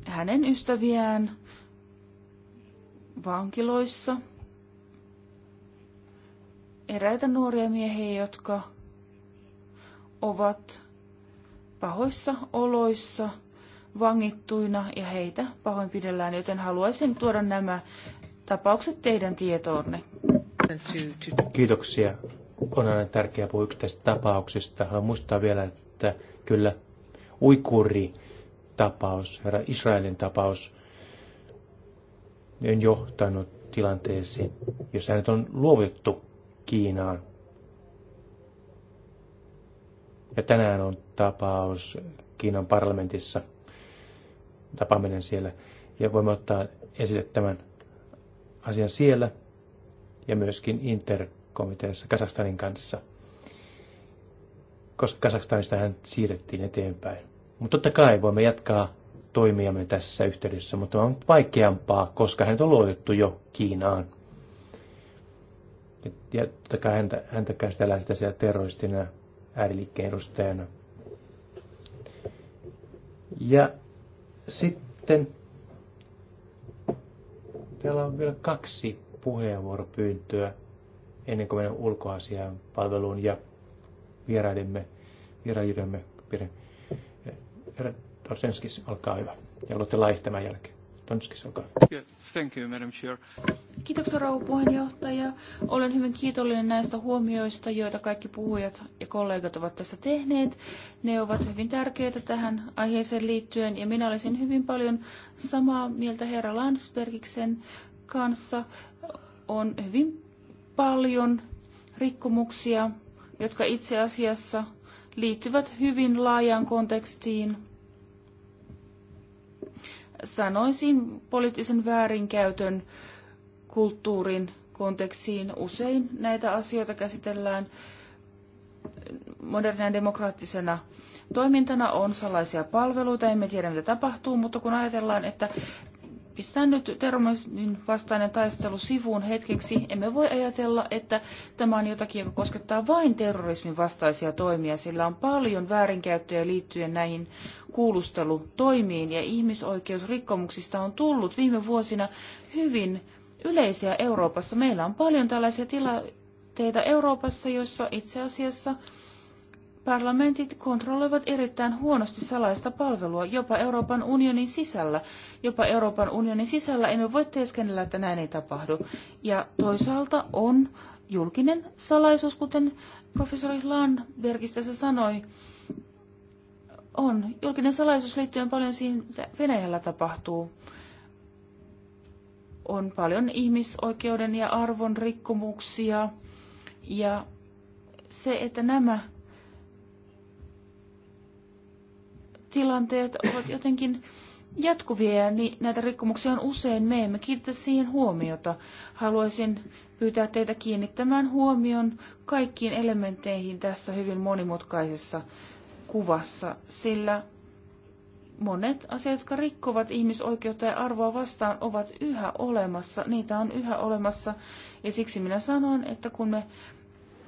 C: hänen ystäviään vankiloissa. Eräitä nuoria miehiä, jotka ovat pahoissa oloissa vangittuina ja heitä pahoinpidellään, joten haluaisin tuoda nämä tapaukset teidän tietoonne.
B: Kiitoksia. On aina tärkeää puhua yksittäisistä tapauksista. Haluan muistaa vielä, että kyllä uikuri tapaus, herra Israelin tapaus, on johtanut tilanteeseen, jossa hänet on luovuttu Kiinaan. Ja tänään on tapaus Kiinan parlamentissa, tapaaminen siellä. Ja voimme ottaa esille tämän asian siellä ja myöskin interkomiteassa Kasakstanin kanssa, koska Kasakstanista hän siirrettiin eteenpäin. Mutta totta kai voimme jatkaa toimiamme tässä yhteydessä, mutta on vaikeampaa, koska hän on luotettu jo Kiinaan. Ja, ja totta kai häntä, häntä käsitellään sitä siellä terroristina, ääriliikkeen edustajana. Ja sitten Täällä on vielä kaksi puheenvuoropyyntöä ennen kuin menen ulkoasiaan palveluun ja vieraidemme, vieraidemme Herra Dorsenskis, olkaa hyvä. Ja olette laihtamaan jälkeen. Donskis, olkaa hyvä. Yeah, thank you, Madam Chair.
C: Kiitoksia rouva puheenjohtaja. Olen hyvin kiitollinen näistä huomioista, joita kaikki puhujat ja kollegat ovat tässä tehneet. Ne ovat hyvin tärkeitä tähän aiheeseen liittyen ja minä olisin hyvin paljon samaa mieltä herra Landsbergiksen kanssa. On hyvin paljon rikkomuksia, jotka itse asiassa liittyvät hyvin laajaan kontekstiin. Sanoisin poliittisen väärinkäytön kulttuurin kontekstiin. Usein näitä asioita käsitellään modernina demokraattisena toimintana on salaisia palveluita, emme tiedä mitä tapahtuu, mutta kun ajatellaan, että pistään nyt terrorismin vastainen taistelu sivuun hetkeksi, emme voi ajatella, että tämä on jotakin, joka koskettaa vain terrorismin vastaisia toimia, sillä on paljon väärinkäyttöjä liittyen näihin kuulustelutoimiin ja ihmisoikeusrikkomuksista on tullut viime vuosina hyvin yleisiä Euroopassa. Meillä on paljon tällaisia tilanteita Euroopassa, joissa itse asiassa parlamentit kontrolloivat erittäin huonosti salaista palvelua, jopa Euroopan unionin sisällä. Jopa Euroopan unionin sisällä emme voi teeskennellä, että näin ei tapahdu. Ja toisaalta on julkinen salaisuus, kuten professori Landbergistä se sanoi, on. Julkinen salaisuus liittyen paljon siihen, mitä Venäjällä tapahtuu on paljon ihmisoikeuden ja arvon rikkomuksia. Ja se, että nämä tilanteet ovat jotenkin jatkuvia ja niin näitä rikkomuksia on usein. Me emme kiinnitä siihen huomiota. Haluaisin pyytää teitä kiinnittämään huomion kaikkiin elementteihin tässä hyvin monimutkaisessa kuvassa, sillä monet asiat, jotka rikkovat ihmisoikeutta ja arvoa vastaan, ovat yhä olemassa. Niitä on yhä olemassa. Ja siksi minä sanon, että kun me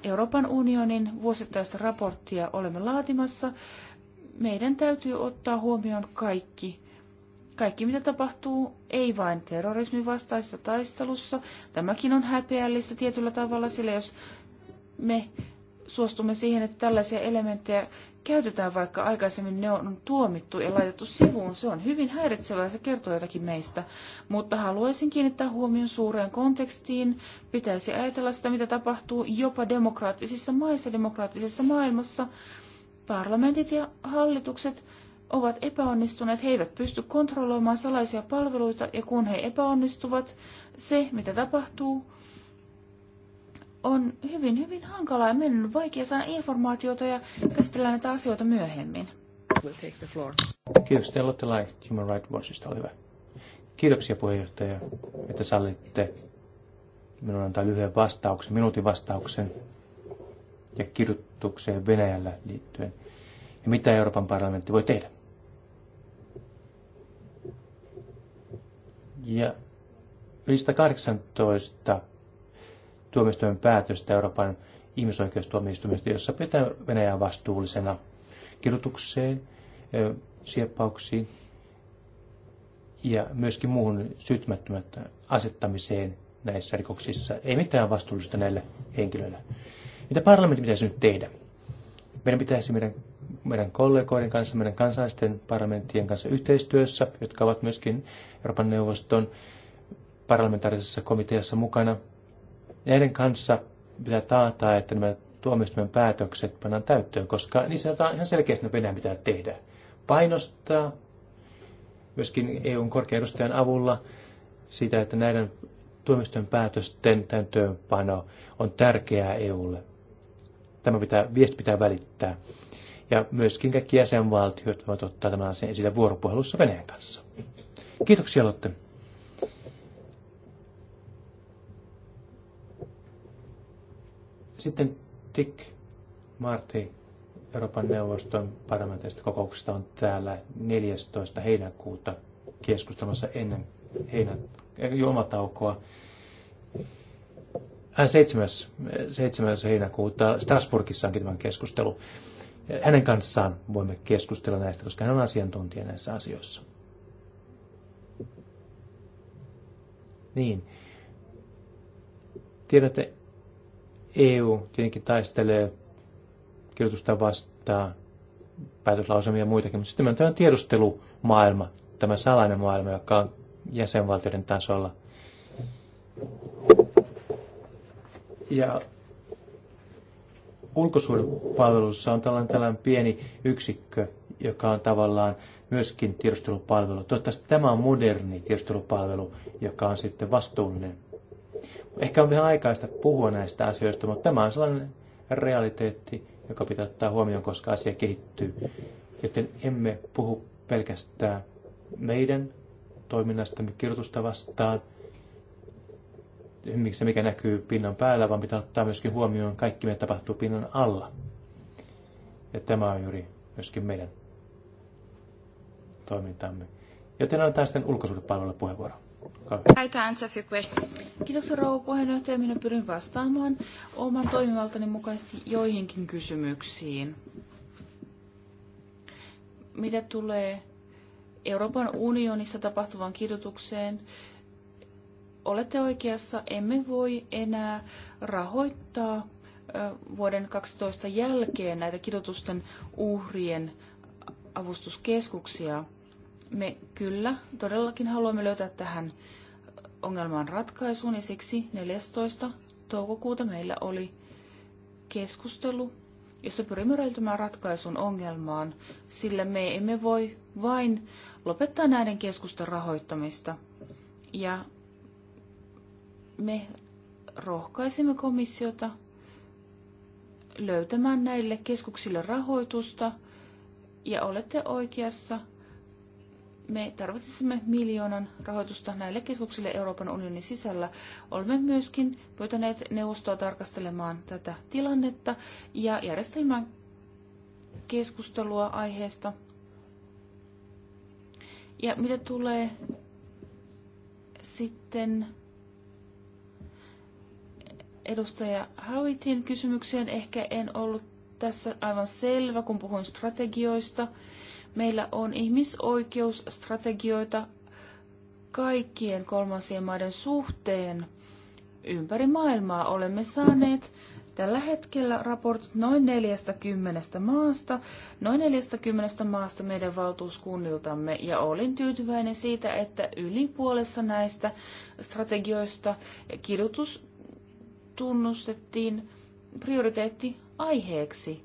C: Euroopan unionin vuosittaista raporttia olemme laatimassa, meidän täytyy ottaa huomioon kaikki. Kaikki, mitä tapahtuu, ei vain terrorismin vastaisessa taistelussa. Tämäkin on häpeällistä tietyllä tavalla, sillä jos me suostumme siihen, että tällaisia elementtejä käytetään, vaikka aikaisemmin ne on tuomittu ja laitettu sivuun. Se on hyvin häiritsevää, se kertoo jotakin meistä. Mutta haluaisin kiinnittää huomion suureen kontekstiin. Pitäisi ajatella sitä, mitä tapahtuu jopa demokraattisissa maissa, demokraattisessa maailmassa. Parlamentit ja hallitukset ovat epäonnistuneet, he eivät pysty kontrolloimaan salaisia palveluita, ja kun he epäonnistuvat, se mitä tapahtuu on hyvin, hyvin hankalaa ja meidän on vaikea saada informaatiota ja käsitellään näitä asioita myöhemmin. We'll take the floor.
B: Kiitos, teillä olette live Human Rights Watchista, hyvä. Kiitoksia puheenjohtaja, että sallitte minun antaa lyhyen vastauksen, minuutin vastauksen ja kirjoitukseen Venäjällä liittyen. Ja mitä Euroopan parlamentti voi tehdä? Ja yli tuomioistuimen päätöstä Euroopan ihmisoikeustuomioistuimesta, jossa pitää Venäjää vastuullisena kirjoitukseen, sieppauksiin ja myöskin muuhun syyttämättömät asettamiseen näissä rikoksissa. Ei mitään vastuullista näille henkilöille. Mitä parlamentti pitäisi nyt tehdä? Meidän pitäisi meidän, meidän kollegoiden kanssa, meidän kansallisten parlamenttien kanssa yhteistyössä, jotka ovat myöskin Euroopan neuvoston parlamentaarisessa komiteassa mukana, Näiden kanssa pitää taata, että nämä tuomioistuimen päätökset pannaan täyttöön, koska niin sanotaan ihan selkeästi, että Venäjä pitää tehdä. Painostaa myöskin EUn korkean avulla sitä, että näiden tuomioistuimen päätösten täyttöönpano on tärkeää EUlle. Tämä pitää, viesti pitää välittää. Ja myöskin kaikki jäsenvaltiot voivat ottaa tämän asian esille vuoropuhelussa Venäjän kanssa. Kiitoksia Lotte. Sitten Dick Marti Euroopan neuvoston parlamentaarista kokouksesta on täällä 14. heinäkuuta keskustelmassa ennen heinän eh, juomataukoa. 7. Äh, 7. heinäkuuta Strasburgissa onkin tämä keskustelu. Hänen kanssaan voimme keskustella näistä, koska hän on asiantuntija näissä asioissa. Niin. Tiedätte, EU tietenkin taistelee kirjoitusta vastaan, päätöslausumia ja muitakin, mutta sitten on tiedustelumaailma, tämä salainen maailma, joka on jäsenvaltioiden tasolla. Ja ulkosuudepalvelussa on tällainen, tällainen pieni yksikkö, joka on tavallaan myöskin tiedustelupalvelu. Toivottavasti tämä on moderni tiedustelupalvelu, joka on sitten vastuullinen Ehkä on vähän aikaista puhua näistä asioista, mutta tämä on sellainen realiteetti, joka pitää ottaa huomioon, koska asia kehittyy. Joten emme puhu pelkästään meidän toiminnastamme kirjoitusta vastaan, miksi mikä näkyy pinnan päällä, vaan pitää ottaa myöskin huomioon kaikki, mitä tapahtuu pinnan alla. Ja tämä on juuri myöskin meidän toimintamme. Joten annetaan sitten ulkosuudepalvelulle puheenvuoro.
C: Try to Kiitoksia rouva puheenjohtaja. Minä pyrin vastaamaan oman toimivaltani mukaisesti joihinkin kysymyksiin. Mitä tulee Euroopan unionissa tapahtuvaan kidutukseen, olette oikeassa, emme voi enää rahoittaa vuoden 12 jälkeen näitä kidutusten uhrien avustuskeskuksia – me kyllä todellakin haluamme löytää tähän ongelmaan ratkaisuun ja siksi 14. toukokuuta meillä oli keskustelu, jossa pyrimme löytämään ratkaisun ongelmaan, sillä me emme voi vain lopettaa näiden keskusten rahoittamista. Ja me rohkaisimme komissiota löytämään näille keskuksille rahoitusta, ja olette oikeassa – me tarvitsisimme miljoonan rahoitusta näille keskuksille Euroopan unionin sisällä. Olemme myöskin pyytäneet neuvostoa tarkastelemaan tätä tilannetta ja järjestelmään keskustelua aiheesta. Ja mitä tulee sitten edustaja Howitin kysymykseen, ehkä en ollut tässä aivan selvä, kun puhuin strategioista – Meillä on ihmisoikeusstrategioita kaikkien kolmansien maiden suhteen ympäri maailmaa. Olemme saaneet tällä hetkellä raportit noin 40 maasta, noin 40 maasta meidän valtuuskunniltamme ja olin tyytyväinen siitä, että yli puolessa näistä strategioista kirjoitus tunnustettiin prioriteetti aiheeksi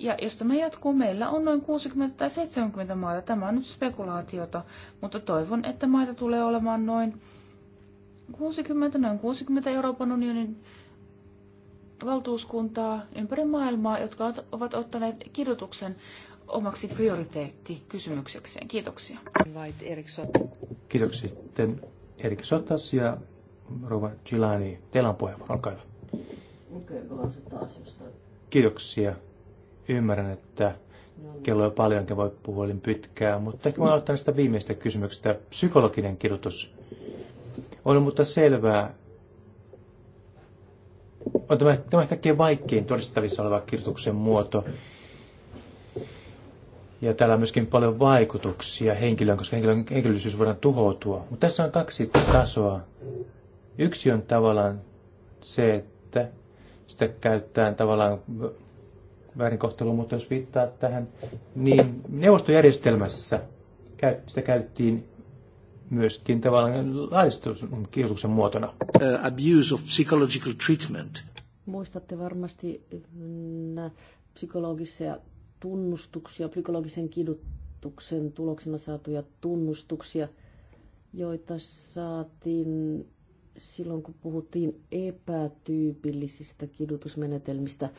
C: ja jos tämä jatkuu, meillä on noin 60 tai 70 maata. Tämä on nyt spekulaatiota, mutta toivon, että maita tulee olemaan noin 60, noin 60 Euroopan unionin valtuuskuntaa ympäri maailmaa, jotka ovat ottaneet kirjoituksen omaksi prioriteetti kysymyksekseen. Kiitoksia.
B: Kiitoksia. Sitten Erik Sotas ja Rova Gilani. Teillä on puheenvuoro, olkaa
C: hyvä.
B: Kiitoksia Ymmärrän, että kello on paljonkin voi puhua pitkään, mutta ehkä voin aloittaa näistä viimeistä kysymyksistä. Psykologinen kirjoitus on mutta selvää. On tämä, tämä kaikkein vaikein todistettavissa oleva kirjoituksen muoto. Ja täällä on myöskin paljon vaikutuksia henkilöön, koska henkilön henkilöllisyys voidaan tuhoutua. Mutta tässä on kaksi tasoa. Yksi on tavallaan se, että sitä käyttää tavallaan väärinkohtelu, mutta jos viittaa tähän, niin neuvostojärjestelmässä sitä käytettiin myöskin tavallaan laillistuksen kiusuksen muotona. Uh, abuse of psychological treatment.
A: Muistatte varmasti mm, psykologisia tunnustuksia, psykologisen kidutuksen tuloksena saatuja tunnustuksia, joita saatiin silloin kun puhuttiin epätyypillisistä kidutusmenetelmistä,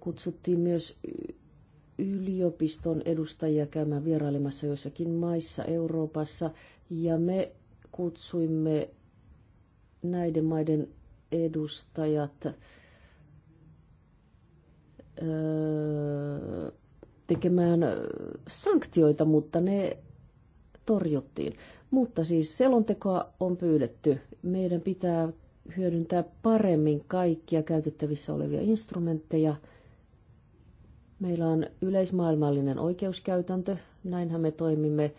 A: kutsuttiin myös yliopiston edustajia käymään vierailemassa joissakin maissa Euroopassa, ja me kutsuimme näiden maiden edustajat öö, tekemään sanktioita, mutta ne torjuttiin. Mutta siis selontekoa on pyydetty. Meidän pitää hyödyntää paremmin kaikkia käytettävissä olevia instrumentteja. Meillä on yleismaailmallinen oikeuskäytäntö. Näinhän me toimimme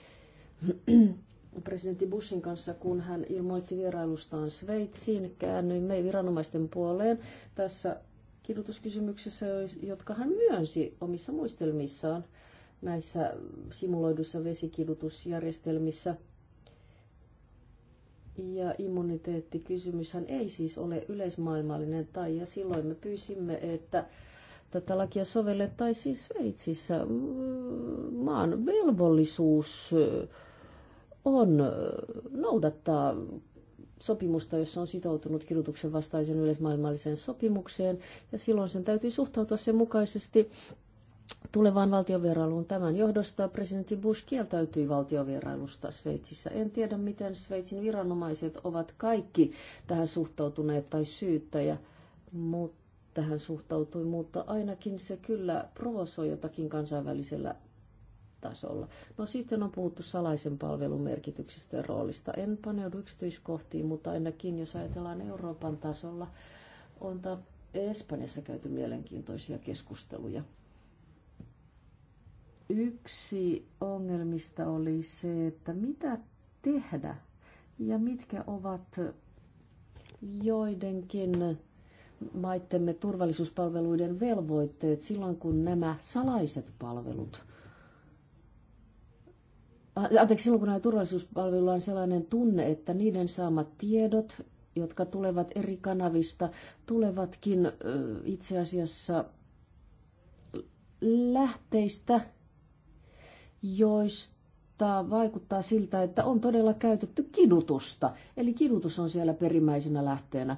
A: presidentti Bushin kanssa, kun hän ilmoitti vierailustaan Sveitsiin. Käännyimme viranomaisten puoleen tässä kidutuskysymyksessä, jotka hän myönsi omissa muistelmissaan näissä simuloidussa vesikidutusjärjestelmissä – ja immuniteettikysymyshän ei siis ole yleismaailmallinen tai ja silloin me pyysimme, että tätä lakia sovellettaisiin siis Sveitsissä. Maan velvollisuus on noudattaa sopimusta, jossa on sitoutunut kidutuksen vastaisen yleismaailmalliseen sopimukseen, ja silloin sen täytyy suhtautua sen mukaisesti tulevaan valtiovierailuun. Tämän johdosta presidentti Bush kieltäytyi valtiovierailusta Sveitsissä. En tiedä, miten Sveitsin viranomaiset ovat kaikki tähän suhtautuneet tai syyttäjä, mutta tähän suhtautui, mutta ainakin se kyllä provosoi jotakin kansainvälisellä tasolla. No sitten on puhuttu salaisen palvelun merkityksestä ja roolista. En paneudu yksityiskohtiin, mutta ainakin jos ajatellaan Euroopan tasolla, on Espanjassa käyty mielenkiintoisia keskusteluja Yksi ongelmista oli se, että mitä tehdä ja mitkä ovat joidenkin maittemme turvallisuuspalveluiden velvoitteet silloin, kun nämä salaiset palvelut, anteeksi, silloin kun näillä turvallisuuspalveluilla on sellainen tunne, että niiden saamat tiedot, jotka tulevat eri kanavista, tulevatkin itse asiassa lähteistä, joista vaikuttaa siltä, että on todella käytetty kidutusta. Eli kidutus on siellä perimmäisenä lähteenä.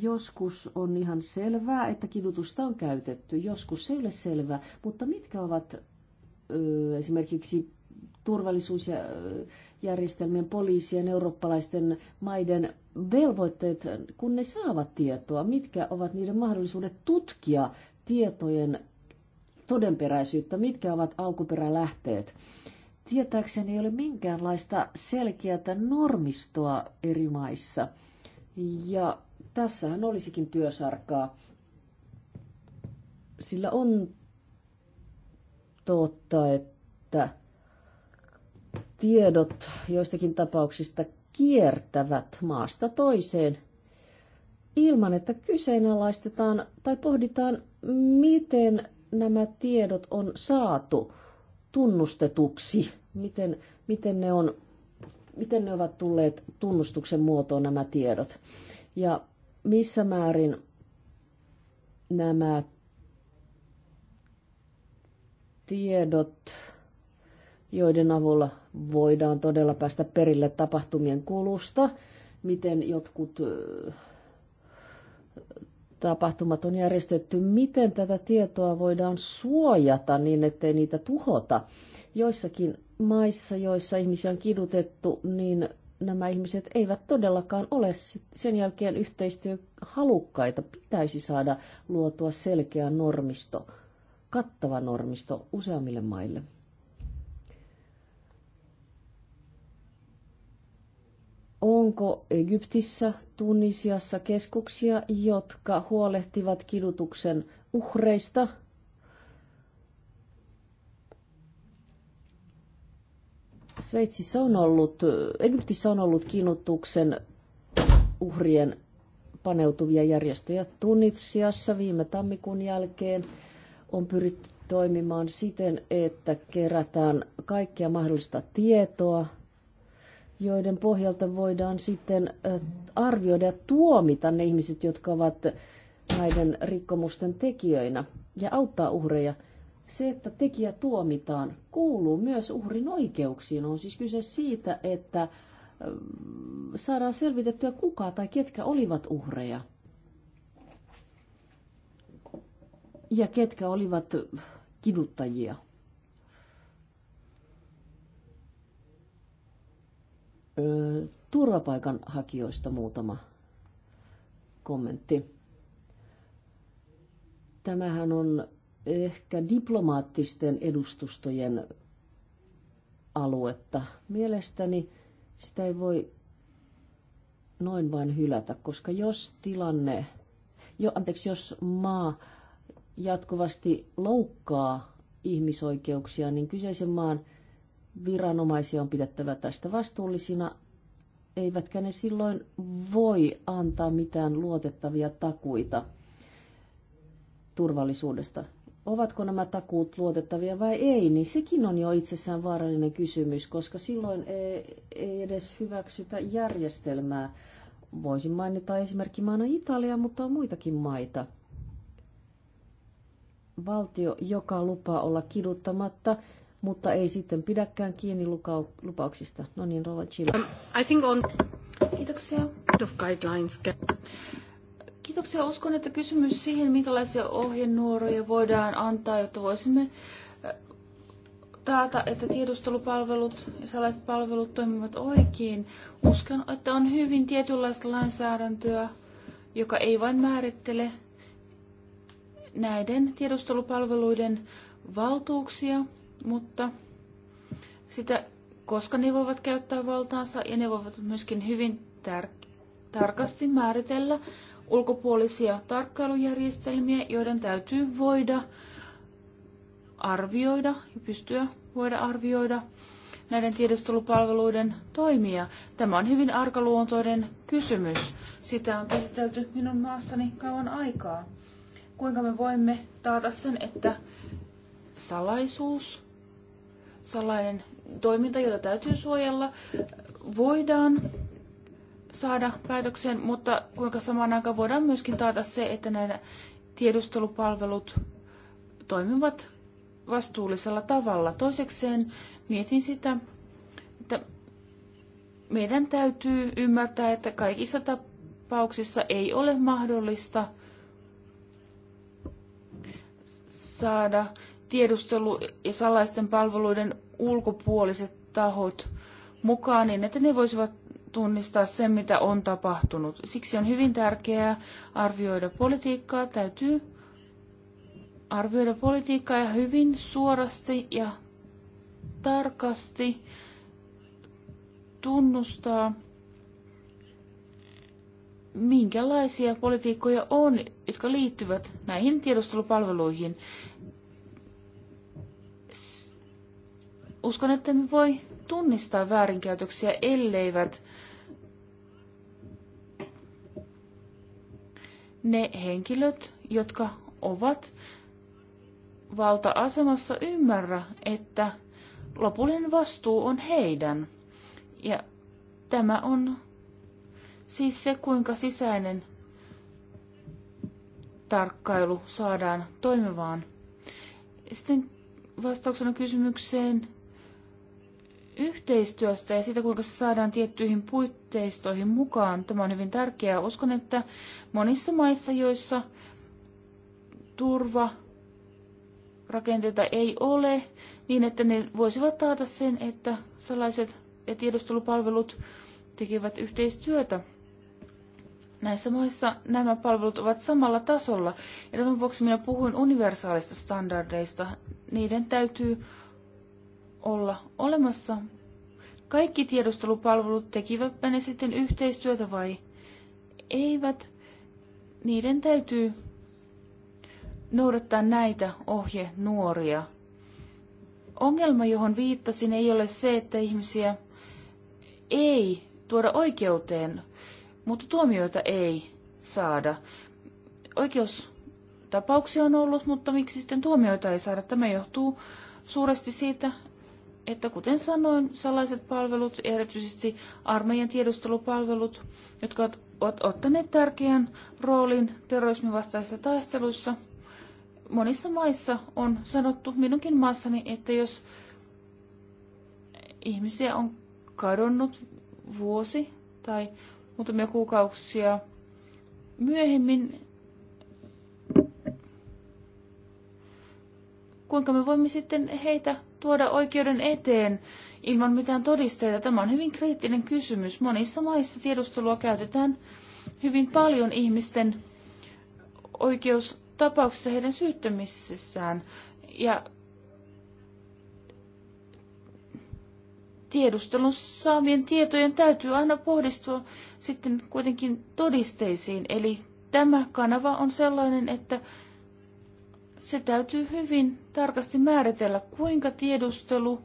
A: Joskus on ihan selvää, että kidutusta on käytetty, joskus se ei ole selvää, mutta mitkä ovat ö, esimerkiksi turvallisuusjärjestelmien, poliisien, eurooppalaisten maiden velvoitteet, kun ne saavat tietoa, mitkä ovat niiden mahdollisuudet tutkia tietojen todenperäisyyttä, mitkä ovat alkuperälähteet. Tietääkseni ei ole minkäänlaista selkeää normistoa eri maissa. Ja tässähän olisikin työsarkaa, sillä on totta, että tiedot joistakin tapauksista kiertävät maasta toiseen ilman, että kyseenalaistetaan tai pohditaan, miten nämä tiedot on saatu tunnustetuksi? Miten, miten, ne, on, miten ne ovat tulleet tunnustuksen muotoon nämä tiedot? Ja missä määrin nämä tiedot, joiden avulla voidaan todella päästä perille tapahtumien kulusta, miten jotkut tapahtumat on järjestetty, miten tätä tietoa voidaan suojata niin, ettei niitä tuhota. Joissakin maissa, joissa ihmisiä on kidutettu, niin nämä ihmiset eivät todellakaan ole sen jälkeen yhteistyöhalukkaita. Pitäisi saada luotua selkeä normisto, kattava normisto useammille maille. onko Egyptissä, Tunisiassa keskuksia, jotka huolehtivat kidutuksen uhreista? Sveitsissä on ollut, Egyptissä on ollut kidutuksen uhrien paneutuvia järjestöjä. Tunisiassa viime tammikuun jälkeen on pyritty toimimaan siten, että kerätään kaikkia mahdollista tietoa joiden pohjalta voidaan sitten arvioida ja tuomita ne ihmiset, jotka ovat näiden rikkomusten tekijöinä ja auttaa uhreja. Se, että tekijä tuomitaan, kuuluu myös uhrin oikeuksiin. On siis kyse siitä, että saadaan selvitettyä kuka tai ketkä olivat uhreja. Ja ketkä olivat kiduttajia. turvapaikanhakijoista muutama kommentti. Tämähän on ehkä diplomaattisten edustustojen aluetta. Mielestäni sitä ei voi noin vain hylätä, koska jos tilanne, jo, anteeksi, jos maa jatkuvasti loukkaa ihmisoikeuksia, niin kyseisen maan viranomaisia on pidettävä tästä vastuullisina, eivätkä ne silloin voi antaa mitään luotettavia takuita turvallisuudesta. Ovatko nämä takuut luotettavia vai ei, niin sekin on jo itsessään vaarallinen kysymys, koska silloin e- ei, edes hyväksytä järjestelmää. Voisin mainita maana Italia, mutta on muitakin maita. Valtio, joka lupaa olla kiduttamatta, mutta ei sitten pidäkään kiinni lupauksista. No niin, Rova Chilo. Um,
B: I think on...
C: Kiitoksia. Of guidelines. Kiitoksia. Uskon, että kysymys siihen, minkälaisia ohjenuoroja voidaan antaa, jotta voisimme äh, taata, että tiedustelupalvelut ja salaiset palvelut toimivat oikein. Uskon, että on hyvin tietynlaista lainsäädäntöä, joka ei vain määrittele näiden tiedustelupalveluiden valtuuksia, mutta sitä, koska ne voivat käyttää valtaansa ja ne voivat myöskin hyvin tär- tarkasti määritellä ulkopuolisia tarkkailujärjestelmiä, joiden täytyy voida arvioida ja pystyä voida arvioida näiden tiedustelupalveluiden toimia. Tämä on hyvin arkaluontoinen kysymys. Sitä on käsitelty minun maassani kauan aikaa. Kuinka me voimme taata sen, että salaisuus salainen toiminta, jota täytyy suojella, voidaan saada päätökseen, mutta kuinka samaan aikaan voidaan myöskin taata se, että nämä tiedustelupalvelut toimivat vastuullisella tavalla. Toisekseen mietin sitä, että meidän täytyy ymmärtää, että kaikissa tapauksissa ei ole mahdollista saada tiedustelu- ja salaisten palveluiden ulkopuoliset tahot mukaan niin, että ne voisivat tunnistaa sen, mitä on tapahtunut. Siksi on hyvin tärkeää arvioida politiikkaa. Täytyy arvioida politiikkaa ja hyvin suorasti ja tarkasti tunnustaa, minkälaisia politiikkoja on, jotka liittyvät näihin tiedustelupalveluihin. uskon, että me voi tunnistaa väärinkäytöksiä, elleivät ne henkilöt, jotka ovat valta-asemassa, ymmärrä, että lopullinen vastuu on heidän. Ja tämä on siis se, kuinka sisäinen tarkkailu saadaan toimivaan. Sitten vastauksena kysymykseen yhteistyöstä ja siitä, kuinka se saadaan tiettyihin puitteistoihin mukaan. Tämä on hyvin tärkeää. Uskon, että monissa maissa, joissa turva rakenteita ei ole, niin että ne voisivat taata sen, että salaiset ja tiedustelupalvelut tekevät yhteistyötä. Näissä maissa nämä palvelut ovat samalla tasolla, ja tämän vuoksi minä puhuin universaalista standardeista. Niiden täytyy olla olemassa. Kaikki tiedustelupalvelut tekivät ne sitten yhteistyötä vai eivät, niiden täytyy noudattaa näitä ohje nuoria. Ongelma, johon viittasin, ei ole se, että ihmisiä ei tuoda oikeuteen, mutta tuomioita ei saada. tapauksia on ollut, mutta miksi sitten tuomioita ei saada? Tämä johtuu suuresti siitä, että kuten sanoin, salaiset palvelut, erityisesti armeijan tiedustelupalvelut, jotka ovat ottaneet tärkeän roolin terrorismin vastaisessa taistelussa, monissa maissa on sanottu, minunkin maassani, että jos ihmisiä on kadonnut vuosi tai muutamia kuukauksia myöhemmin, kuinka me voimme sitten heitä tuoda oikeuden eteen ilman mitään todisteita. Tämä on hyvin kriittinen kysymys. Monissa maissa tiedustelua käytetään hyvin paljon ihmisten oikeustapauksissa heidän syyttämisessään. Ja tiedustelun saamien tietojen täytyy aina pohdistua sitten kuitenkin todisteisiin. Eli tämä kanava on sellainen, että se täytyy hyvin tarkasti määritellä, kuinka tiedustelu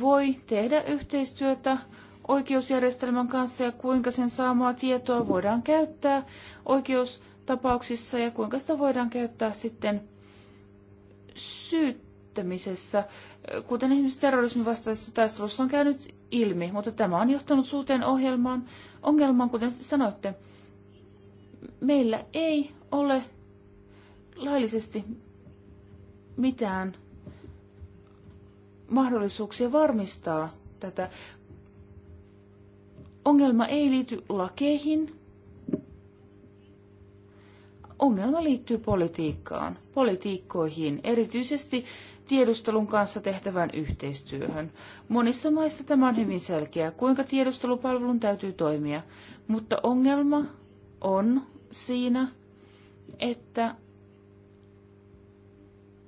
C: voi tehdä yhteistyötä oikeusjärjestelmän kanssa ja kuinka sen saamaa tietoa voidaan käyttää oikeustapauksissa ja kuinka sitä voidaan käyttää sitten syyttämisessä, kuten esimerkiksi terrorismin vastaisessa taistelussa on käynyt ilmi, mutta tämä on johtanut suuteen ohjelmaan, ongelmaan, kuten sanoitte. Meillä ei ole laillisesti mitään mahdollisuuksia varmistaa tätä. Ongelma ei liity lakeihin. Ongelma liittyy politiikkaan, politiikkoihin, erityisesti tiedustelun kanssa tehtävään yhteistyöhön. Monissa maissa tämä on hyvin selkeä, kuinka tiedustelupalvelun täytyy toimia, mutta ongelma on siinä, että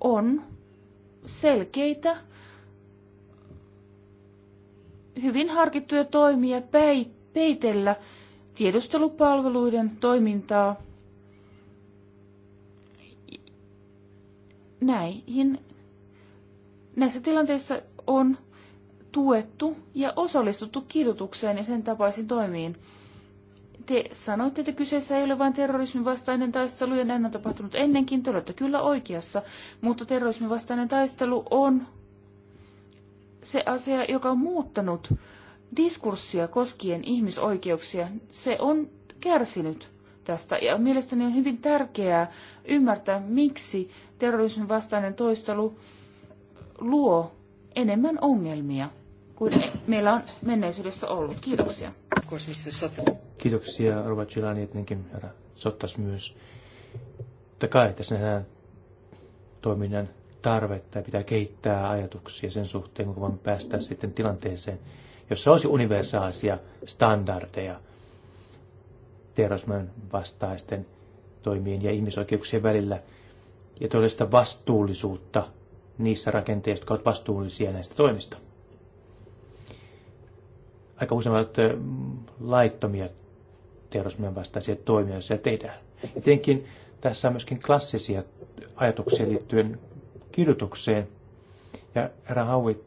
C: on selkeitä, hyvin harkittuja toimia peitellä tiedustelupalveluiden toimintaa. Näihin näissä tilanteissa on tuettu ja osallistuttu kidutukseen ja sen tapaisiin toimiin te sanoitte, että kyseessä ei ole vain terrorismin vastainen taistelu, ja näin on tapahtunut ennenkin, te olette kyllä oikeassa, mutta terrorismin vastainen taistelu on se asia, joka on muuttanut diskurssia koskien ihmisoikeuksia. Se on kärsinyt tästä, ja mielestäni on hyvin tärkeää ymmärtää, miksi terrorismin vastainen toistelu luo enemmän ongelmia kuin meillä on menneisyydessä ollut. Kiitoksia.
B: Kiitoksia Rova Gilani, etenkin herra Sottas myös. Mutta kai tässä nähdään toiminnan tarvetta ja pitää kehittää ajatuksia sen suhteen, kun voimme päästä sitten tilanteeseen, jossa olisi universaalisia standardeja terrorismin vastaisten toimien ja ihmisoikeuksien välillä ja todellista vastuullisuutta niissä rakenteissa, jotka ovat vastuullisia näistä toimista aika usein että mm, laittomia terrorismin vastaisia toimia, siellä tehdään. Etenkin tässä on myöskin klassisia ajatuksia liittyen kirjoitukseen. Ja herra Hauvi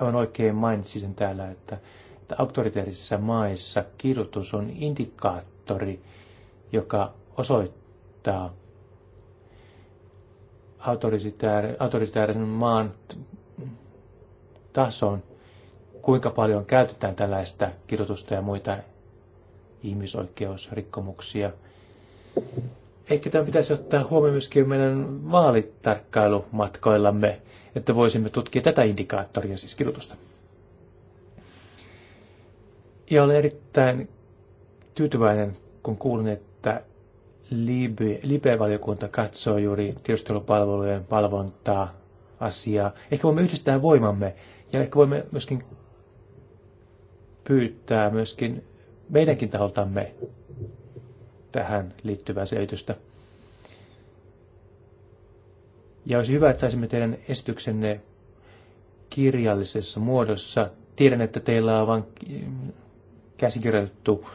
B: aivan oikein mainitsi sen täällä, että, että auktoriteettisissa maissa kirjoitus on indikaattori, joka osoittaa autoritaarisen maan tason kuinka paljon käytetään tällaista kirjoitusta ja muita ihmisoikeusrikkomuksia. Ehkä tämä pitäisi ottaa huomioon myöskin meidän vaalitarkkailumatkoillamme, että voisimme tutkia tätä indikaattoria, siis kirjoitusta. Ja olen erittäin tyytyväinen, kun kuulin, että LIBE-valiokunta katsoo juuri tiedustelupalvelujen valvontaa asiaa. Ehkä voimme yhdistää voimamme ja ehkä voimme myöskin pyytää myöskin meidänkin taholtamme tähän liittyvää selitystä. Ja olisi hyvä, että saisimme teidän esityksenne kirjallisessa muodossa. Tiedän, että teillä on vain käsikirjoitettu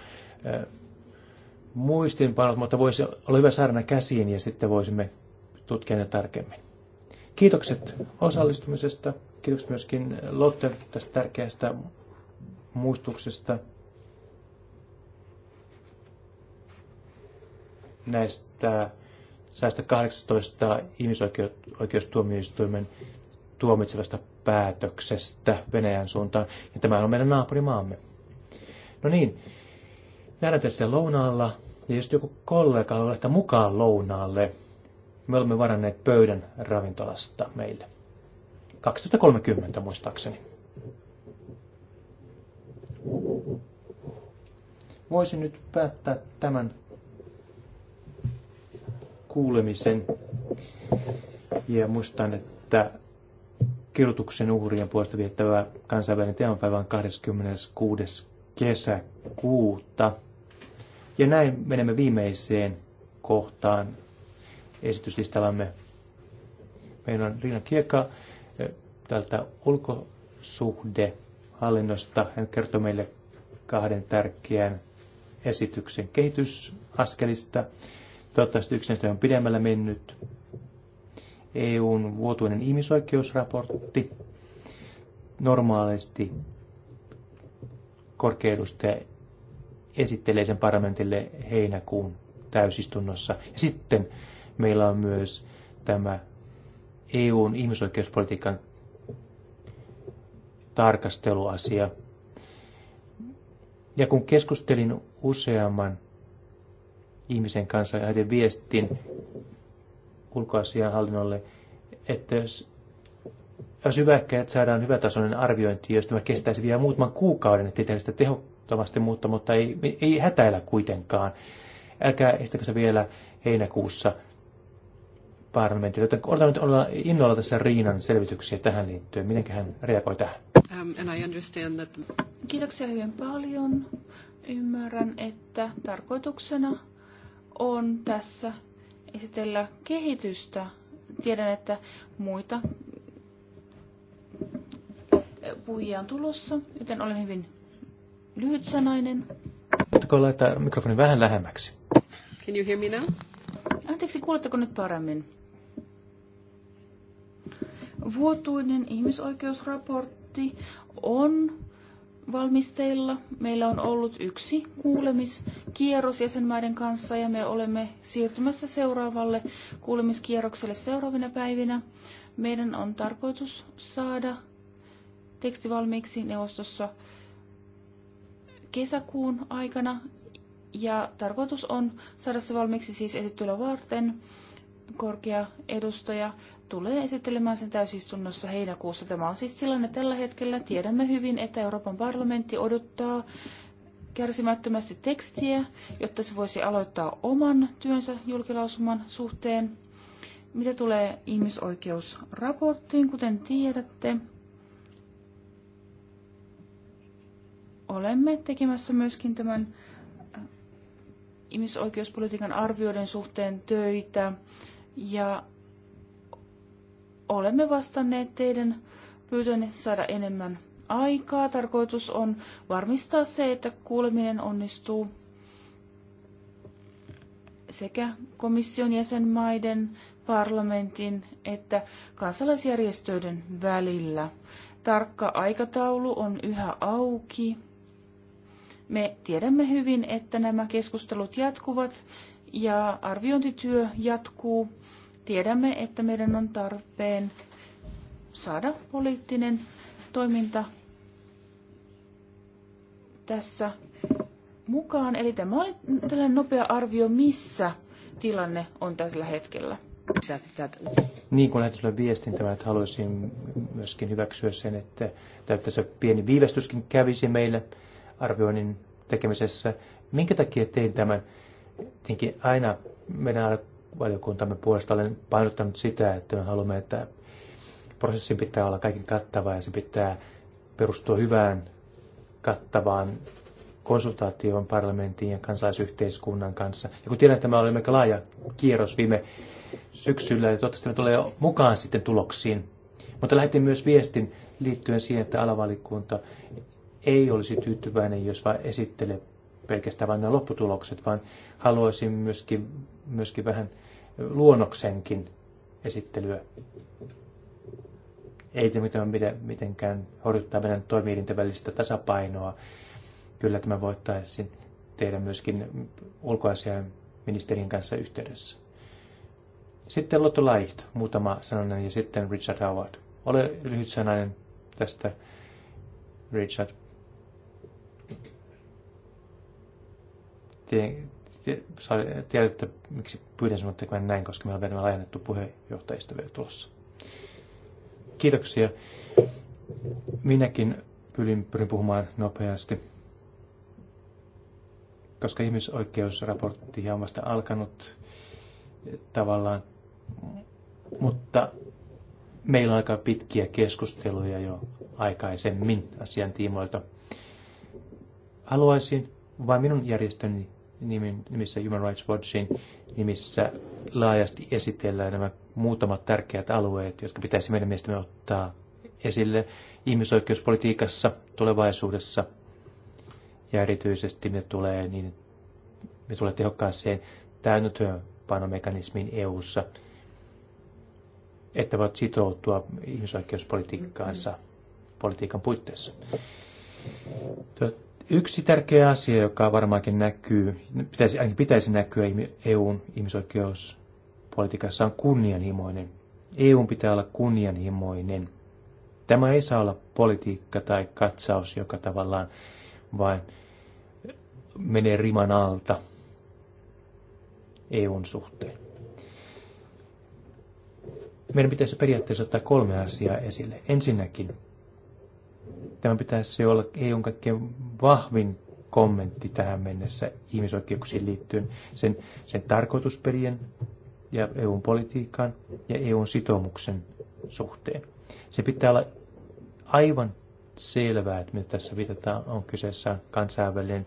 B: muistinpanot, mutta voisi olla hyvä saada käsiin ja sitten voisimme tutkia ne tarkemmin. Kiitokset osallistumisesta. Kiitokset myöskin Lotte tästä tärkeästä muistuksesta näistä 118 ihmisoikeustuomioistuimen tuomitsevasta päätöksestä Venäjän suuntaan. Ja tämä on meidän naapurimaamme. No niin, nähdään tässä lounaalla. Ja jos joku kollega haluaa lähteä mukaan lounaalle, me olemme varanneet pöydän ravintolasta meille. 12.30 muistaakseni. Voisin nyt päättää tämän kuulemisen ja muistan, että kirjoituksen uhrien puolesta viettävä kansainvälinen teemapäivä on 26. kesäkuuta. Ja näin menemme viimeiseen kohtaan esityslistallamme. Meillä on Riina Kiekka eh, tältä ulkosuhde hallinnosta. Hän kertoi meille kahden tärkeän esityksen kehitysaskelista. Toivottavasti yksi on pidemmällä mennyt. EUn vuotuinen ihmisoikeusraportti. Normaalisti korkeudusta esittelee sen parlamentille heinäkuun täysistunnossa. Ja sitten meillä on myös tämä EUn ihmisoikeuspolitiikan tarkasteluasia. Ja kun keskustelin useamman ihmisen kanssa ja viestin ulkoasianhallinnolle, että jos, jos hyvä ehkä, että saadaan hyvä tasoinen arviointi, jos tämä kestäisi vielä muutaman kuukauden, ettei tehdä sitä tehottomasti, mutta, mutta ei, ei hätäillä kuitenkaan. Älkää estäkö se vielä heinäkuussa parlamentille. Joten odotan nyt olla innolla tässä Riinan selvityksiä tähän liittyen. Miten hän reagoi tähän?
C: Um, and I understand that... Kiitoksia hyvin paljon. Ymmärrän, että tarkoituksena on tässä esitellä kehitystä. Tiedän, että muita puhujia on tulossa, joten olen hyvin lyhytsanainen.
B: Voitteko laittaa mikrofonin vähän lähemmäksi?
C: Can you hear me now? Anteeksi, kuuletteko nyt paremmin? Vuotuinen ihmisoikeusraportti raportti on valmisteilla. Meillä on ollut yksi kuulemiskierros jäsenmaiden kanssa ja me olemme siirtymässä seuraavalle kuulemiskierrokselle seuraavina päivinä. Meidän on tarkoitus saada teksti valmiiksi neuvostossa kesäkuun aikana ja tarkoitus on saada se valmiiksi siis esittelyä varten. Korkea edustaja tulee esittelemään sen täysistunnossa heinäkuussa. Tämä on siis tilanne tällä hetkellä. Tiedämme hyvin, että Euroopan parlamentti odottaa kärsimättömästi tekstiä, jotta se voisi aloittaa oman työnsä julkilausuman suhteen. Mitä tulee ihmisoikeusraporttiin, kuten tiedätte, olemme tekemässä myöskin tämän äh, ihmisoikeuspolitiikan arvioiden suhteen töitä ja olemme vastanneet teidän pyytönne saada enemmän aikaa. Tarkoitus on varmistaa se, että kuuleminen onnistuu sekä komission jäsenmaiden, parlamentin että kansalaisjärjestöiden välillä. Tarkka aikataulu on yhä auki. Me tiedämme hyvin, että nämä keskustelut jatkuvat ja arviointityö jatkuu Tiedämme, että meidän on tarpeen saada poliittinen toiminta tässä mukaan. Eli tämä oli tällainen nopea arvio, missä tilanne on tällä hetkellä.
B: Niin kuin lähetyslle viestintä, että haluaisin myöskin hyväksyä sen, että tässä pieni viivästyskin kävisi meille arvioinnin tekemisessä. Minkä takia tein tämän? Tietenkin aina meidän valiokuntamme puolesta olen painottanut sitä, että me haluamme, että prosessin pitää olla kaiken kattava ja se pitää perustua hyvään kattavaan konsultaatioon parlamentin ja kansalaisyhteiskunnan kanssa. Ja kun tiedän, että tämä oli aika laaja kierros viime syksyllä ja niin toivottavasti me tulee mukaan sitten tuloksiin. Mutta lähetin myös viestin liittyen siihen, että alavalikunta ei olisi tyytyväinen, jos vain esittelee pelkästään vain nämä lopputulokset, vaan haluaisin myöskin, myöskin vähän luonnoksenkin esittelyä. Ei tämä mitenkään horjuttaa meidän toimielinten välistä tasapainoa. Kyllä tämä voittaisiin tehdä myöskin ulkoasian ministerin kanssa yhteydessä. Sitten Lotto Leicht, muutama sananen, ja sitten Richard Howard. Ole lyhyt sanainen tästä, Richard tiedätte, miksi pyydän sinut tekemään näin, koska meillä on vielä laajennettu puheenjohtajisto vielä tulossa. Kiitoksia. Minäkin pyrin, pyrin puhumaan nopeasti, koska ihmisoikeusraportti on vasta alkanut e, tavallaan, mutta meillä on aika pitkiä keskusteluja jo aikaisemmin asian tiimoilta. Haluaisin vain minun järjestöni nimissä Human Rights Watchin nimissä laajasti esitellään nämä muutamat tärkeät alueet, jotka pitäisi meidän mielestämme ottaa esille ihmisoikeuspolitiikassa tulevaisuudessa ja erityisesti ne tulee, niin, ne tulee tehokkaaseen täynnötyönpanomekanismiin EU-ssa, että voit sitoutua ihmisoikeuspolitiikkaansa politiikan puitteissa. Yksi tärkeä asia, joka varmaankin näkyy, pitäisi, ainakin pitäisi näkyä EUn ihmisoikeuspolitiikassa, on kunnianhimoinen. EUn pitää olla kunnianhimoinen. Tämä ei saa olla politiikka tai katsaus, joka tavallaan vain menee riman alta EUn suhteen. Meidän pitäisi periaatteessa ottaa kolme asiaa esille. Ensinnäkin Tämä pitäisi olla EUn kaikkein vahvin kommentti tähän mennessä ihmisoikeuksiin liittyen, sen, sen tarkoitusperien ja EUn politiikan ja EUn sitoumuksen suhteen. Se pitää olla aivan selvää, että mitä tässä viitataan, on kyseessä kansainvälinen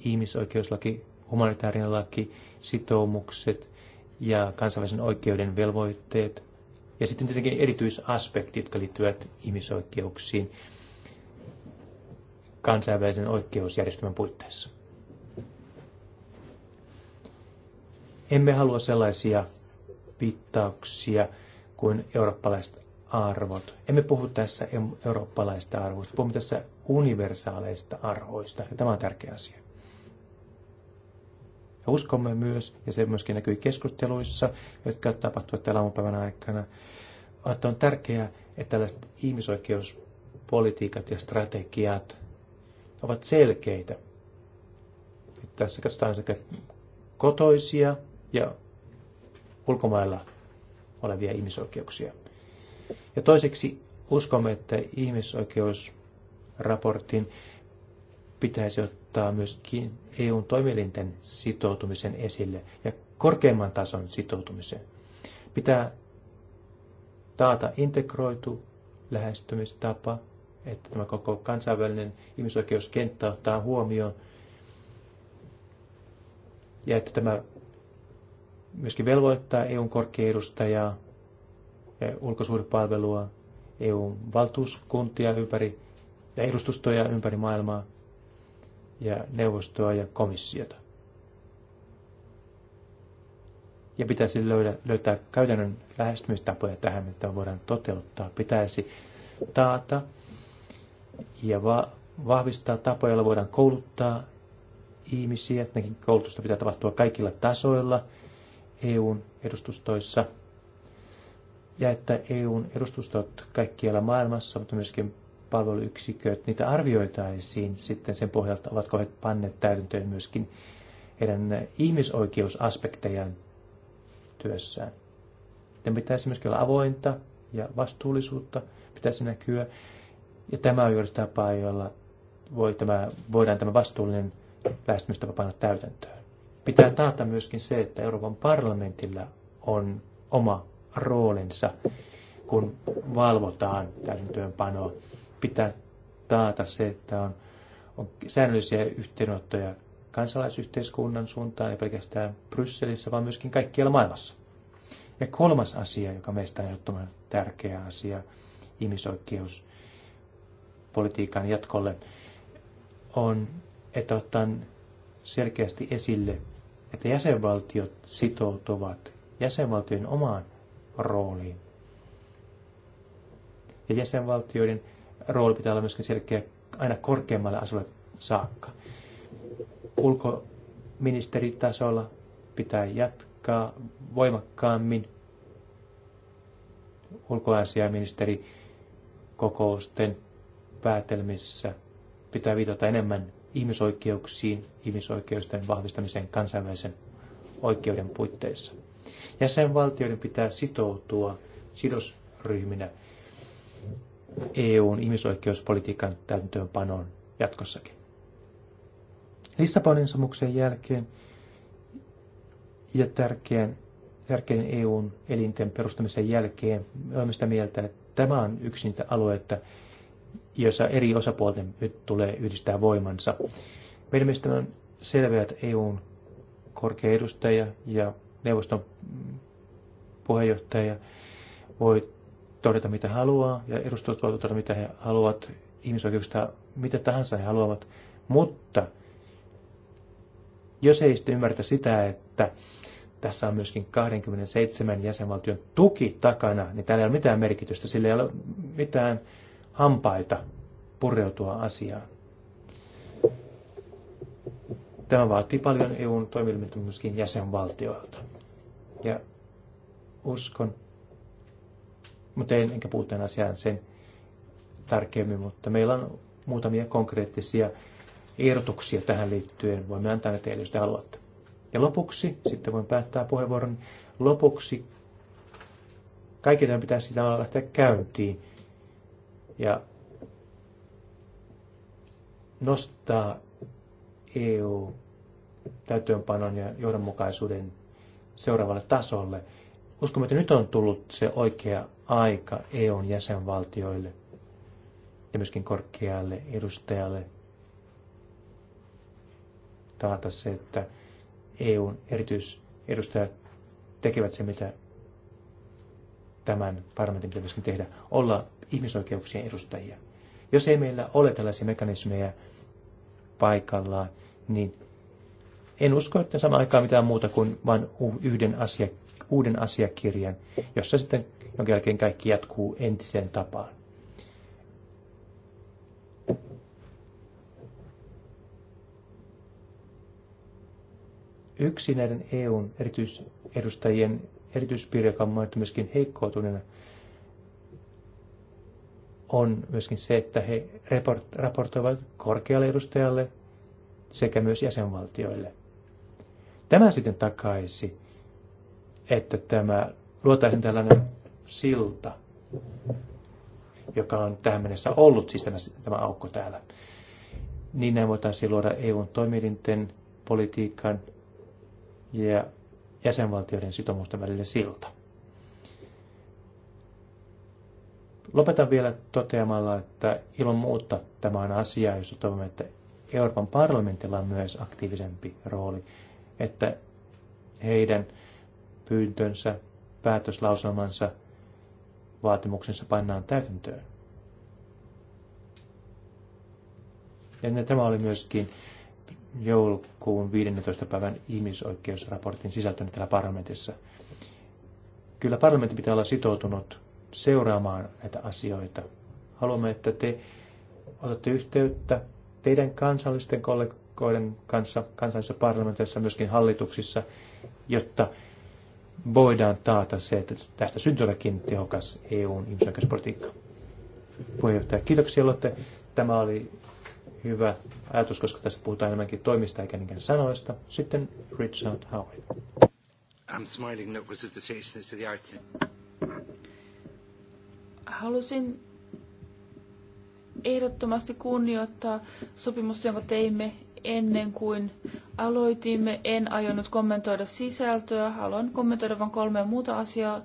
B: ihmisoikeuslaki, humanitaarinen laki, sitoumukset ja kansainvälisen oikeuden velvoitteet. Ja sitten tietenkin erityisaspektit, jotka liittyvät ihmisoikeuksiin, kansainvälisen oikeusjärjestelmän puitteissa. Emme halua sellaisia viittauksia kuin eurooppalaiset arvot. Emme puhu tässä eurooppalaisista arvoista, puhumme tässä universaaleista arvoista, ja tämä on tärkeä asia. Ja uskomme myös, ja se myöskin näkyy keskusteluissa, jotka tapahtuvat täällä aamupäivän aikana, että on tärkeää, että tällaiset ihmisoikeuspolitiikat ja strategiat ovat selkeitä. Tässä katsotaan sekä kotoisia ja ulkomailla olevia ihmisoikeuksia. Ja toiseksi uskomme, että ihmisoikeusraportin pitäisi ottaa myöskin EUn toimielinten sitoutumisen esille ja korkeimman tason sitoutumisen. Pitää taata integroitu lähestymistapa että tämä koko kansainvälinen ihmisoikeuskenttä ottaa huomioon ja että tämä myöskin velvoittaa EUn korkeedustajaa ja ulkosuhdepalvelua, EUn valtuuskuntia ympäri ja edustustoja ympäri maailmaa ja neuvostoa ja komissiota. Ja pitäisi löydä, löytää käytännön lähestymistapoja tähän, mitä voidaan toteuttaa. Pitäisi taata ja va- vahvistaa tapoja, joilla voidaan kouluttaa ihmisiä. Nekin koulutusta pitää tapahtua kaikilla tasoilla EUn edustustoissa. Ja että EUn edustustot kaikkialla maailmassa, mutta myöskin palveluyksiköt, niitä arvioitaisiin sitten sen pohjalta, ovatko he panneet täytäntöön myöskin heidän ihmisoikeusaspektejaan työssään. Sitten pitäisi myöskin olla avointa ja vastuullisuutta pitäisi näkyä. Ja tämä on juuri tapa, jolla voi tämä, voidaan tämä vastuullinen lähestymistapa panna täytäntöön. Pitää taata myöskin se, että Euroopan parlamentilla on oma roolinsa, kun valvotaan täytäntöönpanoa. Pitää taata se, että on, on säännöllisiä yhteenottoja kansalaisyhteiskunnan suuntaan, ei pelkästään Brysselissä, vaan myöskin kaikkialla maailmassa. Ja kolmas asia, joka meistä on ehdottoman tärkeä asia, ihmisoikeus politiikan jatkolle, on, että otan selkeästi esille, että jäsenvaltiot sitoutuvat jäsenvaltion omaan rooliin. Ja jäsenvaltioiden rooli pitää olla myöskin selkeä aina korkeammalle asulle saakka. Ulkoministeritasolla pitää jatkaa voimakkaammin kokousten päätelmissä pitää viitata enemmän ihmisoikeuksiin, ihmisoikeusten vahvistamiseen kansainvälisen oikeuden puitteissa. Jäsenvaltioiden pitää sitoutua sidosryhminä EUn ihmisoikeuspolitiikan täytäntöönpanoon jatkossakin. Lissabonin sopimuksen jälkeen ja tärkeän, tärkeän EUn elinten perustamisen jälkeen olemme sitä mieltä, että tämä on yksi niitä alueita, jossa eri osapuolten nyt tulee yhdistää voimansa. Meidän mielestä on selvää, että EUn korkea edustaja ja neuvoston puheenjohtaja voi todeta mitä haluaa ja edustajat voivat todeta mitä he haluavat ihmisoikeuksista, mitä tahansa he haluavat, mutta jos ei sitten ymmärretä sitä, että tässä on myöskin 27 jäsenvaltion tuki takana, niin täällä ei ole mitään merkitystä, sillä ei ole mitään hampaita pureutua asiaan. Tämä vaatii paljon EUn toimilmiltä myöskin jäsenvaltioilta. Ja uskon, mutta en, enkä puutu asiaan sen tarkemmin, mutta meillä on muutamia konkreettisia ehdotuksia tähän liittyen. Voimme antaa ne teille, jos te haluatte. Ja lopuksi, sitten voin päättää puheenvuoron, lopuksi kaikille pitää sitä lähteä käyntiin ja nostaa EU täytöönpanon ja johdonmukaisuuden seuraavalle tasolle. Uskomme, että nyt on tullut se oikea aika EUn jäsenvaltioille ja myöskin korkealle edustajalle taata se, että EUn erityisedustajat tekevät se, mitä tämän parlamentin pitäisi tehdä. Olla ihmisoikeuksien edustajia. Jos ei meillä ole tällaisia mekanismeja paikallaan, niin en usko, että samaan aikaan mitään muuta kuin vain yhden asia, uuden asiakirjan, jossa sitten jonkin jälkeen kaikki jatkuu entiseen tapaan. Yksi näiden EUn erityisedustajien erityispiiri, joka on myöskin heikkoutuneena, on myöskin se, että he raportoivat korkealle edustajalle sekä myös jäsenvaltioille. Tämä sitten takaisi, että tämä luotaisiin tällainen silta, joka on tähän mennessä ollut, siis tämä, tämä aukko täällä. Niin näin voitaisiin luoda EUn toimielinten politiikan ja jäsenvaltioiden sitoumusten välille silta. Lopetan vielä toteamalla, että ilman muuta tämä on asia, jossa toivomme, että Euroopan parlamentilla on myös aktiivisempi rooli, että heidän pyyntönsä, päätöslauselmansa, vaatimuksensa pannaan täytäntöön. Ja tämä oli myöskin joulukuun 15. päivän ihmisoikeusraportin sisältönä täällä parlamentissa. Kyllä parlamentti pitää olla sitoutunut seuraamaan näitä asioita. Haluamme, että te otatte yhteyttä teidän kansallisten kollegoiden kanssa, kansallisissa parlamenteissa, myöskin hallituksissa, jotta voidaan taata se, että tästä syntyykin tehokas EUn ihmisoikeuspolitiikka. Puheenjohtaja, kiitoksia Lotte. Tämä oli hyvä ajatus, koska tässä puhutaan enemmänkin toimista eikä niinkään sanoista. Sitten Richard Howard. I'm smiling, that no, was the the arts.
C: Halusin ehdottomasti kunnioittaa sopimusta, jonka teimme ennen kuin aloitimme. En aionnut kommentoida sisältöä, haluan kommentoida vain kolme muuta asiaa.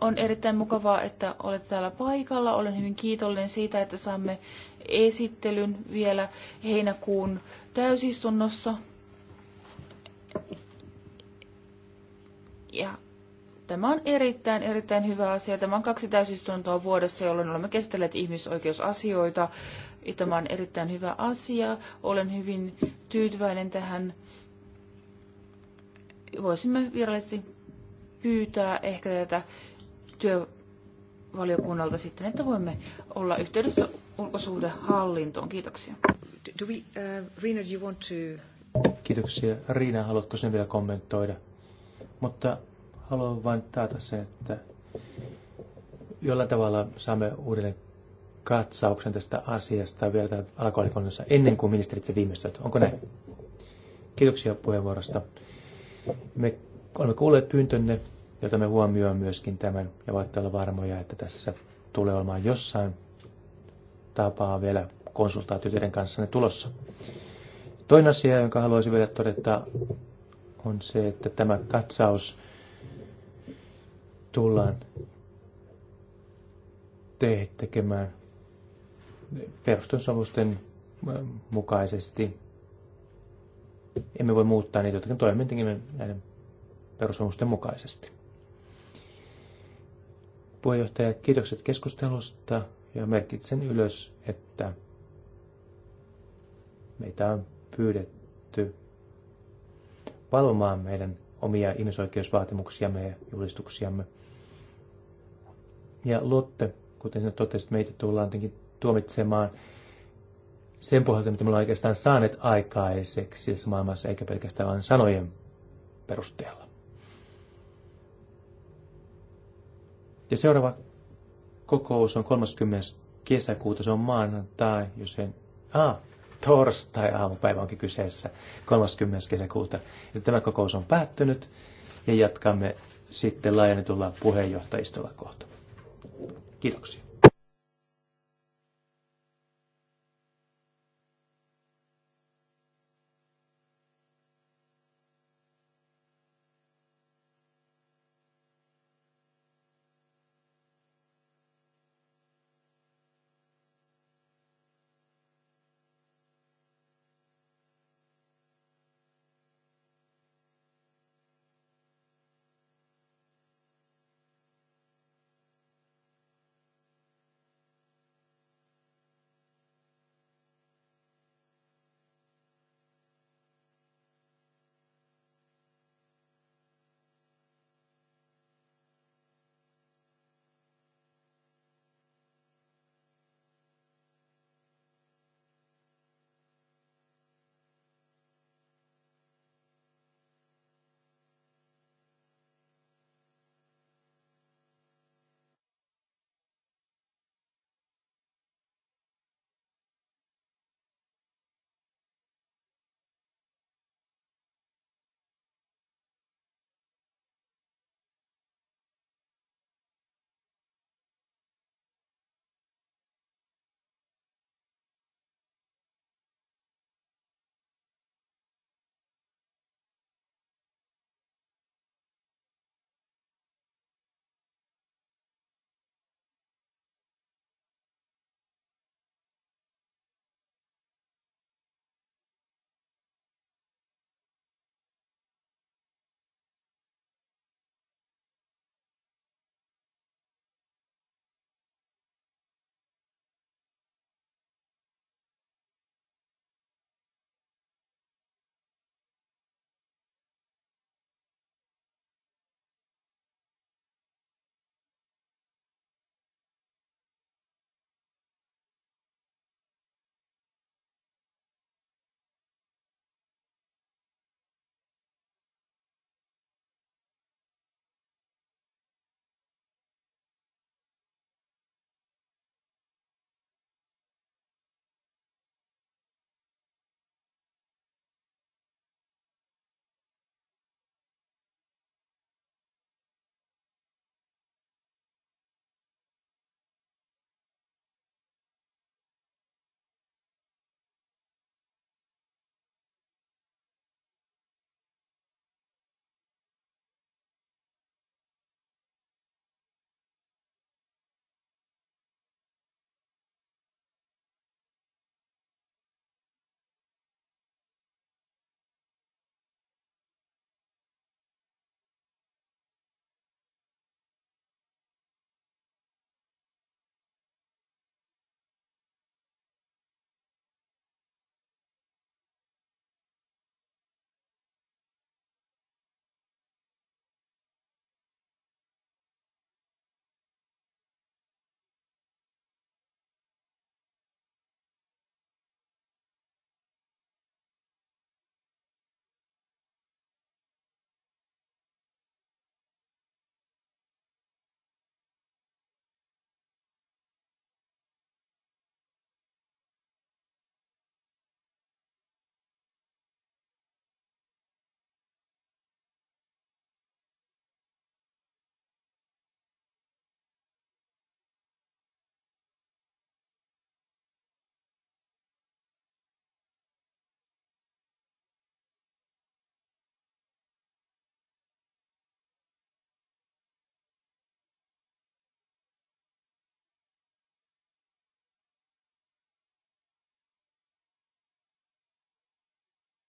C: On erittäin mukavaa, että olet täällä paikalla. Olen hyvin kiitollinen siitä, että saamme esittelyn vielä heinäkuun täysistunnossa. Ja Tämä on erittäin, erittäin hyvä asia. Tämä on kaksi täysistuntoa vuodessa, jolloin olemme käsitelleet ihmisoikeusasioita. Tämä on erittäin hyvä asia. Olen hyvin tyytyväinen tähän. Voisimme virallisesti pyytää ehkä tätä työvaliokunnalta sitten, että voimme olla yhteydessä ulkosuhdehallintoon. Kiitoksia. Do we, uh, Rina, do you want to...
B: Kiitoksia. Riina, haluatko sen vielä kommentoida? Mutta haluan vain taata sen, että jollain tavalla saamme uudelleen katsauksen tästä asiasta vielä alkoholikonnassa ennen kuin ministerit se viimeistöt. Onko näin? Kiitoksia puheenvuorosta. Me olemme kuulleet pyyntönne, jota me huomioon myöskin tämän ja voitte olla varmoja, että tässä tulee olemaan jossain tapaa vielä konsultaatioiden kanssa ne tulossa. Toinen asia, jonka haluaisin vielä todeta, on se, että tämä katsaus tullaan te- tekemään perustusomusten mukaisesti. Emme voi muuttaa niitä, jotka toimivat näiden perusomusten mukaisesti. Puheenjohtaja, kiitokset keskustelusta ja merkitsen ylös, että meitä on pyydetty valvomaan meidän omia ihmisoikeusvaatimuksiamme ja julistuksiamme. Ja Lotte, kuten sinä totesit, meitä tullaan jotenkin tuomitsemaan sen pohjalta, mitä me ollaan oikeastaan saaneet aikaiseksi tässä maailmassa, eikä pelkästään vain sanojen perusteella. Ja seuraava kokous on 30. kesäkuuta, se on maanantai, jos en... Ah, torstai-aamupäivä onkin kyseessä 30. kesäkuuta. Ja tämä kokous on päättynyt ja jatkamme sitten laajennetulla puheenjohtajistolla kohta. Kiitoksia.